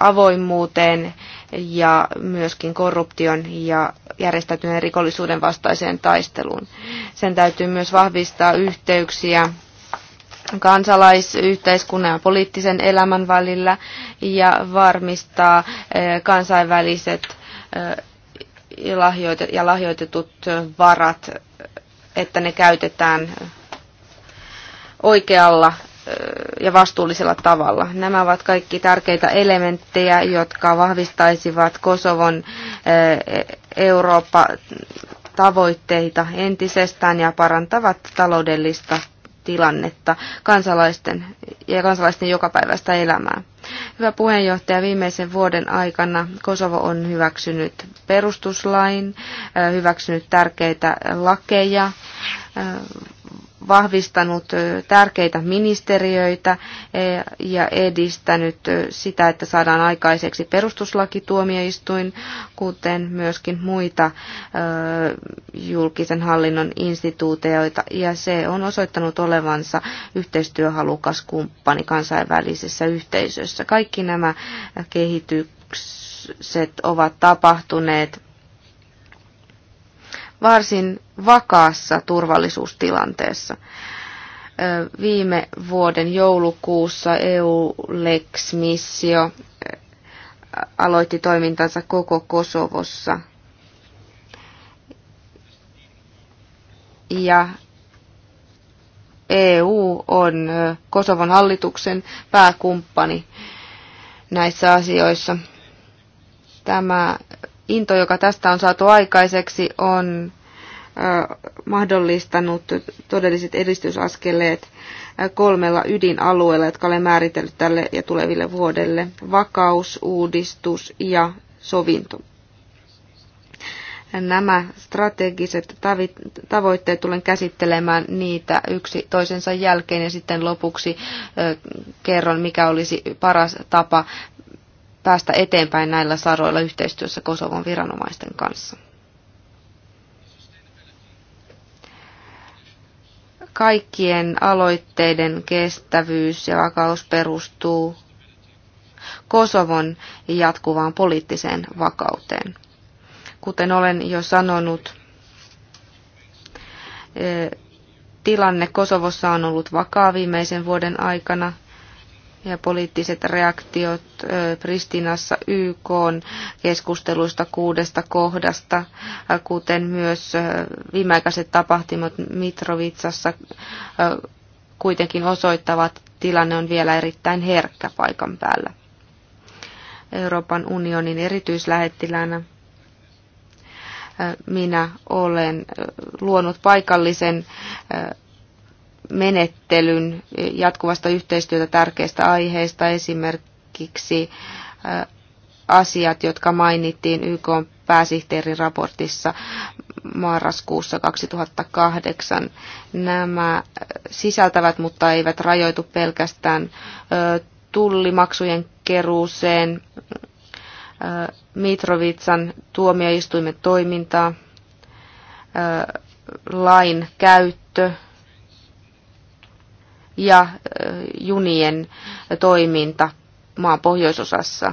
avoimuuteen ja myöskin korruption ja järjestäytyneen rikollisuuden vastaiseen taisteluun. Sen täytyy myös vahvistaa yhteyksiä kansalaisyhteiskunnan ja poliittisen elämän välillä ja varmistaa eh, kansainväliset eh, ja lahjoitetut eh, varat, että ne käytetään oikealla ja vastuullisella tavalla. Nämä ovat kaikki tärkeitä elementtejä, jotka vahvistaisivat Kosovon Eurooppa-tavoitteita entisestään ja parantavat taloudellista tilannetta kansalaisten ja kansalaisten jokapäiväistä elämää. Hyvä puheenjohtaja, viimeisen vuoden aikana Kosovo on hyväksynyt perustuslain, hyväksynyt tärkeitä lakeja, vahvistanut tärkeitä ministeriöitä e, ja edistänyt sitä, että saadaan aikaiseksi perustuslakituomioistuin, kuten myöskin muita julkisen hallinnon instituutioita, ja se on osoittanut olevansa yhteistyöhalukas kumppani kansainvälisessä yhteisössä. Kaikki nämä kehitykset ovat tapahtuneet varsin vakaassa turvallisuustilanteessa. Viime vuoden joulukuussa EU-Lex-missio aloitti toimintansa koko Kosovossa. Ja EU on Kosovon hallituksen pääkumppani näissä asioissa. Tämä into, joka tästä on saatu aikaiseksi, on mahdollistanut todelliset edistysaskeleet kolmella ydinalueella, jotka olen määritellyt tälle ja tuleville vuodelle. Vakaus, uudistus ja sovinto. Nämä strategiset tavoitteet tulen käsittelemään niitä yksi toisensa jälkeen ja sitten lopuksi kerron, mikä olisi paras tapa päästä eteenpäin näillä saroilla yhteistyössä Kosovon viranomaisten kanssa. Kaikkien aloitteiden kestävyys ja vakaus perustuu Kosovon jatkuvaan poliittiseen vakauteen. Kuten olen jo sanonut, eh, tilanne Kosovossa on ollut vakaa viimeisen vuoden aikana – ja poliittiset reaktiot Pristinassa YK keskusteluista kuudesta kohdasta, kuten myös viimeaikaiset tapahtumat Mitrovitsassa kuitenkin osoittavat, että tilanne on vielä erittäin herkkä paikan päällä. Euroopan unionin erityislähettilänä minä olen luonut paikallisen menettelyn jatkuvasta yhteistyötä tärkeistä aiheista, esimerkiksi asiat, jotka mainittiin YK pääsihteerin raportissa marraskuussa 2008. Nämä sisältävät, mutta eivät rajoitu pelkästään tullimaksujen keruuseen, Mitrovitsan tuomioistuimen toimintaa, lain käyttö, ja junien toiminta maan pohjoisosassa.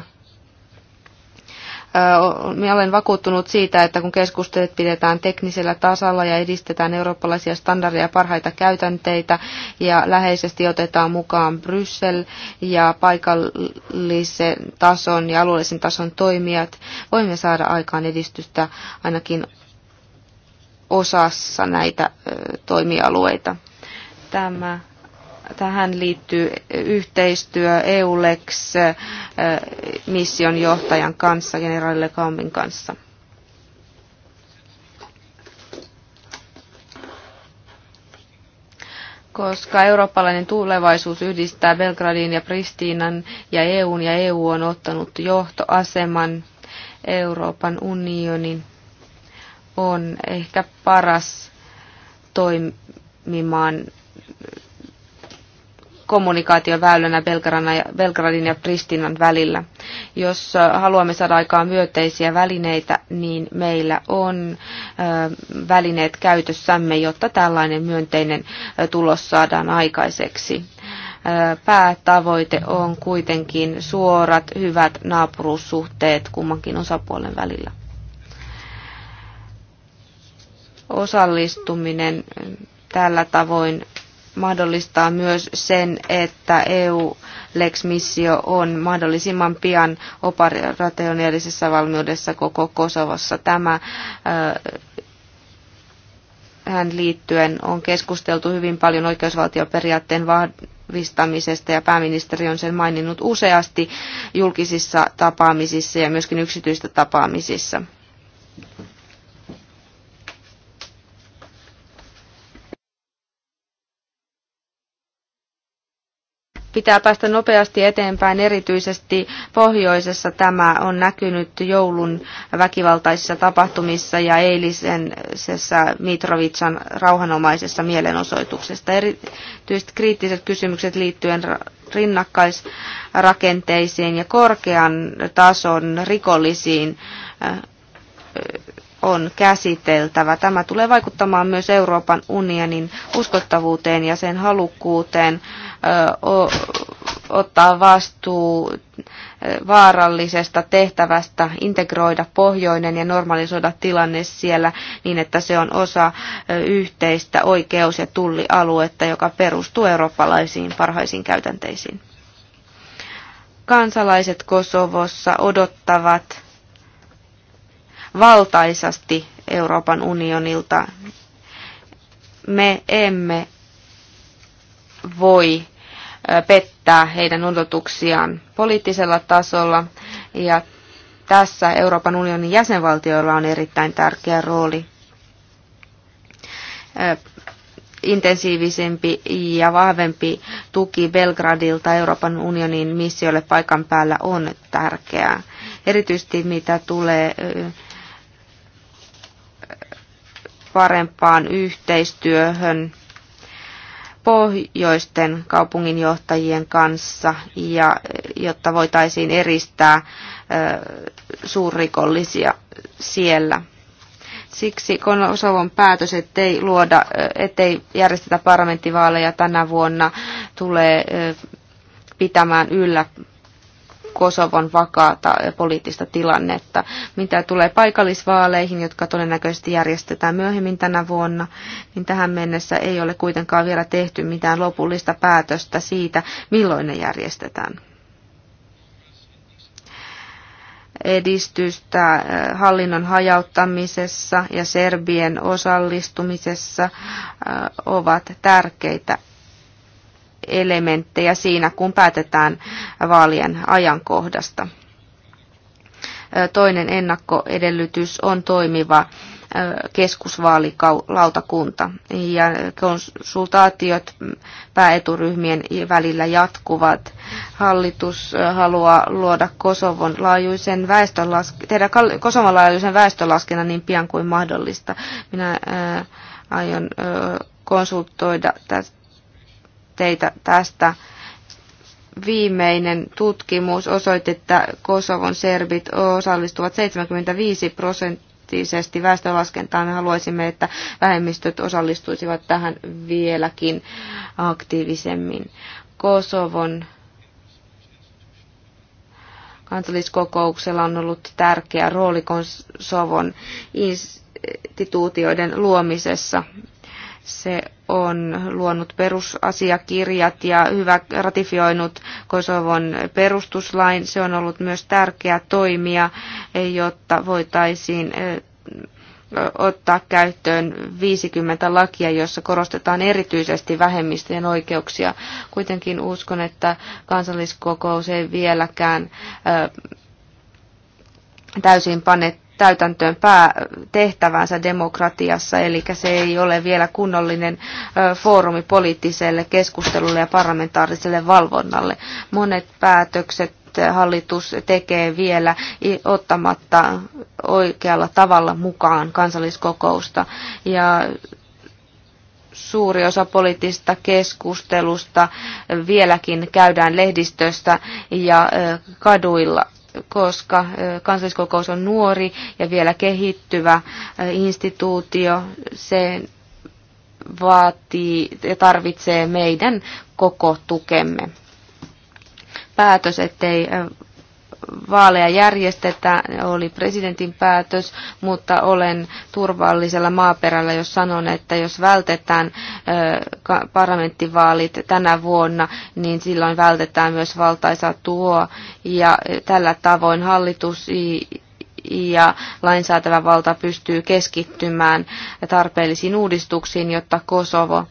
Minä olen vakuuttunut siitä, että kun keskustelut pidetään teknisellä tasalla ja edistetään eurooppalaisia standardeja parhaita käytänteitä ja läheisesti otetaan mukaan Bryssel ja paikallisen tason ja alueellisen tason toimijat, voimme saada aikaan edistystä ainakin osassa näitä toimialueita. Tämä Tähän liittyy yhteistyö EULEX-mission johtajan kanssa, generaali Lekaumin kanssa. koska eurooppalainen tulevaisuus yhdistää Belgradin ja Pristinan ja EUn ja EU on ottanut johtoaseman Euroopan unionin on ehkä paras toimimaan kommunikaatioväylänä Belgradin ja Pristinan välillä. Jos haluamme saada aikaan myönteisiä välineitä, niin meillä on välineet käytössämme, jotta tällainen myönteinen tulos saadaan aikaiseksi. Päätavoite on kuitenkin suorat, hyvät naapuruussuhteet kummankin osapuolen välillä. Osallistuminen tällä tavoin mahdollistaa myös sen, että EU-Lex-missio on mahdollisimman pian operationaalisessa valmiudessa koko Kosovossa. Tämä äh, hän liittyen on keskusteltu hyvin paljon oikeusvaltioperiaatteen vahvistamisesta ja pääministeri on sen maininnut useasti julkisissa tapaamisissa ja myöskin yksityistä tapaamisissa. pitää päästä nopeasti eteenpäin, erityisesti pohjoisessa tämä on näkynyt joulun väkivaltaisissa tapahtumissa ja eilisessä Mitrovitsan rauhanomaisessa mielenosoituksesta. Erityisesti kriittiset kysymykset liittyen rinnakkaisrakenteisiin ja korkean tason rikollisiin äh, on käsiteltävä. Tämä tulee vaikuttamaan myös Euroopan unionin uskottavuuteen ja sen halukkuuteen ottaa vastuu vaarallisesta tehtävästä integroida pohjoinen ja normalisoida tilanne siellä niin, että se on osa yhteistä oikeus- ja tullialuetta, joka perustuu eurooppalaisiin parhaisiin käytänteisiin. Kansalaiset Kosovossa odottavat valtaisasti Euroopan unionilta. Me emme voi pettää heidän odotuksiaan poliittisella tasolla ja tässä Euroopan unionin jäsenvaltioilla on erittäin tärkeä rooli. Intensiivisempi ja vahvempi tuki Belgradilta Euroopan unionin missiolle paikan päällä on tärkeää. Erityisesti mitä tulee parempaan yhteistyöhön pohjoisten kaupunginjohtajien kanssa, ja, jotta voitaisiin eristää suurrikollisia siellä. Siksi Kosovon päätös, ettei, luoda, ettei järjestetä parlamenttivaaleja tänä vuonna, tulee pitämään yllä Kosovon vakaata poliittista tilannetta. Mitä tulee paikallisvaaleihin, jotka todennäköisesti järjestetään myöhemmin tänä vuonna, niin tähän mennessä ei ole kuitenkaan vielä tehty mitään lopullista päätöstä siitä, milloin ne järjestetään. edistystä äh, hallinnon hajauttamisessa ja serbien osallistumisessa äh, ovat tärkeitä elementtejä siinä, kun päätetään vaalien ajankohdasta. Toinen ennakkoedellytys on toimiva keskusvaalilautakunta ja konsultaatiot pääeturyhmien välillä jatkuvat. Hallitus haluaa luoda Kosovon laajuisen väestönlask- tehdä Kosovon laajuisen väestönlaskennan niin pian kuin mahdollista. Minä ää, aion ää, konsultoida tästä teitä tästä. Viimeinen tutkimus osoitti, että Kosovon serbit osallistuvat 75 prosenttisesti väestölaskentaan. Me haluaisimme, että vähemmistöt osallistuisivat tähän vieläkin aktiivisemmin. Kosovon kansalliskokouksella on ollut tärkeä rooli Kosovon instituutioiden luomisessa. Se on luonut perusasiakirjat ja hyvä ratifioinut Kosovon perustuslain. Se on ollut myös tärkeä toimija, jotta voitaisiin eh, ottaa käyttöön 50 lakia, jossa korostetaan erityisesti vähemmistöjen oikeuksia. Kuitenkin uskon, että kansalliskokous ei vieläkään eh, täysin pane täytäntöön päätehtävänsä demokratiassa, eli se ei ole vielä kunnollinen foorumi poliittiselle keskustelulle ja parlamentaariselle valvonnalle. Monet päätökset hallitus tekee vielä ottamatta oikealla tavalla mukaan kansalliskokousta. Ja suuri osa poliittisesta keskustelusta vieläkin käydään lehdistöstä ja kaduilla koska kansalliskokous on nuori ja vielä kehittyvä instituutio. Se vaatii ja tarvitsee meidän koko tukemme. Päätös, ettei vaaleja järjestetä, oli presidentin päätös, mutta olen turvallisella maaperällä, jos sanon, että jos vältetään parlamenttivaalit tänä vuonna, niin silloin vältetään myös valtaisa tuo. Ja tällä tavoin hallitus ja lainsäätävä valta pystyy keskittymään tarpeellisiin uudistuksiin, jotta Kosovo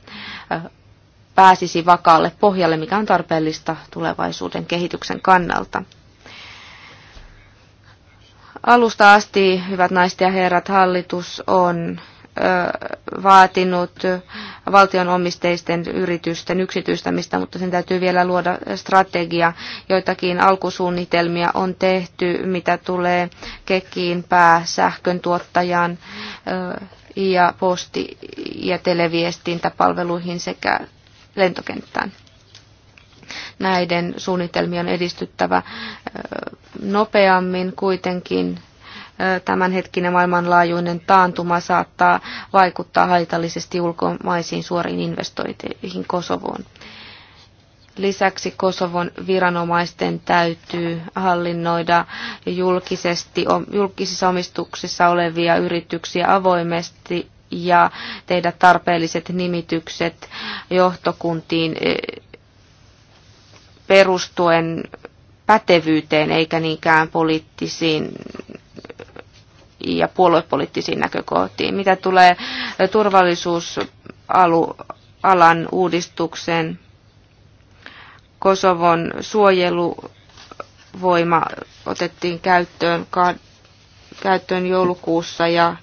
pääsisi vakaalle pohjalle, mikä on tarpeellista tulevaisuuden kehityksen kannalta. Alusta asti, hyvät naiset ja herrat, hallitus on vaatinut valtionomisteisten yritysten yksityistämistä, mutta sen täytyy vielä luoda strategia. Joitakin alkusuunnitelmia on tehty, mitä tulee kekiin, pääsähkön tuottajan ja posti- ja televiestintäpalveluihin sekä lentokenttään. Näiden suunnitelmien edistyttävä nopeammin kuitenkin. Tämänhetkinen maailmanlaajuinen taantuma saattaa vaikuttaa haitallisesti ulkomaisiin suoriin investointeihin Kosovoon. Lisäksi Kosovon viranomaisten täytyy hallinnoida julkisesti, julkisissa omistuksissa olevia yrityksiä avoimesti ja tehdä tarpeelliset nimitykset johtokuntiin e, perustuen pätevyyteen eikä niinkään poliittisiin ja puoluepoliittisiin näkökohtiin. Mitä tulee turvallisuusalan uudistukseen, Kosovon suojeluvoima otettiin käyttöön, ka, käyttöön joulukuussa ja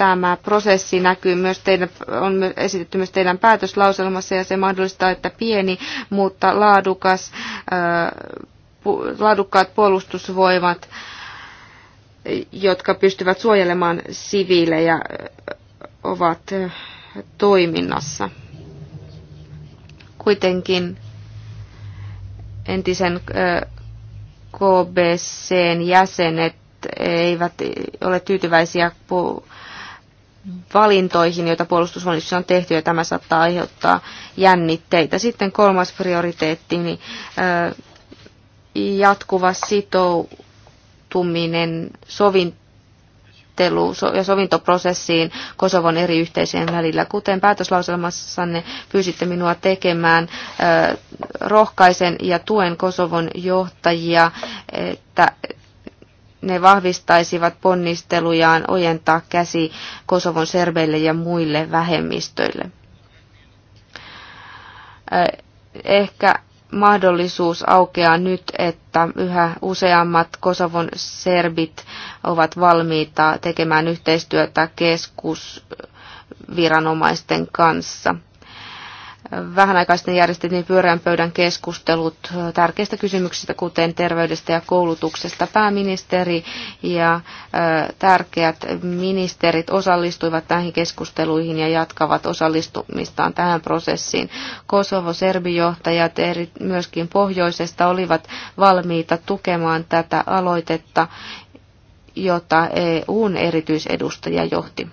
tämä prosessi näkyy myös teidän, on esitetty myös teidän päätöslauselmassa ja se mahdollistaa, että pieni, mutta laadukas, äh, laadukkaat puolustusvoimat, jotka pystyvät suojelemaan siviilejä, äh, ovat äh, toiminnassa. Kuitenkin entisen KBCn jäsenet eivät ole tyytyväisiä valintoihin, joita puolustusvalmiuksissa on tehty, ja tämä saattaa aiheuttaa jännitteitä. Sitten kolmas prioriteetti, niin jatkuva sitoutuminen sovintelu ja sovintoprosessiin Kosovon eri yhteisöjen välillä. Kuten päätöslauselmassanne pyysitte minua tekemään, rohkaisen ja tuen Kosovon johtajia, että ne vahvistaisivat ponnistelujaan ojentaa käsi Kosovon serbeille ja muille vähemmistöille. Ehkä mahdollisuus aukeaa nyt, että yhä useammat Kosovon serbit ovat valmiita tekemään yhteistyötä keskusviranomaisten kanssa – vähän aikaa sitten järjestettiin pyöreän pöydän keskustelut tärkeistä kysymyksistä, kuten terveydestä ja koulutuksesta. Pääministeri ja tärkeät ministerit osallistuivat näihin keskusteluihin ja jatkavat osallistumistaan tähän prosessiin. Kosovo-serbijohtajat eri, myöskin pohjoisesta olivat valmiita tukemaan tätä aloitetta, jota EUn erityisedustaja johti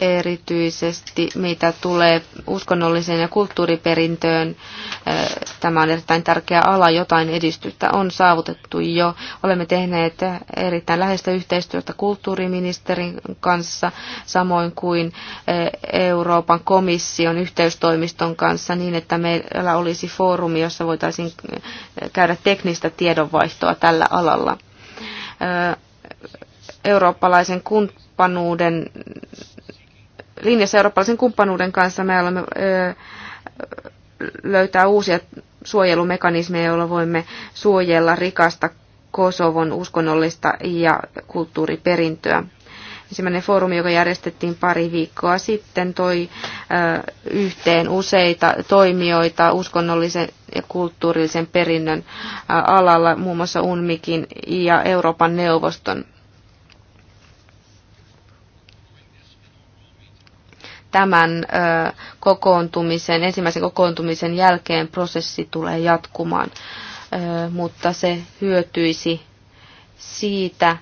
erityisesti mitä tulee uskonnolliseen ja kulttuuriperintöön. Tämä on erittäin tärkeä ala, jotain edistystä on saavutettu jo. Olemme tehneet erittäin läheistä yhteistyötä kulttuuriministerin kanssa, samoin kuin Euroopan komission yhteystoimiston kanssa niin, että meillä olisi foorumi, jossa voitaisiin käydä teknistä tiedonvaihtoa tällä alalla. Eurooppalaisen kumppanuuden linjassa eurooppalaisen kumppanuuden kanssa me olemme löytää uusia suojelumekanismeja, joilla voimme suojella rikasta Kosovon uskonnollista ja kulttuuriperintöä. Ensimmäinen foorumi, joka järjestettiin pari viikkoa sitten, toi yhteen useita toimijoita uskonnollisen ja kulttuurillisen perinnön alalla, muun muassa UNMIKin ja Euroopan neuvoston tämän kokoontumisen, ensimmäisen kokoontumisen jälkeen prosessi tulee jatkumaan, mutta se hyötyisi siitä,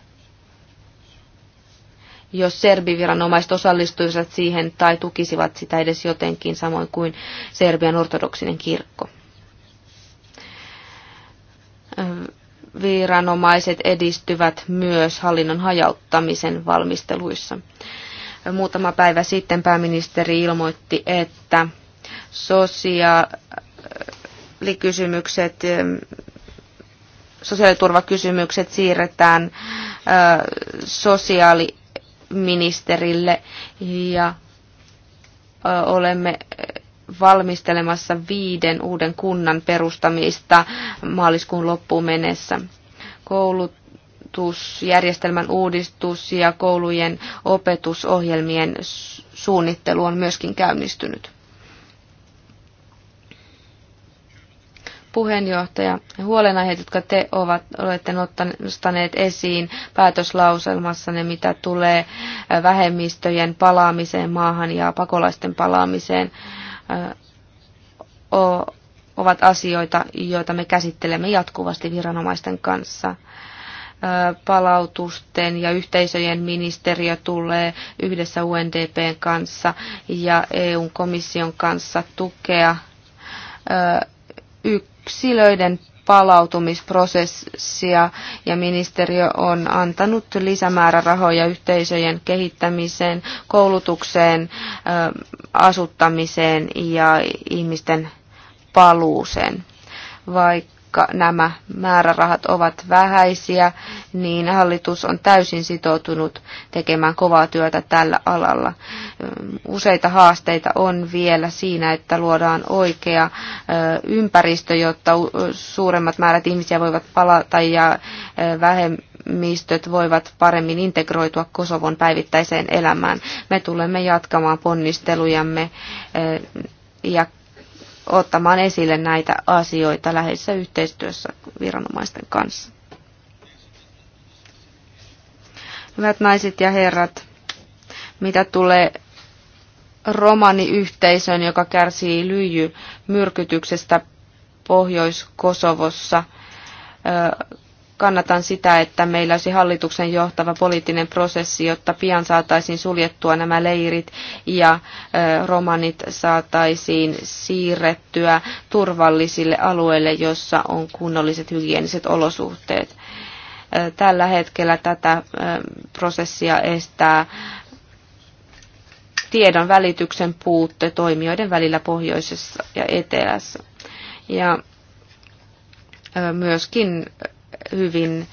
jos serbiviranomaiset osallistuisivat siihen tai tukisivat sitä edes jotenkin, samoin kuin Serbian ortodoksinen kirkko. Viranomaiset edistyvät myös hallinnon hajauttamisen valmisteluissa. Muutama päivä sitten pääministeri ilmoitti, että sosiaalikysymykset, sosiaaliturvakysymykset siirretään sosiaaliministerille ja olemme valmistelemassa viiden uuden kunnan perustamista maaliskuun loppuun mennessä. Koulut koulutusjärjestelmän uudistus ja koulujen opetusohjelmien suunnittelu on myöskin käynnistynyt. puheenjohtaja, huolenaiheet, jotka te ovat, olette nostaneet esiin päätöslauselmassanne, mitä tulee äh, vähemmistöjen palaamiseen maahan ja pakolaisten palaamiseen, äh, ovat asioita, joita me käsittelemme jatkuvasti viranomaisten kanssa palautusten ja yhteisöjen ministeriö tulee yhdessä UNDPn kanssa ja EUn komission kanssa tukea yksilöiden palautumisprosessia ja ministeriö on antanut lisämäärärahoja yhteisöjen kehittämiseen, koulutukseen, asuttamiseen ja ihmisten paluuseen. Vaikka vaikka nämä määrärahat ovat vähäisiä, niin hallitus on täysin sitoutunut tekemään kovaa työtä tällä alalla. Useita haasteita on vielä siinä, että luodaan oikea ympäristö, jotta suuremmat määrät ihmisiä voivat palata ja vähemmistöt voivat paremmin integroitua Kosovon päivittäiseen elämään. Me tulemme jatkamaan ponnistelujamme ja ottamaan esille näitä asioita läheisessä yhteistyössä viranomaisten kanssa. Hyvät naiset ja herrat, mitä tulee romaniyhteisön, joka kärsii lyijy myrkytyksestä Pohjois-Kosovossa, kannatan sitä, että meillä olisi hallituksen johtava poliittinen prosessi, jotta pian saataisiin suljettua nämä leirit ja romanit saataisiin siirrettyä turvallisille alueille, jossa on kunnolliset hygieniset olosuhteet. Tällä hetkellä tätä prosessia estää tiedon välityksen puutte toimijoiden välillä pohjoisessa ja etelässä. Ja myöskin hyvin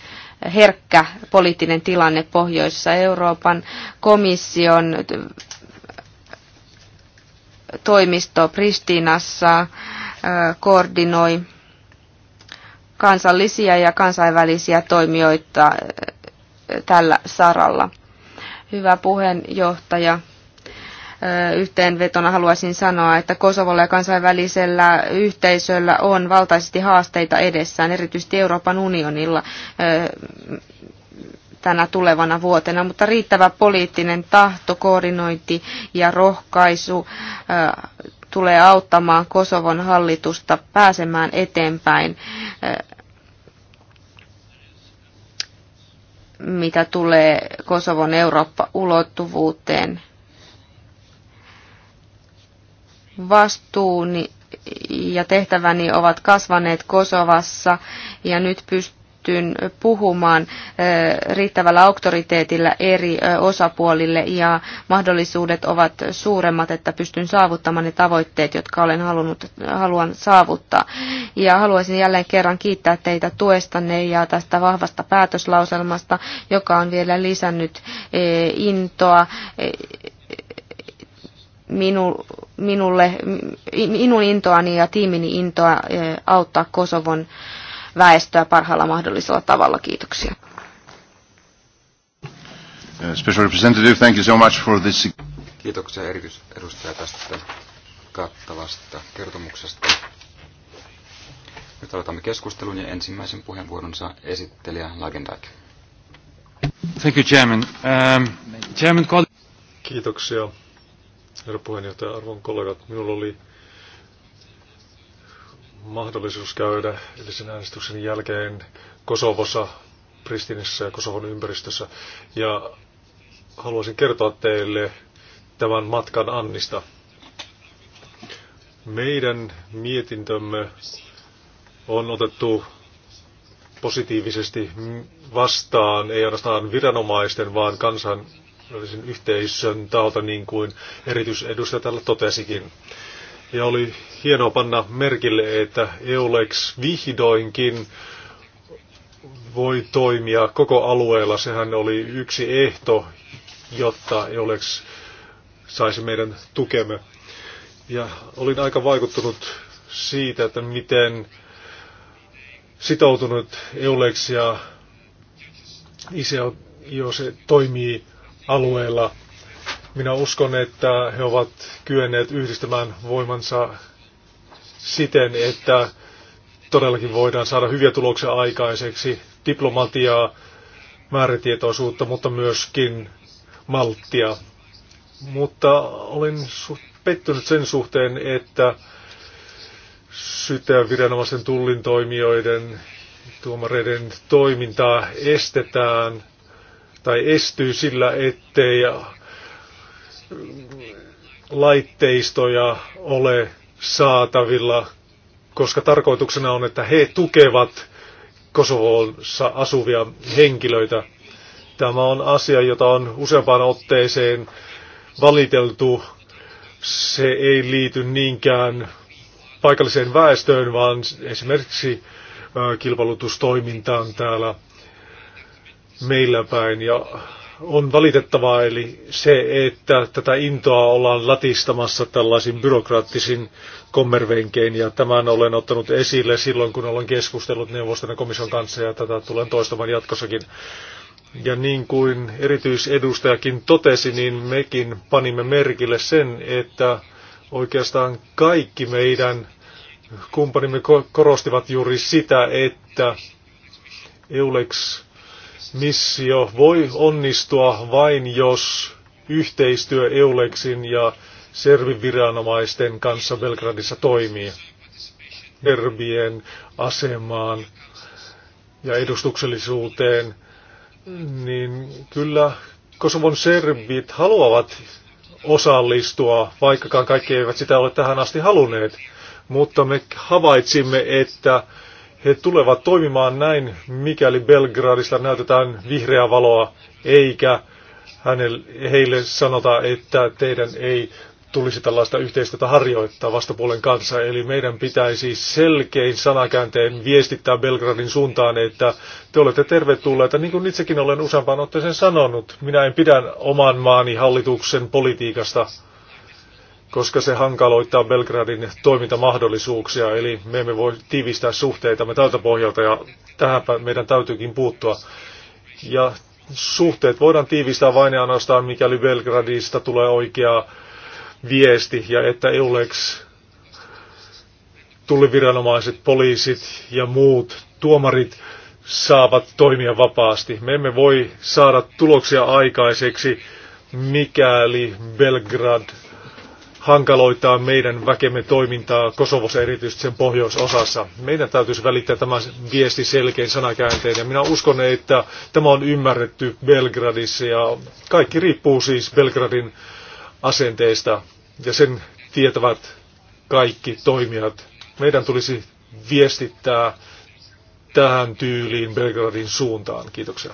herkkä poliittinen tilanne pohjoissa. Euroopan komission toimisto Pristinassa äh, koordinoi kansallisia ja kansainvälisiä toimijoita äh, tällä saralla. Hyvä puheenjohtaja, yhteenvetona haluaisin sanoa, että Kosovolla ja kansainvälisellä yhteisöllä on valtaisesti haasteita edessään, erityisesti Euroopan unionilla tänä tulevana vuotena, mutta riittävä poliittinen tahto, koordinointi ja rohkaisu tulee auttamaan Kosovon hallitusta pääsemään eteenpäin, mitä tulee Kosovon Eurooppa-ulottuvuuteen vastuuni ja tehtäväni ovat kasvaneet Kosovassa ja nyt pystyn puhumaan riittävällä auktoriteetillä eri osapuolille ja mahdollisuudet ovat suuremmat, että pystyn saavuttamaan ne tavoitteet, jotka olen halunnut, haluan saavuttaa. Ja haluaisin jälleen kerran kiittää teitä tuestanne ja tästä vahvasta päätöslauselmasta, joka on vielä lisännyt intoa minu, minulle, minun intoani ja tiimini intoa eh, auttaa Kosovon väestöä parhaalla mahdollisella tavalla. Kiitoksia. Uh, special Representative, thank you so much for this. Kiitoksia erityisedustaja tästä kattavasta kertomuksesta. Nyt aloitamme keskustelun ja ensimmäisen puheenvuoron saa esittelijä Lagendijk. Thank you, Chairman. Um, chairman Kiitoksia herra puheenjohtaja, arvon kollegat. Minulla oli mahdollisuus käydä edellisen äänestyksen jälkeen Kosovossa, Pristinissä ja Kosovon ympäristössä. Ja haluaisin kertoa teille tämän matkan Annista. Meidän mietintömme on otettu positiivisesti vastaan, ei ainoastaan viranomaisten, vaan kansan kansainvälisen yhteisön taholta, niin kuin erityisedustaja täällä totesikin. Ja oli hienoa panna merkille, että EULEX vihdoinkin voi toimia koko alueella. Sehän oli yksi ehto, jotta EULEX saisi meidän tukemme. Ja olin aika vaikuttunut siitä, että miten sitoutunut EULEX ja ICO se toimii alueella. Minä uskon, että he ovat kyenneet yhdistämään voimansa siten, että todellakin voidaan saada hyviä tuloksia aikaiseksi, diplomatiaa, määrätietoisuutta, mutta myöskin malttia. Mutta olin pettynyt sen suhteen, että syyttäjän viranomaisen tullin toimijoiden tuomareiden toimintaa estetään tai estyy sillä, ettei laitteistoja ole saatavilla, koska tarkoituksena on, että he tukevat Kosovossa asuvia henkilöitä. Tämä on asia, jota on useampaan otteeseen valiteltu. Se ei liity niinkään paikalliseen väestöön, vaan esimerkiksi kilpailutustoimintaan täällä meillä päin. Ja on valitettavaa eli se, että tätä intoa ollaan latistamassa tällaisin byrokraattisin kommervenkein ja tämän olen ottanut esille silloin, kun olen keskustellut neuvoston ja komission kanssa ja tätä tulen toistamaan jatkossakin. Ja niin kuin erityisedustajakin totesi, niin mekin panimme merkille sen, että oikeastaan kaikki meidän kumppanimme korostivat juuri sitä, että EULEX missio voi onnistua vain, jos yhteistyö euleksin ja Servin viranomaisten kanssa Belgradissa toimii. Serbien asemaan ja edustuksellisuuteen, niin kyllä Kosovon servit haluavat osallistua, vaikkakaan kaikki eivät sitä ole tähän asti halunneet. Mutta me havaitsimme, että he tulevat toimimaan näin, mikäli Belgradista näytetään vihreää valoa, eikä hänelle, heille sanota, että teidän ei tulisi tällaista yhteistyötä harjoittaa vastapuolen kanssa. Eli meidän pitäisi selkein sanakäänteen viestittää Belgradin suuntaan, että te olette tervetulleita. Niin kuin itsekin olen useampaan otteeseen sanonut, minä en pidä oman maani hallituksen politiikasta koska se hankaloittaa Belgradin toimintamahdollisuuksia, eli me emme voi tiivistää suhteitamme tältä pohjalta, ja tähänpä meidän täytyykin puuttua. Ja suhteet voidaan tiivistää vain ja ainoastaan, mikäli Belgradista tulee oikea viesti, ja että EULEX, tulliviranomaiset, poliisit ja muut tuomarit saavat toimia vapaasti. Me emme voi saada tuloksia aikaiseksi, mikäli Belgrad hankaloittaa meidän väkemme toimintaa Kosovossa erityisesti sen pohjoisosassa. Meidän täytyisi välittää tämä viesti selkein sanakäänteen ja minä uskon, että tämä on ymmärretty Belgradissa ja kaikki riippuu siis Belgradin asenteesta ja sen tietävät kaikki toimijat. Meidän tulisi viestittää tähän tyyliin Belgradin suuntaan. Kiitoksia.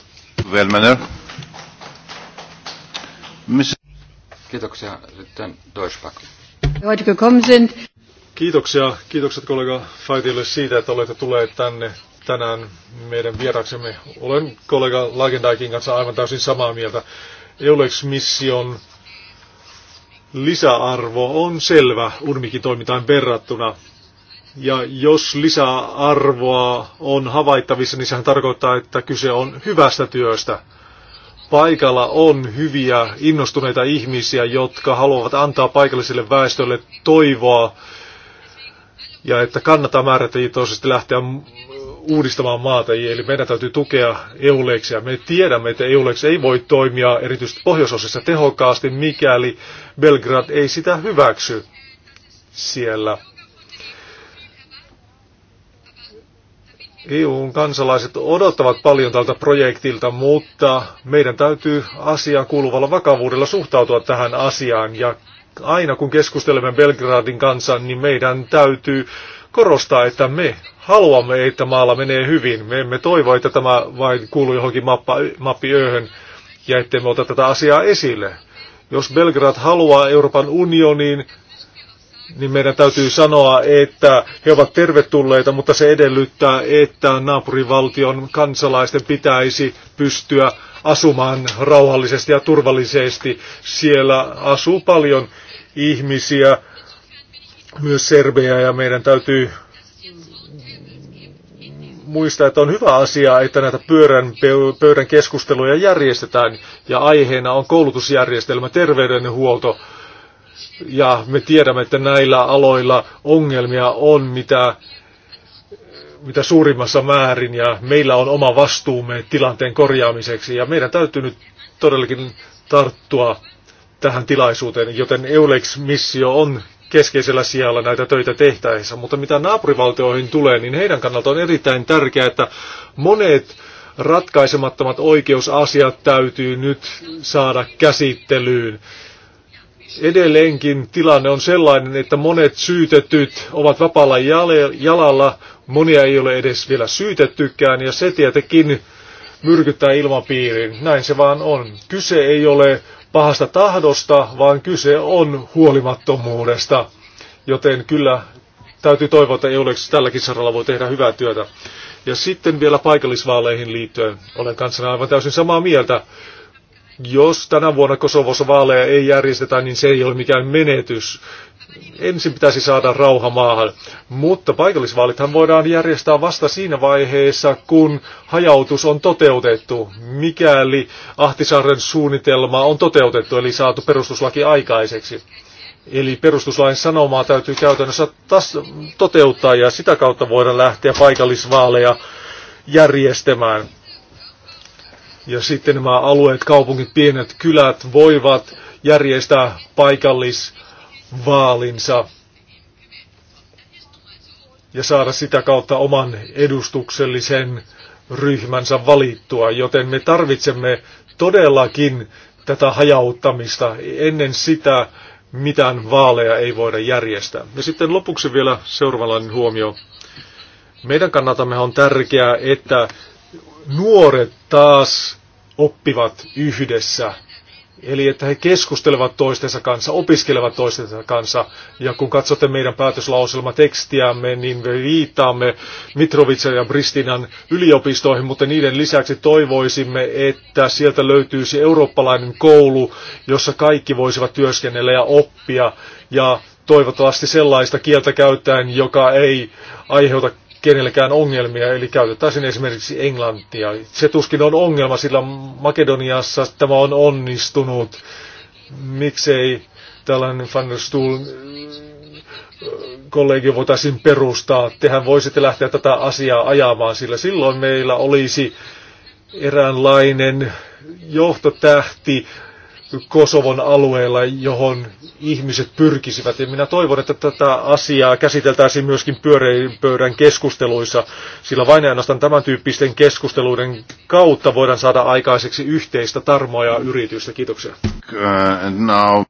Välmenö. Miss... Kiitoksia. Sitten Deutschback. Kiitoksia. Kiitokset kollega Faitille siitä, että olette tulleet tänne tänään meidän vieraksemme. Olen kollega Lagendaikin kanssa aivan täysin samaa mieltä. Eulex-mission lisäarvo on selvä Urmikin toimintaan verrattuna. Ja jos lisäarvoa on havaittavissa, niin sehän tarkoittaa, että kyse on hyvästä työstä paikalla on hyviä, innostuneita ihmisiä, jotka haluavat antaa paikalliselle väestölle toivoa ja että kannattaa määrätietoisesti lähteä uudistamaan maata, eli meidän täytyy tukea EULEXia. Me tiedämme, että EULEX ei voi toimia erityisesti pohjoisosissa tehokkaasti, mikäli Belgrad ei sitä hyväksy siellä. EUn kansalaiset odottavat paljon tältä projektilta, mutta meidän täytyy asiaan kuuluvalla vakavuudella suhtautua tähän asiaan. Ja aina kun keskustelemme Belgradin kanssa, niin meidän täytyy korostaa, että me haluamme, että maalla menee hyvin. Me emme toivo, että tämä vain kuuluu johonkin mappa, mappiööhön ja ettei me ota tätä asiaa esille. Jos Belgrad haluaa Euroopan unioniin, niin meidän täytyy sanoa, että he ovat tervetulleita, mutta se edellyttää, että naapurivaltion kansalaisten pitäisi pystyä asumaan rauhallisesti ja turvallisesti. Siellä asuu paljon ihmisiä, myös serbejä, ja meidän täytyy muistaa, että on hyvä asia, että näitä pyörän, pöydän keskusteluja järjestetään, ja aiheena on koulutusjärjestelmä, terveydenhuolto, ja me tiedämme, että näillä aloilla ongelmia on mitä, mitä suurimmassa määrin ja meillä on oma vastuumme tilanteen korjaamiseksi ja meidän täytyy nyt todellakin tarttua tähän tilaisuuteen, joten Eulex-missio on keskeisellä sijalla näitä töitä tehtäessä. Mutta mitä naapurivaltioihin tulee, niin heidän kannalta on erittäin tärkeää, että monet ratkaisemattomat oikeusasiat täytyy nyt saada käsittelyyn. Edelleenkin tilanne on sellainen, että monet syytetyt ovat vapaalla jalalla, monia ei ole edes vielä syytettykään ja se tietenkin myrkyttää ilmapiirin. Näin se vaan on. Kyse ei ole pahasta tahdosta, vaan kyse on huolimattomuudesta. Joten kyllä täytyy toivoa, että EULEX tälläkin saralla voi tehdä hyvää työtä. Ja sitten vielä paikallisvaaleihin liittyen. Olen kanssana aivan täysin samaa mieltä. Jos tänä vuonna Kosovossa vaaleja ei järjestetä, niin se ei ole mikään menetys. Ensin pitäisi saada rauha maahan. Mutta paikallisvaalithan voidaan järjestää vasta siinä vaiheessa, kun hajautus on toteutettu, mikäli Ahtisaaren suunnitelma on toteutettu, eli saatu perustuslaki aikaiseksi. Eli perustuslain sanomaa täytyy käytännössä tas- toteuttaa ja sitä kautta voidaan lähteä paikallisvaaleja järjestämään. Ja sitten nämä alueet, kaupungit, pienet kylät voivat järjestää paikallisvaalinsa ja saada sitä kautta oman edustuksellisen ryhmänsä valittua, joten me tarvitsemme todellakin tätä hajauttamista ennen sitä, mitään vaaleja ei voida järjestää. Ja sitten lopuksi vielä seuraavanlainen huomio. Meidän kannatamme on tärkeää, että nuoret taas oppivat yhdessä. Eli että he keskustelevat toistensa kanssa, opiskelevat toistensa kanssa. Ja kun katsotte meidän päätöslauselmatekstiämme, niin me viittaamme Mitrovitsen ja Bristinan yliopistoihin, mutta niiden lisäksi toivoisimme, että sieltä löytyisi eurooppalainen koulu, jossa kaikki voisivat työskennellä ja oppia. Ja toivottavasti sellaista kieltä käyttäen, joka ei aiheuta Kenellekään ongelmia, eli käytetään esimerkiksi englantia. Se tuskin on ongelma, sillä Makedoniassa tämä on onnistunut. Miksei tällainen Van der Stuhl äh, kollegio voitaisiin perustaa. Tehän voisitte lähteä tätä asiaa ajamaan, sillä silloin meillä olisi eräänlainen johtotähti Kosovon alueella, johon ihmiset pyrkisivät. Ja minä toivon, että tätä asiaa käsiteltäisiin myöskin pyöreän pöydän keskusteluissa, sillä vain ainoastaan tämän tyyppisten keskusteluiden kautta voidaan saada aikaiseksi yhteistä tarmoa ja yritystä. Kiitoksia. Uh, now.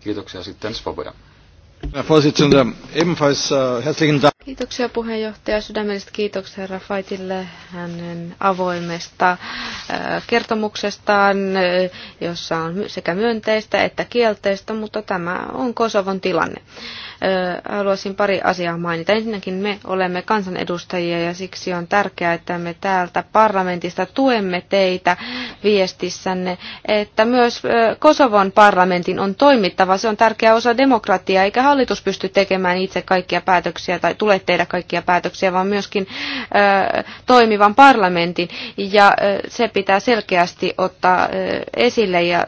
Kiitoksia sitten Svoboda. Äh, Kiitoksia puheenjohtaja. Sydämelliset kiitokset herra Faitille hänen avoimesta äh, kertomuksestaan, äh, jossa on sekä myönteistä että kielteistä, mutta tämä on Kosovon tilanne haluaisin pari asiaa mainita. Ensinnäkin me olemme kansanedustajia ja siksi on tärkeää, että me täältä parlamentista tuemme teitä viestissänne, että myös Kosovon parlamentin on toimittava. Se on tärkeä osa demokratiaa, eikä hallitus pysty tekemään itse kaikkia päätöksiä tai tule tehdä kaikkia päätöksiä, vaan myöskin toimivan parlamentin. Ja se pitää selkeästi ottaa esille ja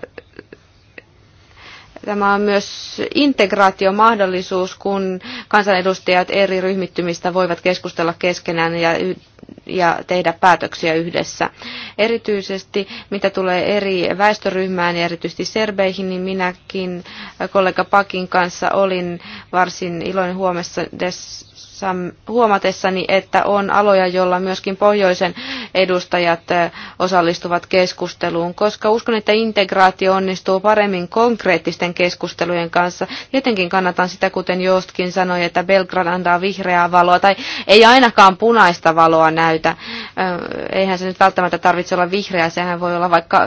Tämä on myös integraatiomahdollisuus, kun kansanedustajat eri ryhmittymistä voivat keskustella keskenään ja, ja tehdä päätöksiä yhdessä. Erityisesti mitä tulee eri väestöryhmään ja erityisesti serbeihin, niin minäkin kollega Pakin kanssa olin varsin iloinen huomessa des, huomatessani, että on aloja, joilla myöskin pohjoisen edustajat osallistuvat keskusteluun, koska uskon, että integraatio onnistuu paremmin konkreettisten keskustelujen kanssa. Tietenkin kannatan sitä, kuten Jostkin sanoi, että Belgrad antaa vihreää valoa, tai ei ainakaan punaista valoa näytä. Eihän se nyt välttämättä tarvitse olla vihreä, sehän voi olla vaikka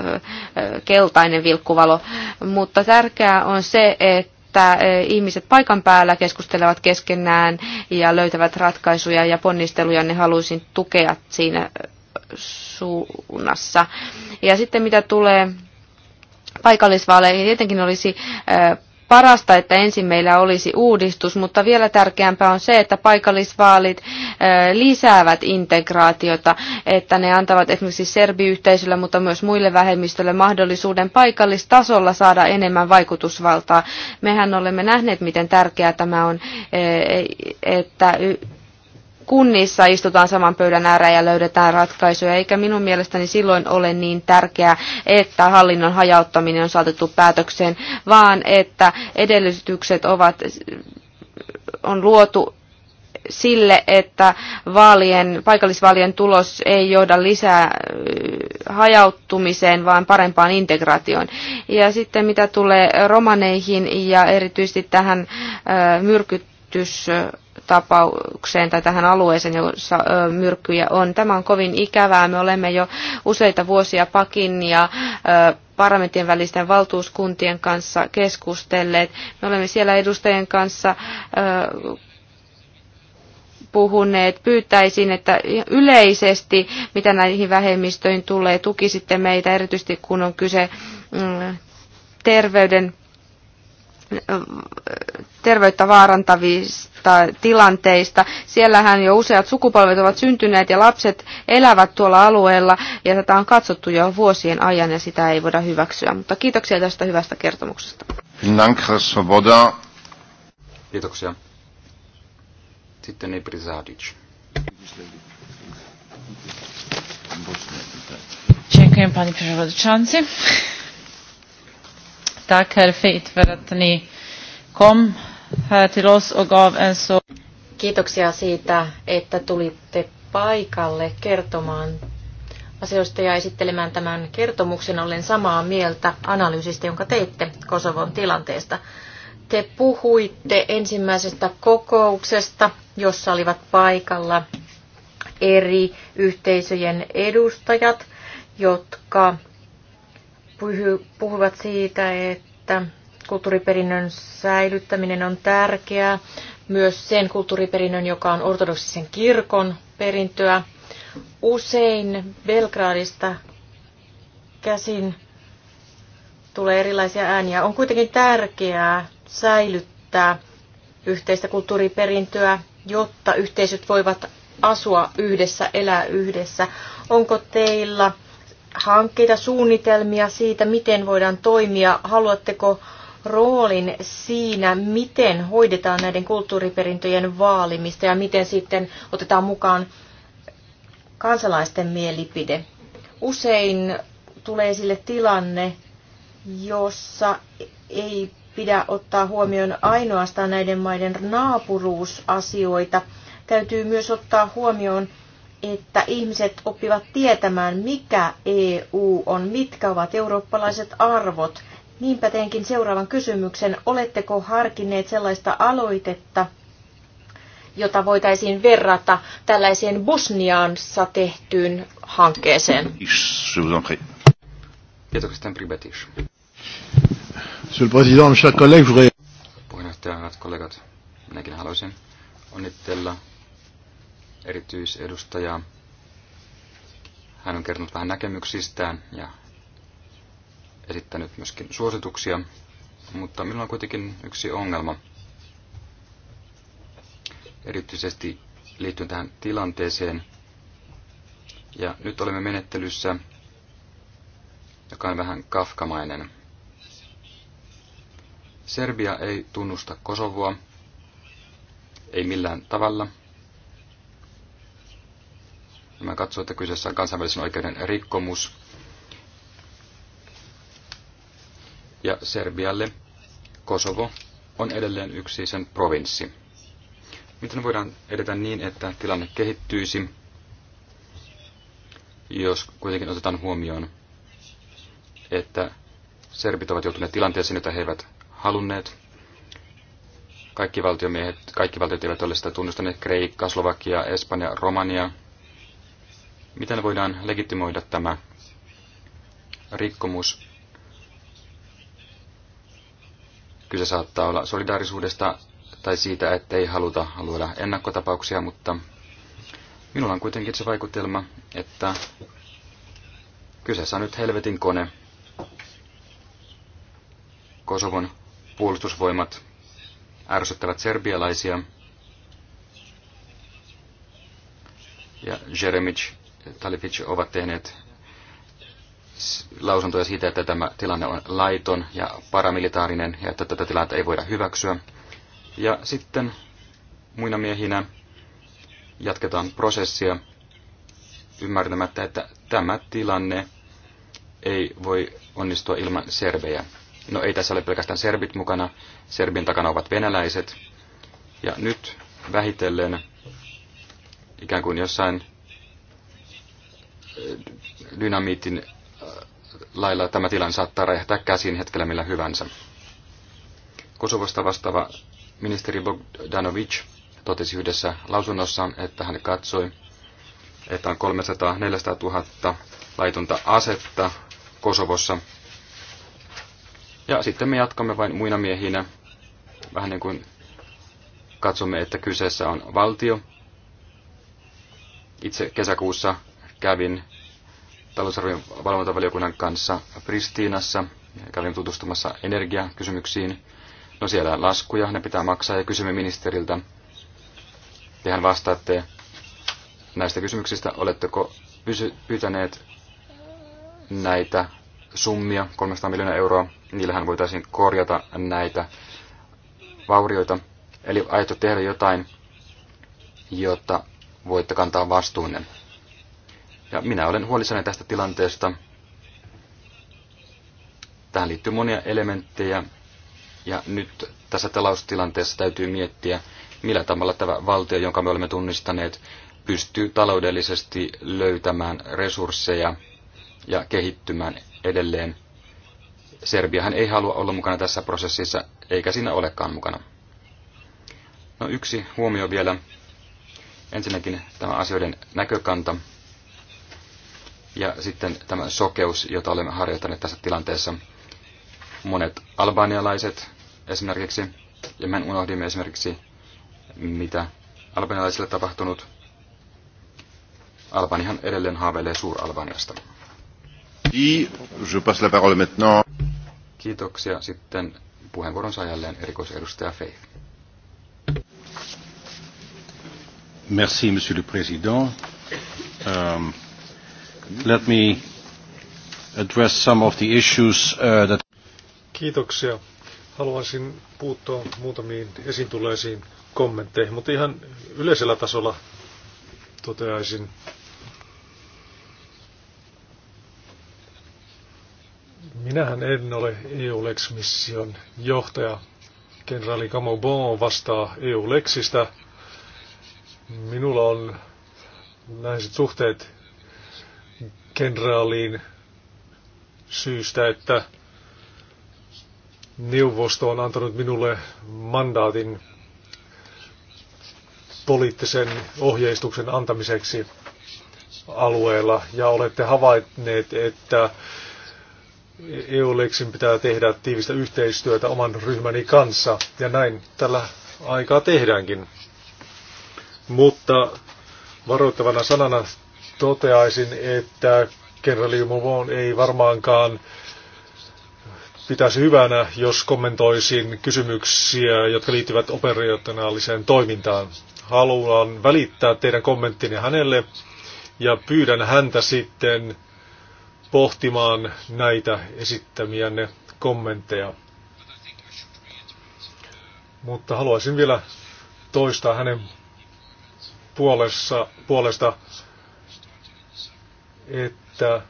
keltainen vilkkuvalo, mutta tärkeää on se, että että ihmiset paikan päällä keskustelevat keskenään ja löytävät ratkaisuja ja ponnisteluja, niin haluaisin tukea siinä suunnassa. Ja sitten mitä tulee paikallisvaaleihin, tietenkin olisi parasta, että ensin meillä olisi uudistus, mutta vielä tärkeämpää on se, että paikallisvaalit lisäävät integraatiota, että ne antavat esimerkiksi serbiyhteisölle, mutta myös muille vähemmistöille mahdollisuuden paikallistasolla saada enemmän vaikutusvaltaa. Mehän olemme nähneet, miten tärkeää tämä on, että kunnissa istutaan saman pöydän ääreen ja löydetään ratkaisuja, eikä minun mielestäni silloin ole niin tärkeää, että hallinnon hajauttaminen on saatettu päätökseen, vaan että edellytykset ovat, on luotu sille, että vaalien, paikallisvaalien tulos ei johda lisää hajauttumiseen, vaan parempaan integraatioon. Ja sitten mitä tulee romaneihin ja erityisesti tähän myrkytys tapaukseen tai tähän alueeseen, jossa myrkkyjä on. Tämä on kovin ikävää. Me olemme jo useita vuosia Pakin ja parlamentin välisten valtuuskuntien kanssa keskustelleet. Me olemme siellä edustajien kanssa puhuneet, pyytäisin, että yleisesti, mitä näihin vähemmistöihin tulee, tukisitte meitä, erityisesti kun on kyse mm, terveyden terveyttä vaarantavista tilanteista. Siellähän jo useat sukupolvet ovat syntyneet ja lapset elävät tuolla alueella ja tätä on katsottu jo vuosien ajan ja sitä ei voida hyväksyä. Mutta kiitoksia tästä hyvästä kertomuksesta. Kiitoksia. Sitten Ibri Zadic. Dziękuję Panie Przewodniczący. Tack herr Fit för att ni kom här till oss och gav en så... Kiitoksia siitä, että tulitte paikalle kertomaan asioista ja esittelemään tämän kertomuksen. Olen samaa mieltä analyysistä, jonka teitte Kosovon tilanteesta. Te puhuitte ensimmäisestä kokouksesta, jossa olivat paikalla eri yhteisöjen edustajat, jotka puhuvat siitä, että kulttuuriperinnön säilyttäminen on tärkeää, myös sen kulttuuriperinnön, joka on ortodoksisen kirkon perintöä. Usein Belgradista käsin tulee erilaisia ääniä. On kuitenkin tärkeää säilyttää yhteistä kulttuuriperintöä, jotta yhteisöt voivat asua yhdessä, elää yhdessä. Onko teillä hankkeita, suunnitelmia siitä, miten voidaan toimia? Haluatteko roolin siinä, miten hoidetaan näiden kulttuuriperintöjen vaalimista ja miten sitten otetaan mukaan kansalaisten mielipide? Usein tulee sille tilanne, jossa ei pidä ottaa huomioon ainoastaan näiden maiden naapuruusasioita. Täytyy myös ottaa huomioon että ihmiset oppivat tietämään, mikä EU on, mitkä ovat eurooppalaiset arvot. Niinpä teenkin seuraavan kysymyksen. Oletteko harkinneet sellaista aloitetta, jota voitaisiin verrata tällaiseen Bosniaansa tehtyyn hankkeeseen? Kiitoksia, Puheenjohtaja, hyvät kollegat, minäkin haluaisin onnitella erityisedustajaa. Hän on kertonut vähän näkemyksistään ja esittänyt myöskin suosituksia, mutta minulla on kuitenkin yksi ongelma. Erityisesti liittyen tähän tilanteeseen. Ja nyt olemme menettelyssä, joka on vähän kafkamainen. Serbia ei tunnusta Kosovoa, ei millään tavalla – Mä katsoo, että kyseessä on kansainvälisen oikeuden rikkomus. Ja Serbialle Kosovo on edelleen yksi sen provinssi. Miten voidaan edetä niin, että tilanne kehittyisi, jos kuitenkin otetaan huomioon, että serbit ovat joutuneet tilanteeseen, jota he eivät halunneet. Kaikki kaikki valtiot eivät ole sitä tunnustaneet, Kreikka, Slovakia, Espanja, Romania, Miten voidaan legitimoida tämä rikkomus? Kyse saattaa olla solidaarisuudesta tai siitä, ettei haluta luoda ennakkotapauksia, mutta minulla on kuitenkin se vaikutelma, että kyseessä on nyt helvetin kone. Kosovon puolustusvoimat ärsyttävät serbialaisia. Ja Jeremic Talific ovat tehneet lausuntoja siitä, että tämä tilanne on laiton ja paramilitaarinen ja että tätä tilannetta ei voida hyväksyä. Ja sitten muina miehinä jatketaan prosessia ymmärtämättä, että tämä tilanne ei voi onnistua ilman serbejä. No ei tässä ole pelkästään serbit mukana, serbin takana ovat venäläiset. Ja nyt vähitellen ikään kuin jossain dynamiitin äh, lailla tämä tilanne saattaa räjähtää käsiin hetkellä millä hyvänsä. Kosovosta vastaava ministeri Bogdanovic totesi yhdessä lausunnossaan, että hän katsoi, että on 300 400 000 laitonta asetta Kosovossa. Ja sitten me jatkamme vain muina miehinä, vähän niin kuin katsomme, että kyseessä on valtio. Itse kesäkuussa kävin talousarvion valvontavaliokunnan kanssa Pristiinassa. Kävin tutustumassa energiakysymyksiin. No siellä on laskuja, ne pitää maksaa ja kysymme ministeriltä. Ja hän vastaatte näistä kysymyksistä, oletteko pyytäneet näitä summia, 300 miljoonaa euroa, niillähän voitaisiin korjata näitä vaurioita. Eli aiotte tehdä jotain, jotta voitte kantaa vastuunne. Ja minä olen huolissani tästä tilanteesta. Tähän liittyy monia elementtejä. Ja nyt tässä taloustilanteessa täytyy miettiä, millä tavalla tämä valtio, jonka me olemme tunnistaneet, pystyy taloudellisesti löytämään resursseja ja kehittymään edelleen. Serbiahan ei halua olla mukana tässä prosessissa, eikä siinä olekaan mukana. No yksi huomio vielä. Ensinnäkin tämä asioiden näkökanta ja sitten tämä sokeus, jota olemme harjoittaneet tässä tilanteessa. Monet albanialaiset esimerkiksi, ja me unohdimme esimerkiksi, mitä albanialaisille tapahtunut. Albanihan edelleen haaveilee Suur-Albaniasta. Je passe la parole maintenant. Kiitoksia. Sitten puheenvuoron saa jälleen erikoisedustaja Faith. Merci, monsieur le président. Euh, Let me address some of the issues uh, that... Kiitoksia. Haluaisin puuttua muutamiin esiin kommentteihin, mutta ihan yleisellä tasolla toteaisin, Minähän en ole EU-Lex-mission johtaja. Kenraali Camobon vastaa EU-Lexistä. Minulla on näiset suhteet kenraaliin syystä, että neuvosto on antanut minulle mandaatin poliittisen ohjeistuksen antamiseksi alueella ja olette havainneet, että EU-leksin pitää tehdä tiivistä yhteistyötä oman ryhmäni kanssa ja näin tällä aikaa tehdäänkin. Mutta varoittavana sanana toteaisin, että kerraliumuvoon ei varmaankaan pitäisi hyvänä, jos kommentoisin kysymyksiä, jotka liittyvät operationaaliseen toimintaan. Haluan välittää teidän kommenttini hänelle ja pyydän häntä sitten pohtimaan näitä esittämiänne kommentteja. Mutta haluaisin vielä toistaa hänen puolesta, puolesta että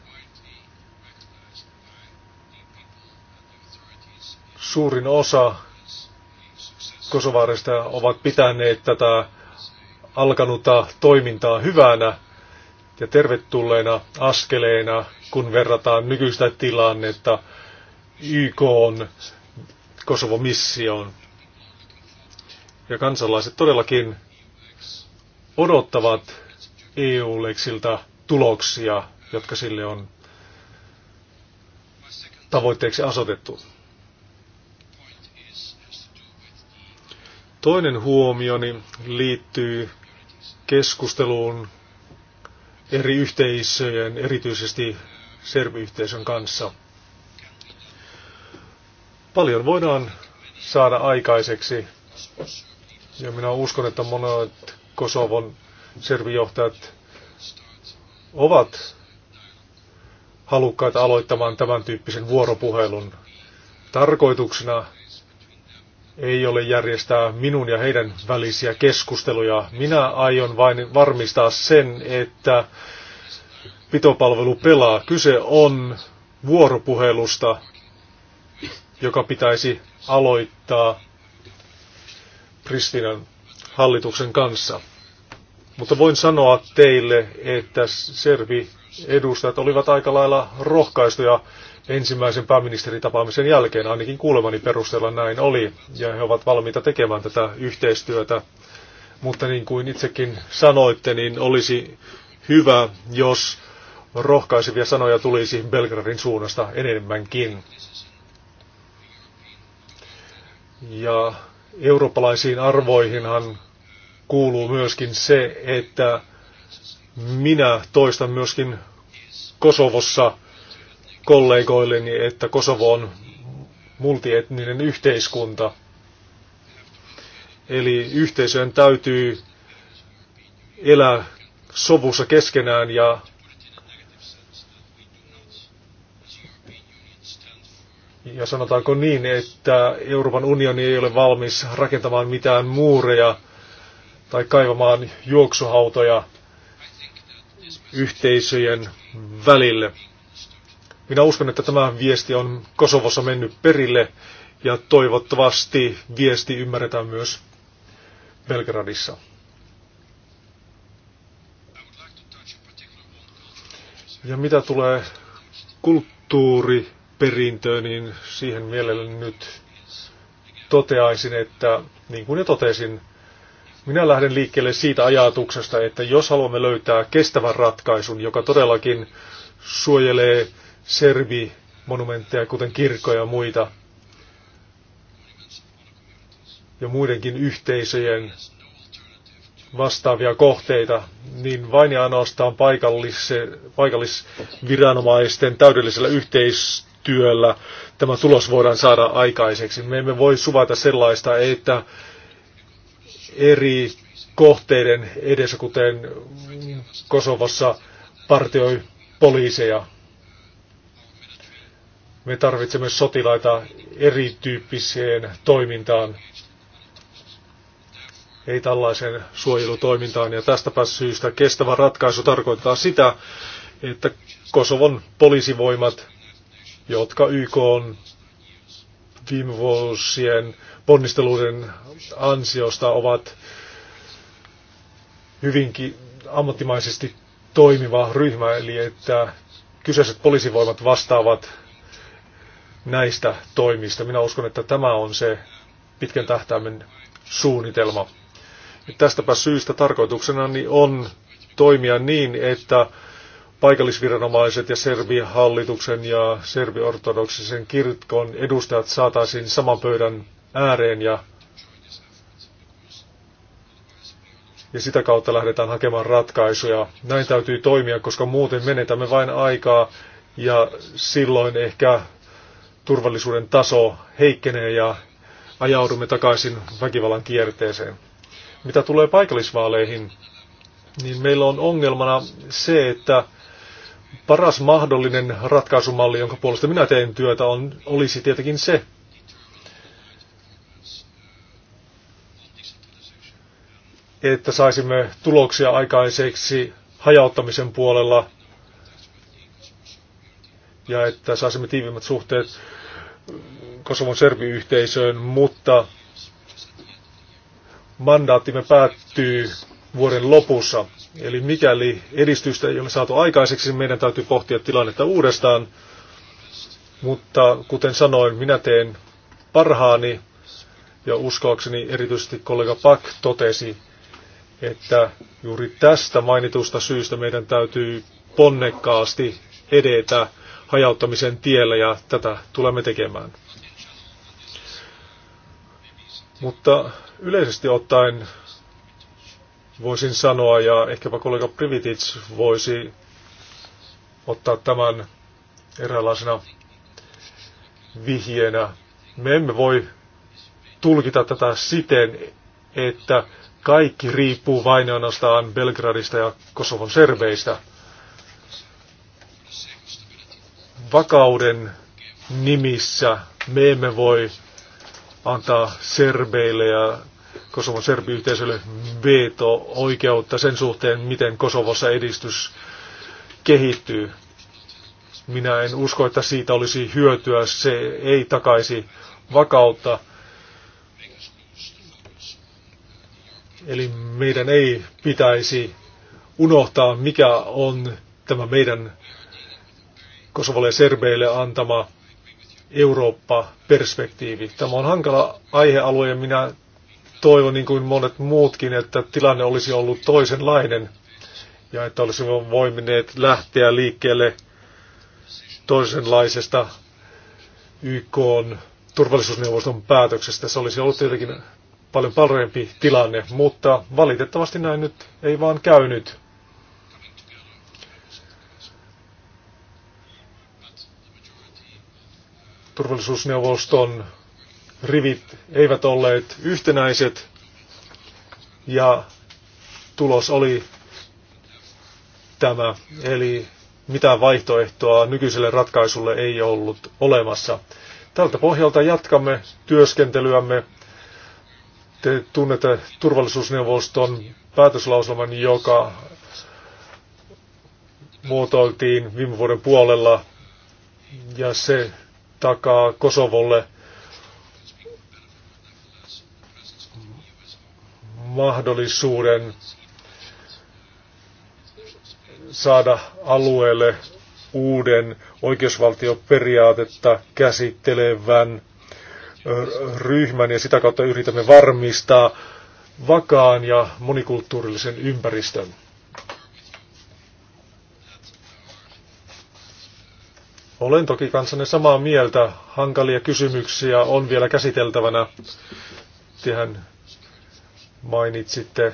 suurin osa kosovaarista ovat pitäneet tätä alkanutta toimintaa hyvänä ja tervetulleena askeleena, kun verrataan nykyistä tilannetta YK on Kosovo-missioon. Ja kansalaiset todellakin odottavat EU-leksiltä tuloksia, jotka sille on tavoitteeksi asetettu. Toinen huomioni liittyy keskusteluun eri yhteisöjen, erityisesti serviyhteisön kanssa. Paljon voidaan saada aikaiseksi, ja minä uskon, että monet Kosovon servijohtajat ovat halukkaita aloittamaan tämän tyyppisen vuoropuhelun. Tarkoituksena ei ole järjestää minun ja heidän välisiä keskusteluja. Minä aion vain varmistaa sen, että pitopalvelu pelaa. Kyse on vuoropuhelusta, joka pitäisi aloittaa Pristinan hallituksen kanssa. Mutta voin sanoa teille, että servi edustajat olivat aika lailla rohkaistuja ensimmäisen pääministeritapaamisen jälkeen, ainakin kuulemani perusteella näin oli, ja he ovat valmiita tekemään tätä yhteistyötä. Mutta niin kuin itsekin sanoitte, niin olisi hyvä, jos rohkaisevia sanoja tulisi Belgradin suunnasta enemmänkin. Ja eurooppalaisiin arvoihinhan kuuluu myöskin se, että minä toistan myöskin Kosovossa kollegoilleni, että Kosovo on multietninen yhteiskunta. Eli yhteisöjen täytyy elää sovussa keskenään ja ja sanotaanko niin, että Euroopan unioni ei ole valmis rakentamaan mitään muureja tai kaivamaan juoksuhautoja yhteisöjen välille. Minä uskon, että tämä viesti on Kosovossa mennyt perille ja toivottavasti viesti ymmärretään myös Belgradissa. Ja mitä tulee kulttuuriperintöön, niin siihen mielelläni nyt toteaisin, että niin kuin jo totesin, minä lähden liikkeelle siitä ajatuksesta, että jos haluamme löytää kestävän ratkaisun, joka todellakin suojelee monumentteja kuten kirkkoja ja muita, ja muidenkin yhteisöjen vastaavia kohteita, niin vain ja ainoastaan paikallisviranomaisten täydellisellä yhteistyöllä tämä tulos voidaan saada aikaiseksi. Me emme voi suvata sellaista, että eri kohteiden edessä, kuten Kosovossa partioi poliiseja. Me tarvitsemme sotilaita erityyppiseen toimintaan, ei tällaiseen suojelutoimintaan. Ja tästäpä syystä kestävä ratkaisu tarkoittaa sitä, että Kosovon poliisivoimat, jotka YK on viime vuosien ponnisteluiden ansiosta ovat hyvinkin ammattimaisesti toimiva ryhmä, eli että kyseiset poliisivoimat vastaavat näistä toimista. Minä uskon, että tämä on se pitkän tähtäimen suunnitelma. Ja tästäpä syystä tarkoituksena on toimia niin, että paikallisviranomaiset ja Serbian hallituksen ja serbiortodoksisen kirkon edustajat saataisiin saman pöydän ääreen ja, ja sitä kautta lähdetään hakemaan ratkaisuja. Näin täytyy toimia, koska muuten menetämme vain aikaa ja silloin ehkä turvallisuuden taso heikkenee ja ajaudumme takaisin väkivallan kierteeseen. Mitä tulee paikallisvaaleihin, niin meillä on ongelmana se, että paras mahdollinen ratkaisumalli, jonka puolesta minä teen työtä, on, olisi tietenkin se, että saisimme tuloksia aikaiseksi hajauttamisen puolella ja että saisimme tiivimmät suhteet Kosovon serviyhteisöön, mutta mandaattimme päättyy vuoden lopussa. Eli mikäli edistystä ei ole saatu aikaiseksi, niin meidän täytyy pohtia tilannetta uudestaan. Mutta kuten sanoin, minä teen parhaani ja uskoakseni erityisesti kollega Pak totesi, että juuri tästä mainitusta syystä meidän täytyy ponnekkaasti edetä hajauttamisen tiellä ja tätä tulemme tekemään. Mutta yleisesti ottaen voisin sanoa, ja ehkäpä kollega Privitic voisi ottaa tämän eräänlaisena vihjeenä. Me emme voi tulkita tätä siten, että kaikki riippuu vain ainoastaan Belgradista ja Kosovon serveistä. Vakauden nimissä me emme voi antaa serbeille ja Kosovon serbiyhteisölle veto-oikeutta sen suhteen, miten Kosovossa edistys kehittyy. Minä en usko, että siitä olisi hyötyä. Se ei takaisi vakautta Eli meidän ei pitäisi unohtaa, mikä on tämä meidän Kosovolle ja Serbeille antama Eurooppa-perspektiivi. Tämä on hankala aihealue ja minä toivon niin kuin monet muutkin, että tilanne olisi ollut toisenlainen ja että olisimme voimineet lähteä liikkeelle toisenlaisesta YK turvallisuusneuvoston päätöksestä. Se olisi ollut tietenkin paljon parempi tilanne, mutta valitettavasti näin nyt ei vaan käynyt. Turvallisuusneuvoston rivit eivät olleet yhtenäiset ja tulos oli tämä. Eli mitään vaihtoehtoa nykyiselle ratkaisulle ei ollut olemassa. Tältä pohjalta jatkamme työskentelyämme te tunnette turvallisuusneuvoston päätöslauselman, joka muotoiltiin viime vuoden puolella ja se takaa Kosovolle mahdollisuuden saada alueelle uuden oikeusvaltioperiaatetta käsittelevän ryhmän ja sitä kautta yritämme varmistaa vakaan ja monikulttuurillisen ympäristön. Olen toki kanssanne samaa mieltä. Hankalia kysymyksiä on vielä käsiteltävänä. Tehän mainitsitte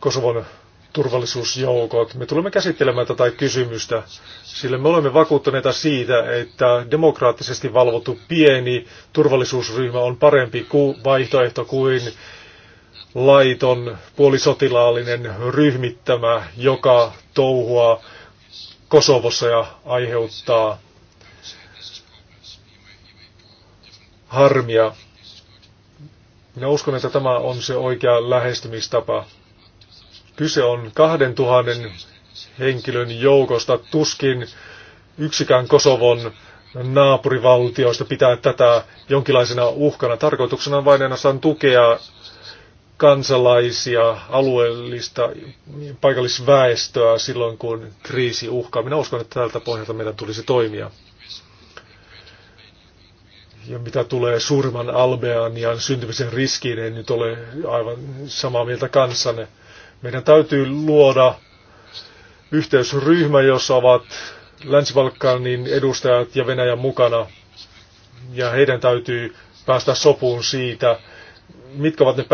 Kosovon turvallisuusjoukot. Me tulemme käsittelemään tätä kysymystä, sillä me olemme vakuuttuneita siitä, että demokraattisesti valvottu pieni turvallisuusryhmä on parempi vaihtoehto kuin laiton puolisotilaallinen ryhmittämä, joka touhua Kosovossa ja aiheuttaa harmia. Minä uskon, että tämä on se oikea lähestymistapa. Kyse on 2000 henkilön joukosta. Tuskin yksikään Kosovon naapurivaltioista pitää tätä jonkinlaisena uhkana. Tarkoituksena on vain ainoastaan tukea kansalaisia, alueellista, paikallisväestöä silloin, kun kriisi uhkaa. Minä uskon, että tältä pohjalta meidän tulisi toimia. Ja mitä tulee suurimman Albeanian syntymisen riskiin, en nyt ole aivan samaa mieltä kanssanne. Meidän täytyy luoda yhteysryhmä, jossa ovat Länsi-Balkanin edustajat ja Venäjän mukana. Ja heidän täytyy päästä sopuun siitä, mitkä ovat ne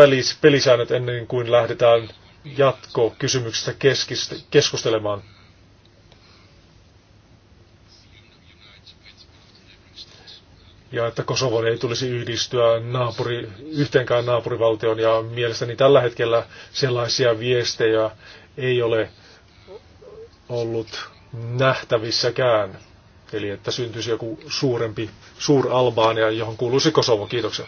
pelisäännöt ennen kuin lähdetään jatko kysymyksestä keskustelemaan. ja että Kosovon ei tulisi yhdistyä naapuri, yhteenkään naapurivaltioon. ja mielestäni tällä hetkellä sellaisia viestejä ei ole ollut nähtävissäkään. Eli että syntyisi joku suurempi, suur Albaania, johon kuuluisi Kosovo. Kiitoksia.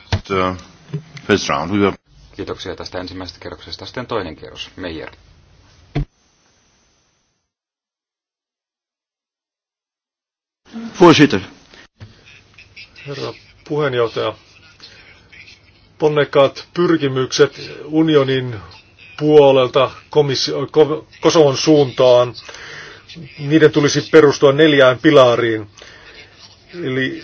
Kiitoksia tästä ensimmäisestä kerroksesta. Sitten toinen kerros. Meijer. Voorzitter, herra puheenjohtaja. Ponnekkaat pyrkimykset unionin puolelta komissio, Kosovon suuntaan, niiden tulisi perustua neljään pilariin. Eli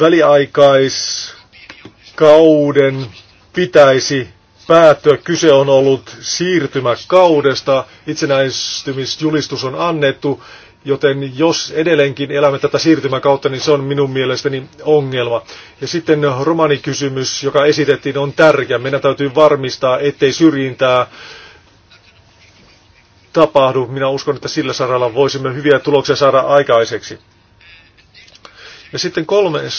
väliaikaiskauden pitäisi päättyä. Kyse on ollut siirtymäkaudesta. Itsenäistymisjulistus on annettu Joten jos edelleenkin elämme tätä siirtymäkautta, niin se on minun mielestäni ongelma. Ja sitten romanikysymys, joka esitettiin, on tärkeä. Meidän täytyy varmistaa, ettei syrjintää tapahdu. Minä uskon, että sillä saralla voisimme hyviä tuloksia saada aikaiseksi. Ja sitten kolmes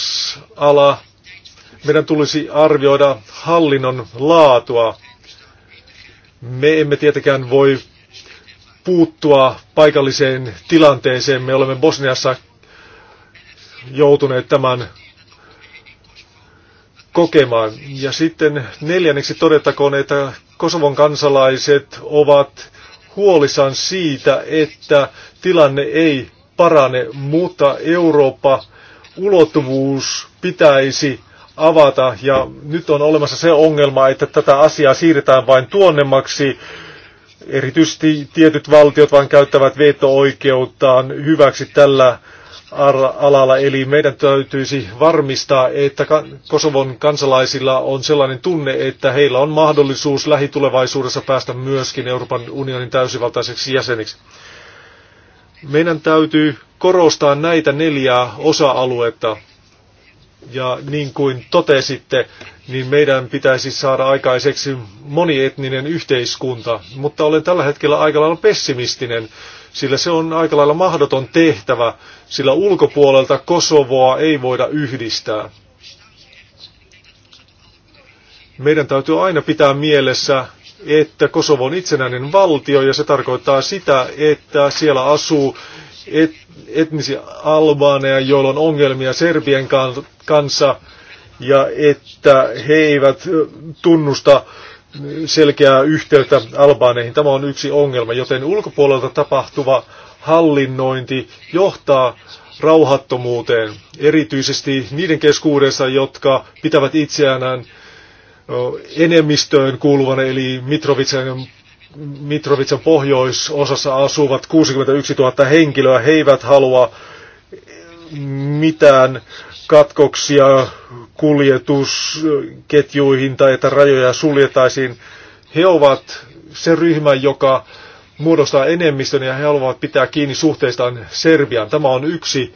ala. Meidän tulisi arvioida hallinnon laatua. Me emme tietenkään voi puuttua paikalliseen tilanteeseen. Me olemme Bosniassa joutuneet tämän kokemaan. Ja sitten neljänneksi todettakoon, että Kosovon kansalaiset ovat huolissaan siitä, että tilanne ei parane, mutta Eurooppa ulottuvuus pitäisi avata ja nyt on olemassa se ongelma, että tätä asiaa siirretään vain tuonnemmaksi Erityisesti tietyt valtiot vain käyttävät veto-oikeuttaan hyväksi tällä alalla, eli meidän täytyisi varmistaa, että Kosovon kansalaisilla on sellainen tunne, että heillä on mahdollisuus lähitulevaisuudessa päästä myöskin Euroopan unionin täysivaltaiseksi jäseniksi. Meidän täytyy korostaa näitä neljää osa-aluetta. Ja niin kuin totesitte, niin meidän pitäisi saada aikaiseksi monietninen yhteiskunta, mutta olen tällä hetkellä aika lailla pessimistinen, sillä se on aika lailla mahdoton tehtävä, sillä ulkopuolelta Kosovoa ei voida yhdistää. Meidän täytyy aina pitää mielessä, että Kosovo on itsenäinen valtio ja se tarkoittaa sitä, että siellä asuu et, etnisiä albaaneja, joilla on ongelmia Serbian kanssa, ja että he eivät tunnusta selkeää yhteyttä albaaneihin. Tämä on yksi ongelma, joten ulkopuolelta tapahtuva hallinnointi johtaa rauhattomuuteen, erityisesti niiden keskuudessa, jotka pitävät itseään enemmistöön kuuluvana, eli Mitrovicen Mitrovitsan pohjoisosassa asuvat 61 000 henkilöä. He eivät halua mitään katkoksia kuljetusketjuihin tai että rajoja suljetaisiin. He ovat se ryhmä, joka muodostaa enemmistön ja he haluavat pitää kiinni suhteistaan Serbiaan. Tämä on yksi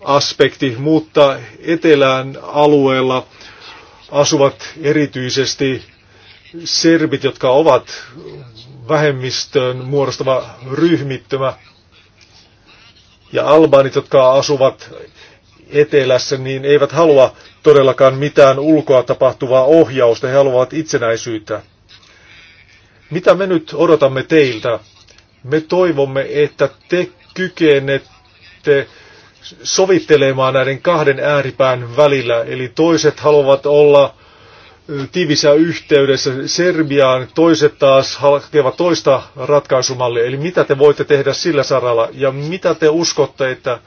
aspekti, mutta etelän alueella asuvat erityisesti serbit, jotka ovat vähemmistön muodostava ryhmittymä. Ja albaanit, jotka asuvat etelässä, niin eivät halua todellakaan mitään ulkoa tapahtuvaa ohjausta, he haluavat itsenäisyyttä. Mitä me nyt odotamme teiltä? Me toivomme, että te kykenette sovittelemaan näiden kahden ääripään välillä. Eli toiset haluavat olla tiivissä yhteydessä Serbiaan, toiset taas hakevat toista ratkaisumallia. Eli mitä te voitte tehdä sillä saralla ja mitä te uskotte, että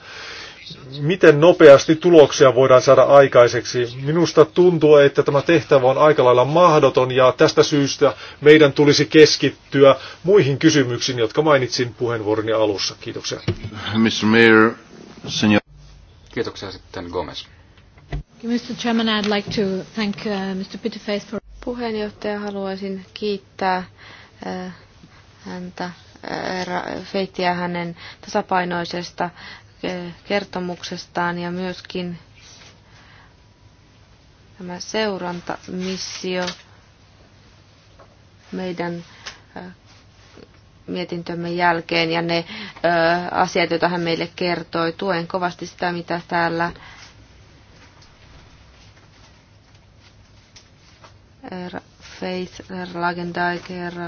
miten nopeasti tuloksia voidaan saada aikaiseksi. Minusta tuntuu, että tämä tehtävä on aika lailla mahdoton ja tästä syystä meidän tulisi keskittyä muihin kysymyksiin, jotka mainitsin puheenvuoroni alussa. Kiitoksia. Mr. Mayor, senior... Kiitoksia sitten Gomez. Mr. Chairman, I'd like to thank uh, Mr. Pitterface for... Puheenjohtaja, haluaisin kiittää uh, häntä, uh, Feittiä hänen tasapainoisesta kertomuksestaan ja myöskin tämä seurantamissio meidän mietintömme jälkeen ja ne asiat, joita hän meille kertoi. Tuen kovasti sitä, mitä täällä er Faith, er Lagendijk, herra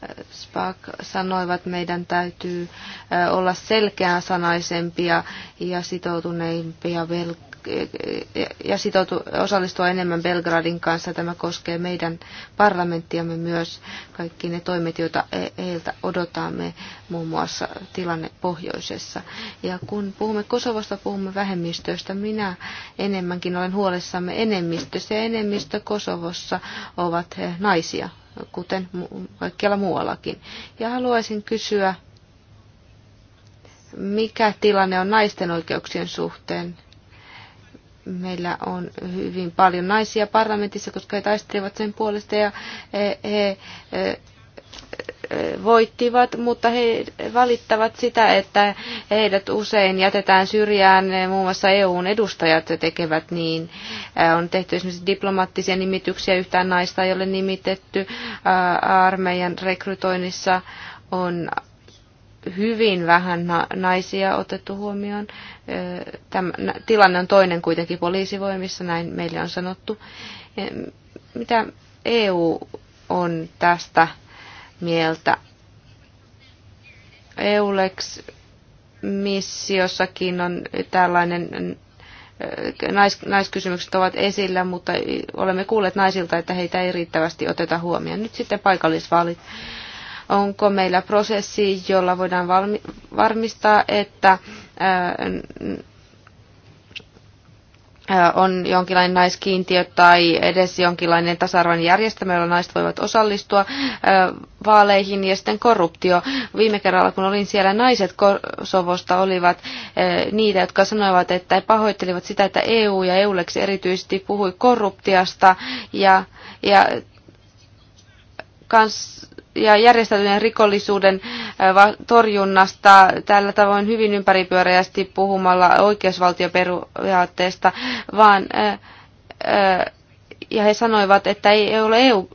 eh, Spak sanoivat, meidän täytyy eh, olla selkeäsanaisempia ja sitoutuneimpia ja sitoutu, osallistua enemmän Belgradin kanssa. Tämä koskee meidän parlamenttiamme myös kaikki ne toimet, joita heiltä odotamme, muun muassa tilanne pohjoisessa. Ja kun puhumme Kosovosta, puhumme vähemmistöistä. Minä enemmänkin olen huolissamme enemmistöstä ja enemmistö Kosovossa ovat naisia, kuten kaikkialla muuallakin. Ja haluaisin kysyä, mikä tilanne on naisten oikeuksien suhteen? meillä on hyvin paljon naisia parlamentissa, koska he taistelivat sen puolesta ja he, he, he e, voittivat, mutta he valittavat sitä, että heidät usein jätetään syrjään, muun muassa EUn edustajat tekevät niin. On tehty esimerkiksi diplomaattisia nimityksiä, yhtään naista ei ole nimitetty armeijan rekrytoinnissa, on hyvin vähän naisia otettu huomioon. Tämä tilanne on toinen kuitenkin poliisivoimissa, näin meille on sanottu. Mitä EU on tästä mieltä? EULEX-missiossakin on tällainen nais, naiskysymykset ovat esillä, mutta olemme kuulleet naisilta, että heitä ei riittävästi oteta huomioon. Nyt sitten paikallisvaalit. Onko meillä prosessi, jolla voidaan varmistaa, että on jonkinlainen naiskiintiö tai edes jonkinlainen tasa arvoinen järjestelmä, jolla naiset voivat osallistua vaaleihin ja sitten korruptio. Viime kerralla, kun olin siellä, naiset Kosovosta olivat niitä, jotka sanoivat, että pahoittelivat sitä, että EU ja EUleksi erityisesti puhui korruptiasta ja, ja kans, ja järjestäytyneen rikollisuuden torjunnasta tällä tavoin hyvin ympäripyöreästi puhumalla oikeusvaltioperiaatteesta, vaan ja he sanoivat, että ei ole EU: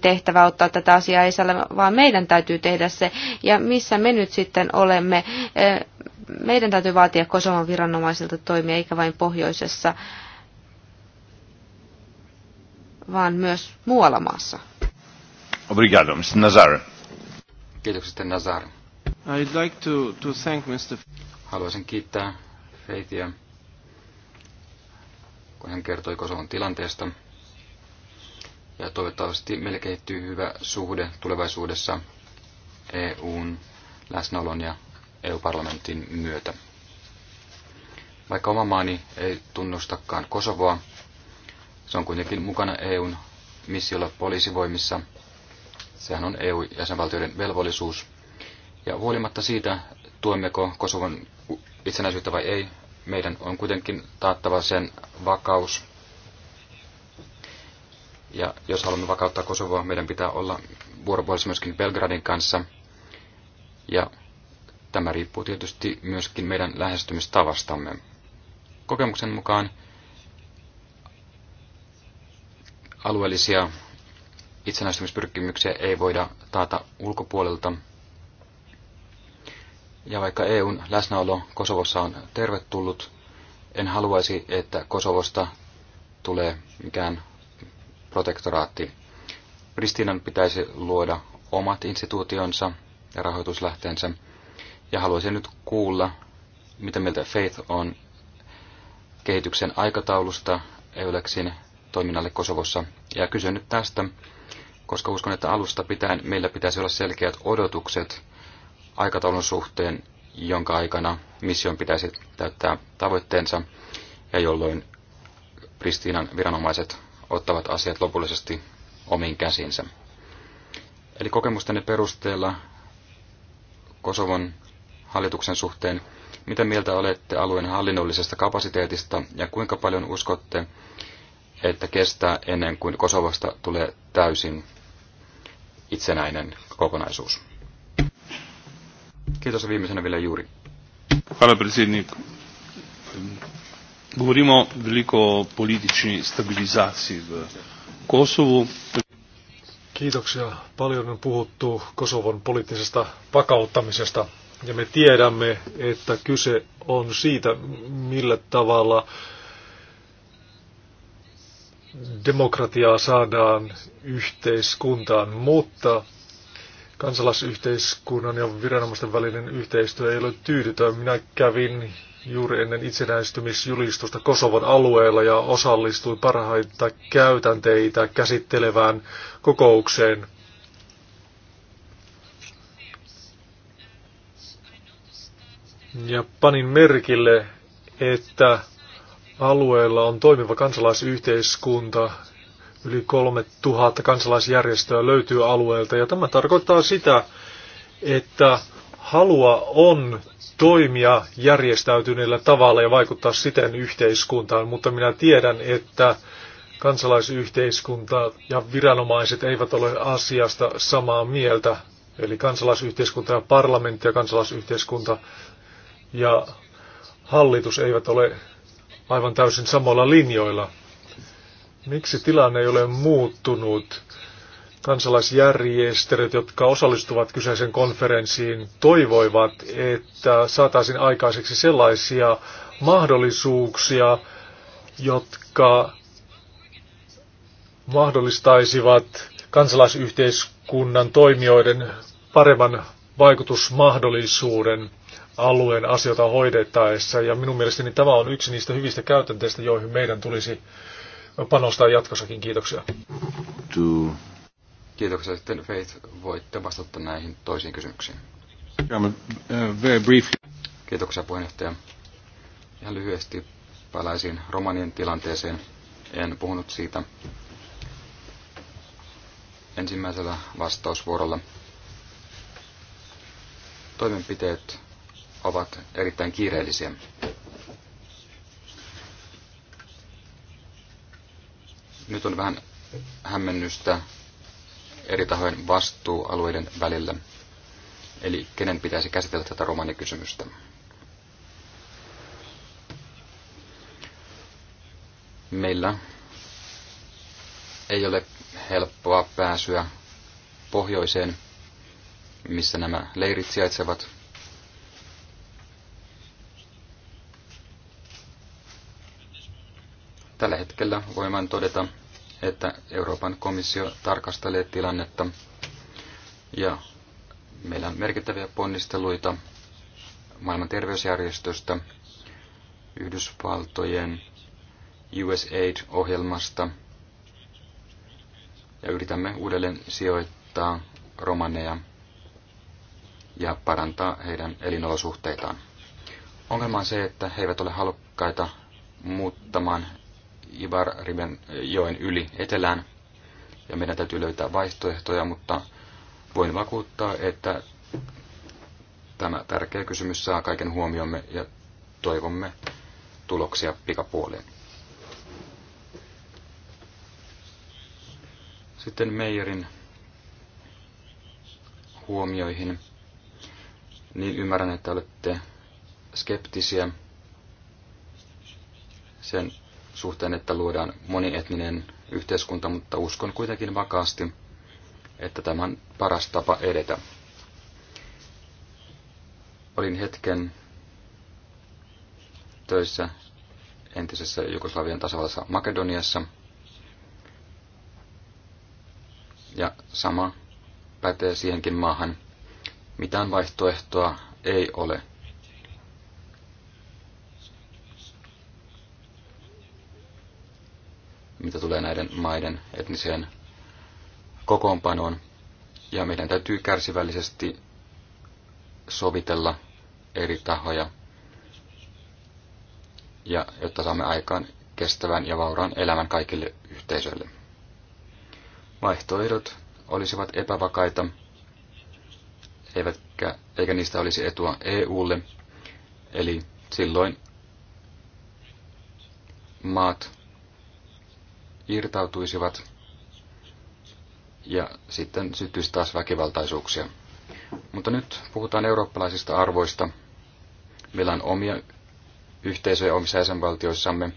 tehtävä ottaa tätä asiaa esille, vaan meidän täytyy tehdä se. Ja missä me nyt sitten olemme? Meidän täytyy vaatia Kosovan viranomaisilta toimia, eikä vain pohjoisessa, vaan myös muualla maassa. Obrigado, Mr. Nazar. Kiitokset, Nazar. I'd like to, to thank Mr. Haluaisin kiittää Feitiä, kun hän kertoi Kosovan tilanteesta. Ja toivottavasti meille kehittyy hyvä suhde tulevaisuudessa EUn läsnäolon ja EU-parlamentin myötä. Vaikka oma maani ei tunnustakaan Kosovoa, se on kuitenkin mukana EUn missiolla poliisivoimissa – Sehän on EU-jäsenvaltioiden velvollisuus. Ja huolimatta siitä, tuemmeko Kosovon itsenäisyyttä vai ei, meidän on kuitenkin taattava sen vakaus. Ja jos haluamme vakauttaa Kosovoa, meidän pitää olla vuoropuolissa myöskin Belgradin kanssa. Ja tämä riippuu tietysti myöskin meidän lähestymistavastamme. Kokemuksen mukaan alueellisia itsenäistymispyrkimyksiä ei voida taata ulkopuolelta. Ja vaikka EUn läsnäolo Kosovossa on tervetullut, en haluaisi, että Kosovosta tulee mikään protektoraatti. Pristinan pitäisi luoda omat instituutionsa ja rahoituslähteensä. Ja haluaisin nyt kuulla, mitä mieltä Faith on kehityksen aikataulusta EULEXin toiminnalle Kosovossa. Ja kysyn nyt tästä, koska uskon, että alusta pitäen meillä pitäisi olla selkeät odotukset aikataulun suhteen, jonka aikana mission pitäisi täyttää tavoitteensa ja jolloin Pristiinan viranomaiset ottavat asiat lopullisesti omiin käsinsä. Eli kokemustenne perusteella Kosovon hallituksen suhteen, mitä mieltä olette alueen hallinnollisesta kapasiteetista ja kuinka paljon uskotte, että kestää ennen kuin Kosovasta tulee täysin itsenäinen kokonaisuus. Kiitos viimeisenä vielä Juuri. Hvala predsjednik. Govorimo veliko o politični stabilizaciji v Kosovu. Kiitoksia. Paljon on puhuttu Kosovon poliittisesta vakauttamisesta. Ja me tiedämme, että kyse on siitä, millä tavalla demokratiaa saadaan yhteiskuntaan, mutta kansalaisyhteiskunnan ja viranomaisten välinen yhteistyö ei ole tyydytön. Minä kävin juuri ennen itsenäistymisjulistusta kosovan alueella ja osallistui parhaita käytänteitä käsittelevään kokoukseen. Ja panin merkille, että alueella on toimiva kansalaisyhteiskunta. Yli 3000 kansalaisjärjestöä löytyy alueelta ja tämä tarkoittaa sitä, että halua on toimia järjestäytyneellä tavalla ja vaikuttaa siten yhteiskuntaan, mutta minä tiedän, että kansalaisyhteiskunta ja viranomaiset eivät ole asiasta samaa mieltä. Eli kansalaisyhteiskunta ja parlamentti ja kansalaisyhteiskunta ja hallitus eivät ole aivan täysin samalla linjoilla. Miksi tilanne ei ole muuttunut? Kansalaisjärjestöt, jotka osallistuvat kyseisen konferenssiin, toivoivat, että saataisiin aikaiseksi sellaisia mahdollisuuksia, jotka mahdollistaisivat kansalaisyhteiskunnan toimijoiden paremman vaikutusmahdollisuuden alueen asioita hoidettaessa. Ja minun mielestäni tämä on yksi niistä hyvistä käytänteistä, joihin meidän tulisi panostaa jatkossakin. Kiitoksia. To... Kiitoksia sitten Faith. Voitte vastata näihin toisiin kysymyksiin. Uh, very briefly. Kiitoksia puheenjohtaja. Ihan lyhyesti palaisin romanien tilanteeseen. En puhunut siitä ensimmäisellä vastausvuorolla. Toimenpiteet ovat erittäin kiireellisiä. Nyt on vähän hämmennystä eri tahojen vastuualueiden välillä. Eli kenen pitäisi käsitellä tätä romanikysymystä? Meillä ei ole helppoa pääsyä pohjoiseen, missä nämä leirit sijaitsevat, Tällä hetkellä voimaan todeta, että Euroopan komissio tarkastelee tilannetta ja meillä on merkittäviä ponnisteluita maailman terveysjärjestöstä, Yhdysvaltojen USAID-ohjelmasta ja yritämme uudelleen sijoittaa romaneja ja parantaa heidän elinolosuhteitaan. Ongelma on se, että he eivät ole halukkaita muuttamaan Ibarriben eh, joen yli etelään, ja meidän täytyy löytää vaihtoehtoja, mutta voin vakuuttaa, että tämä tärkeä kysymys saa kaiken huomiomme ja toivomme tuloksia pikapuoleen. Sitten Meijerin huomioihin. Niin ymmärrän, että olette skeptisiä sen suhteen, että luodaan monietninen yhteiskunta, mutta uskon kuitenkin vakaasti, että tämä on paras tapa edetä. Olin hetken töissä entisessä Jugoslavian tasavallassa Makedoniassa. Ja sama pätee siihenkin maahan. Mitään vaihtoehtoa ei ole. mitä tulee näiden maiden etniseen kokoonpanoon. Ja meidän täytyy kärsivällisesti sovitella eri tahoja, ja jotta saamme aikaan kestävän ja vauraan elämän kaikille yhteisöille. Vaihtoehdot olisivat epävakaita, eivätkä, eikä niistä olisi etua EUlle, eli silloin maat irtautuisivat ja sitten syttyisi taas väkivaltaisuuksia. Mutta nyt puhutaan eurooppalaisista arvoista. Meillä on omia yhteisöjä omissa jäsenvaltioissamme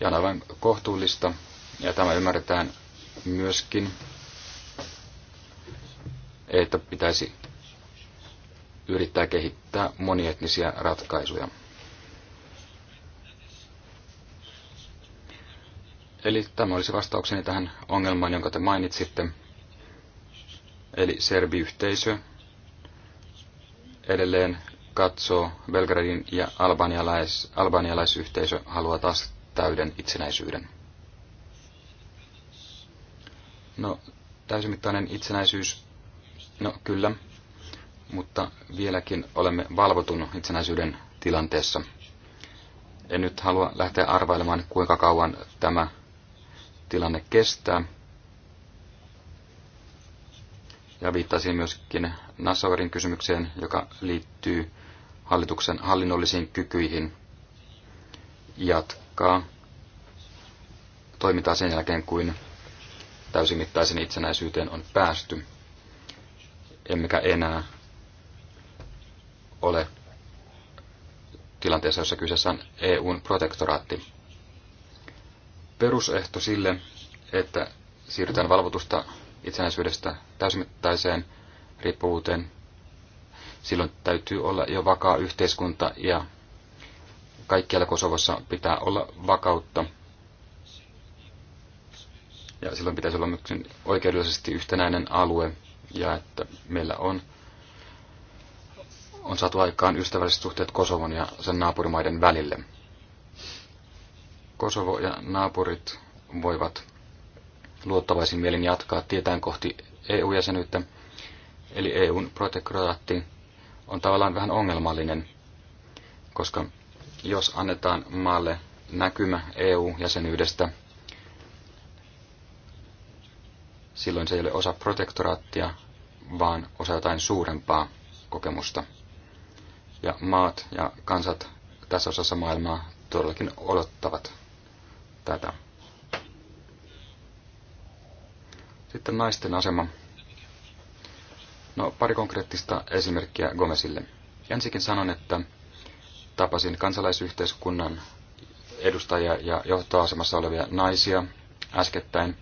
ja on aivan kohtuullista ja tämä ymmärretään myöskin, että pitäisi yrittää kehittää monietnisiä ratkaisuja. Eli tämä olisi vastaukseni tähän ongelmaan, jonka te mainitsitte. Eli serbiyhteisö edelleen katsoo Belgradin ja albanialais, albanialaisyhteisö haluaa taas täyden itsenäisyyden. No, täysimittainen itsenäisyys, no kyllä, mutta vieläkin olemme valvotun itsenäisyyden tilanteessa. En nyt halua lähteä arvailemaan, kuinka kauan tämä tilanne kestää. Ja viittasin myöskin Nassauerin kysymykseen, joka liittyy hallituksen hallinnollisiin kykyihin jatkaa toimintaa sen jälkeen, kuin täysimittaisen itsenäisyyteen on päästy. Emmekä enää ole tilanteessa, jossa kyseessä on EUn protektoraatti perusehto sille, että siirrytään valvotusta itsenäisyydestä täysimittaiseen riippuvuuteen. Silloin täytyy olla jo vakaa yhteiskunta ja kaikkialla Kosovossa pitää olla vakautta. Ja silloin pitäisi olla myös oikeudellisesti yhtenäinen alue ja että meillä on, on saatu aikaan ystävälliset suhteet Kosovon ja sen naapurimaiden välille. Kosovo ja naapurit voivat luottavaisin mielin jatkaa tietään kohti EU-jäsenyyttä, eli EUn protektoraatti on tavallaan vähän ongelmallinen, koska jos annetaan maalle näkymä EU-jäsenyydestä, silloin se ei ole osa protektoraattia, vaan osa jotain suurempaa kokemusta. Ja maat ja kansat tässä osassa maailmaa todellakin odottavat tätä. Sitten naisten asema. No, pari konkreettista esimerkkiä Gomesille. Ensikin sanon, että tapasin kansalaisyhteiskunnan edustajia ja johtoasemassa olevia naisia äskettäin.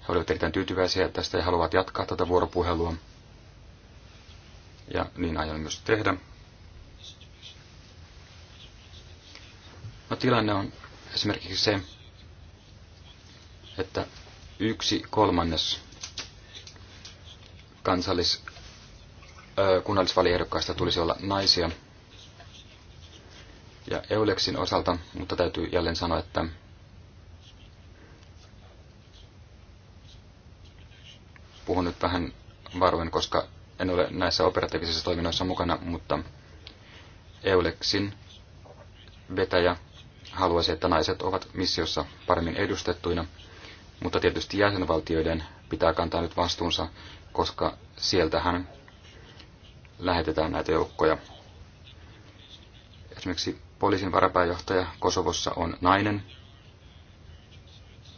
He olivat erittäin tyytyväisiä tästä ja haluavat jatkaa tätä vuoropuhelua. Ja niin aion myös tehdä. No, tilanne on esimerkiksi se, että yksi kolmannes kansallis, äh, kunnallisvaliehdokkaista tulisi olla naisia. Ja Euleksin osalta, mutta täytyy jälleen sanoa, että puhun nyt vähän varoen, koska en ole näissä operatiivisissa toiminnoissa mukana, mutta Euleksin vetäjä haluaisi, että naiset ovat missiossa paremmin edustettuina, mutta tietysti jäsenvaltioiden pitää kantaa nyt vastuunsa, koska sieltähän lähetetään näitä joukkoja. Esimerkiksi poliisin varapääjohtaja Kosovossa on nainen,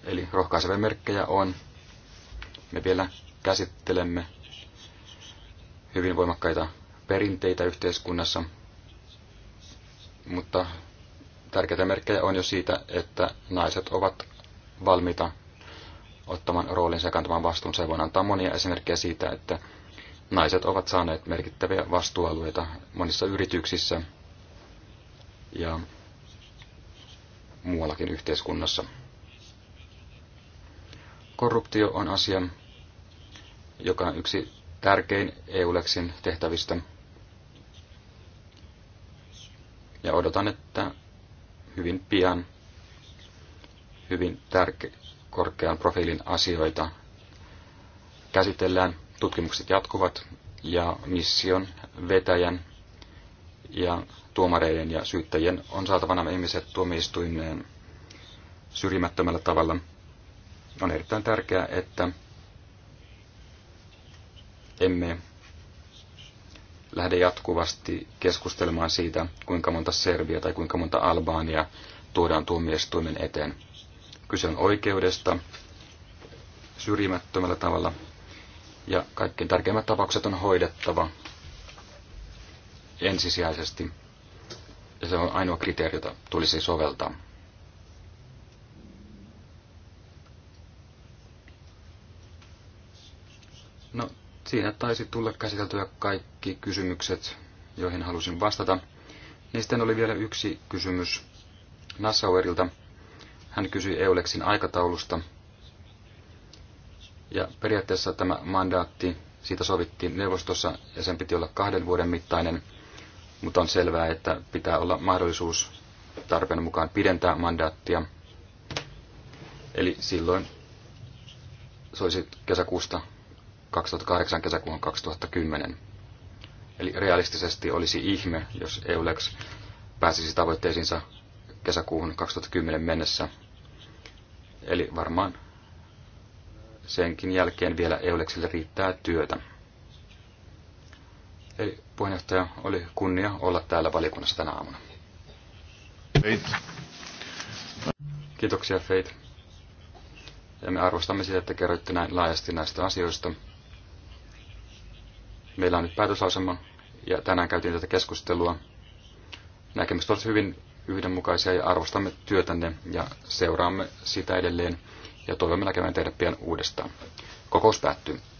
eli rohkaisevia merkkejä on. Me vielä käsittelemme hyvin voimakkaita perinteitä yhteiskunnassa, mutta tärkeitä merkkejä on jo siitä, että naiset ovat valmiita ottamaan roolinsa ja kantamaan vastuunsa. Ja voin antaa monia esimerkkejä siitä, että naiset ovat saaneet merkittäviä vastuualueita monissa yrityksissä ja muuallakin yhteiskunnassa. Korruptio on asia, joka on yksi tärkein EU-leksin tehtävistä. Ja odotan, että hyvin pian hyvin tärke, korkean profiilin asioita käsitellään. Tutkimukset jatkuvat ja mission vetäjän ja tuomareiden ja syyttäjien on saatava nämä ihmiset tuomioistuimeen syrjimättömällä tavalla. On erittäin tärkeää, että emme lähde jatkuvasti keskustelemaan siitä, kuinka monta Serbia tai kuinka monta Albaania tuodaan tuomioistuimen eteen. Kyse on oikeudesta syrjimättömällä tavalla ja kaikkein tärkeimmät tapaukset on hoidettava ensisijaisesti. Ja se on ainoa kriteeri, jota tulisi soveltaa. Siinä taisi tulla käsiteltyä kaikki kysymykset, joihin halusin vastata. Niistä sitten oli vielä yksi kysymys Nassauerilta. Hän kysyi Euleksin aikataulusta. Ja periaatteessa tämä mandaatti, siitä sovittiin neuvostossa ja sen piti olla kahden vuoden mittainen, mutta on selvää, että pitää olla mahdollisuus tarpeen mukaan pidentää mandaattia. Eli silloin se olisi kesäkuusta 2008 kesäkuun 2010. Eli realistisesti olisi ihme, jos EULEX pääsisi tavoitteisiinsa kesäkuuhun 2010 mennessä. Eli varmaan senkin jälkeen vielä EULEXille riittää työtä. Eli puheenjohtaja, oli kunnia olla täällä valiokunnassa tänä aamuna. Feit. Kiitoksia Feit. Ja me arvostamme sitä, että kerroitte näin laajasti näistä asioista. Meillä on nyt päätösasema ja tänään käytiin tätä keskustelua. Näkemykset ovat hyvin yhdenmukaisia ja arvostamme työtänne ja seuraamme sitä edelleen ja toivomme näkemään teidät pian uudestaan. Kokous päättyy.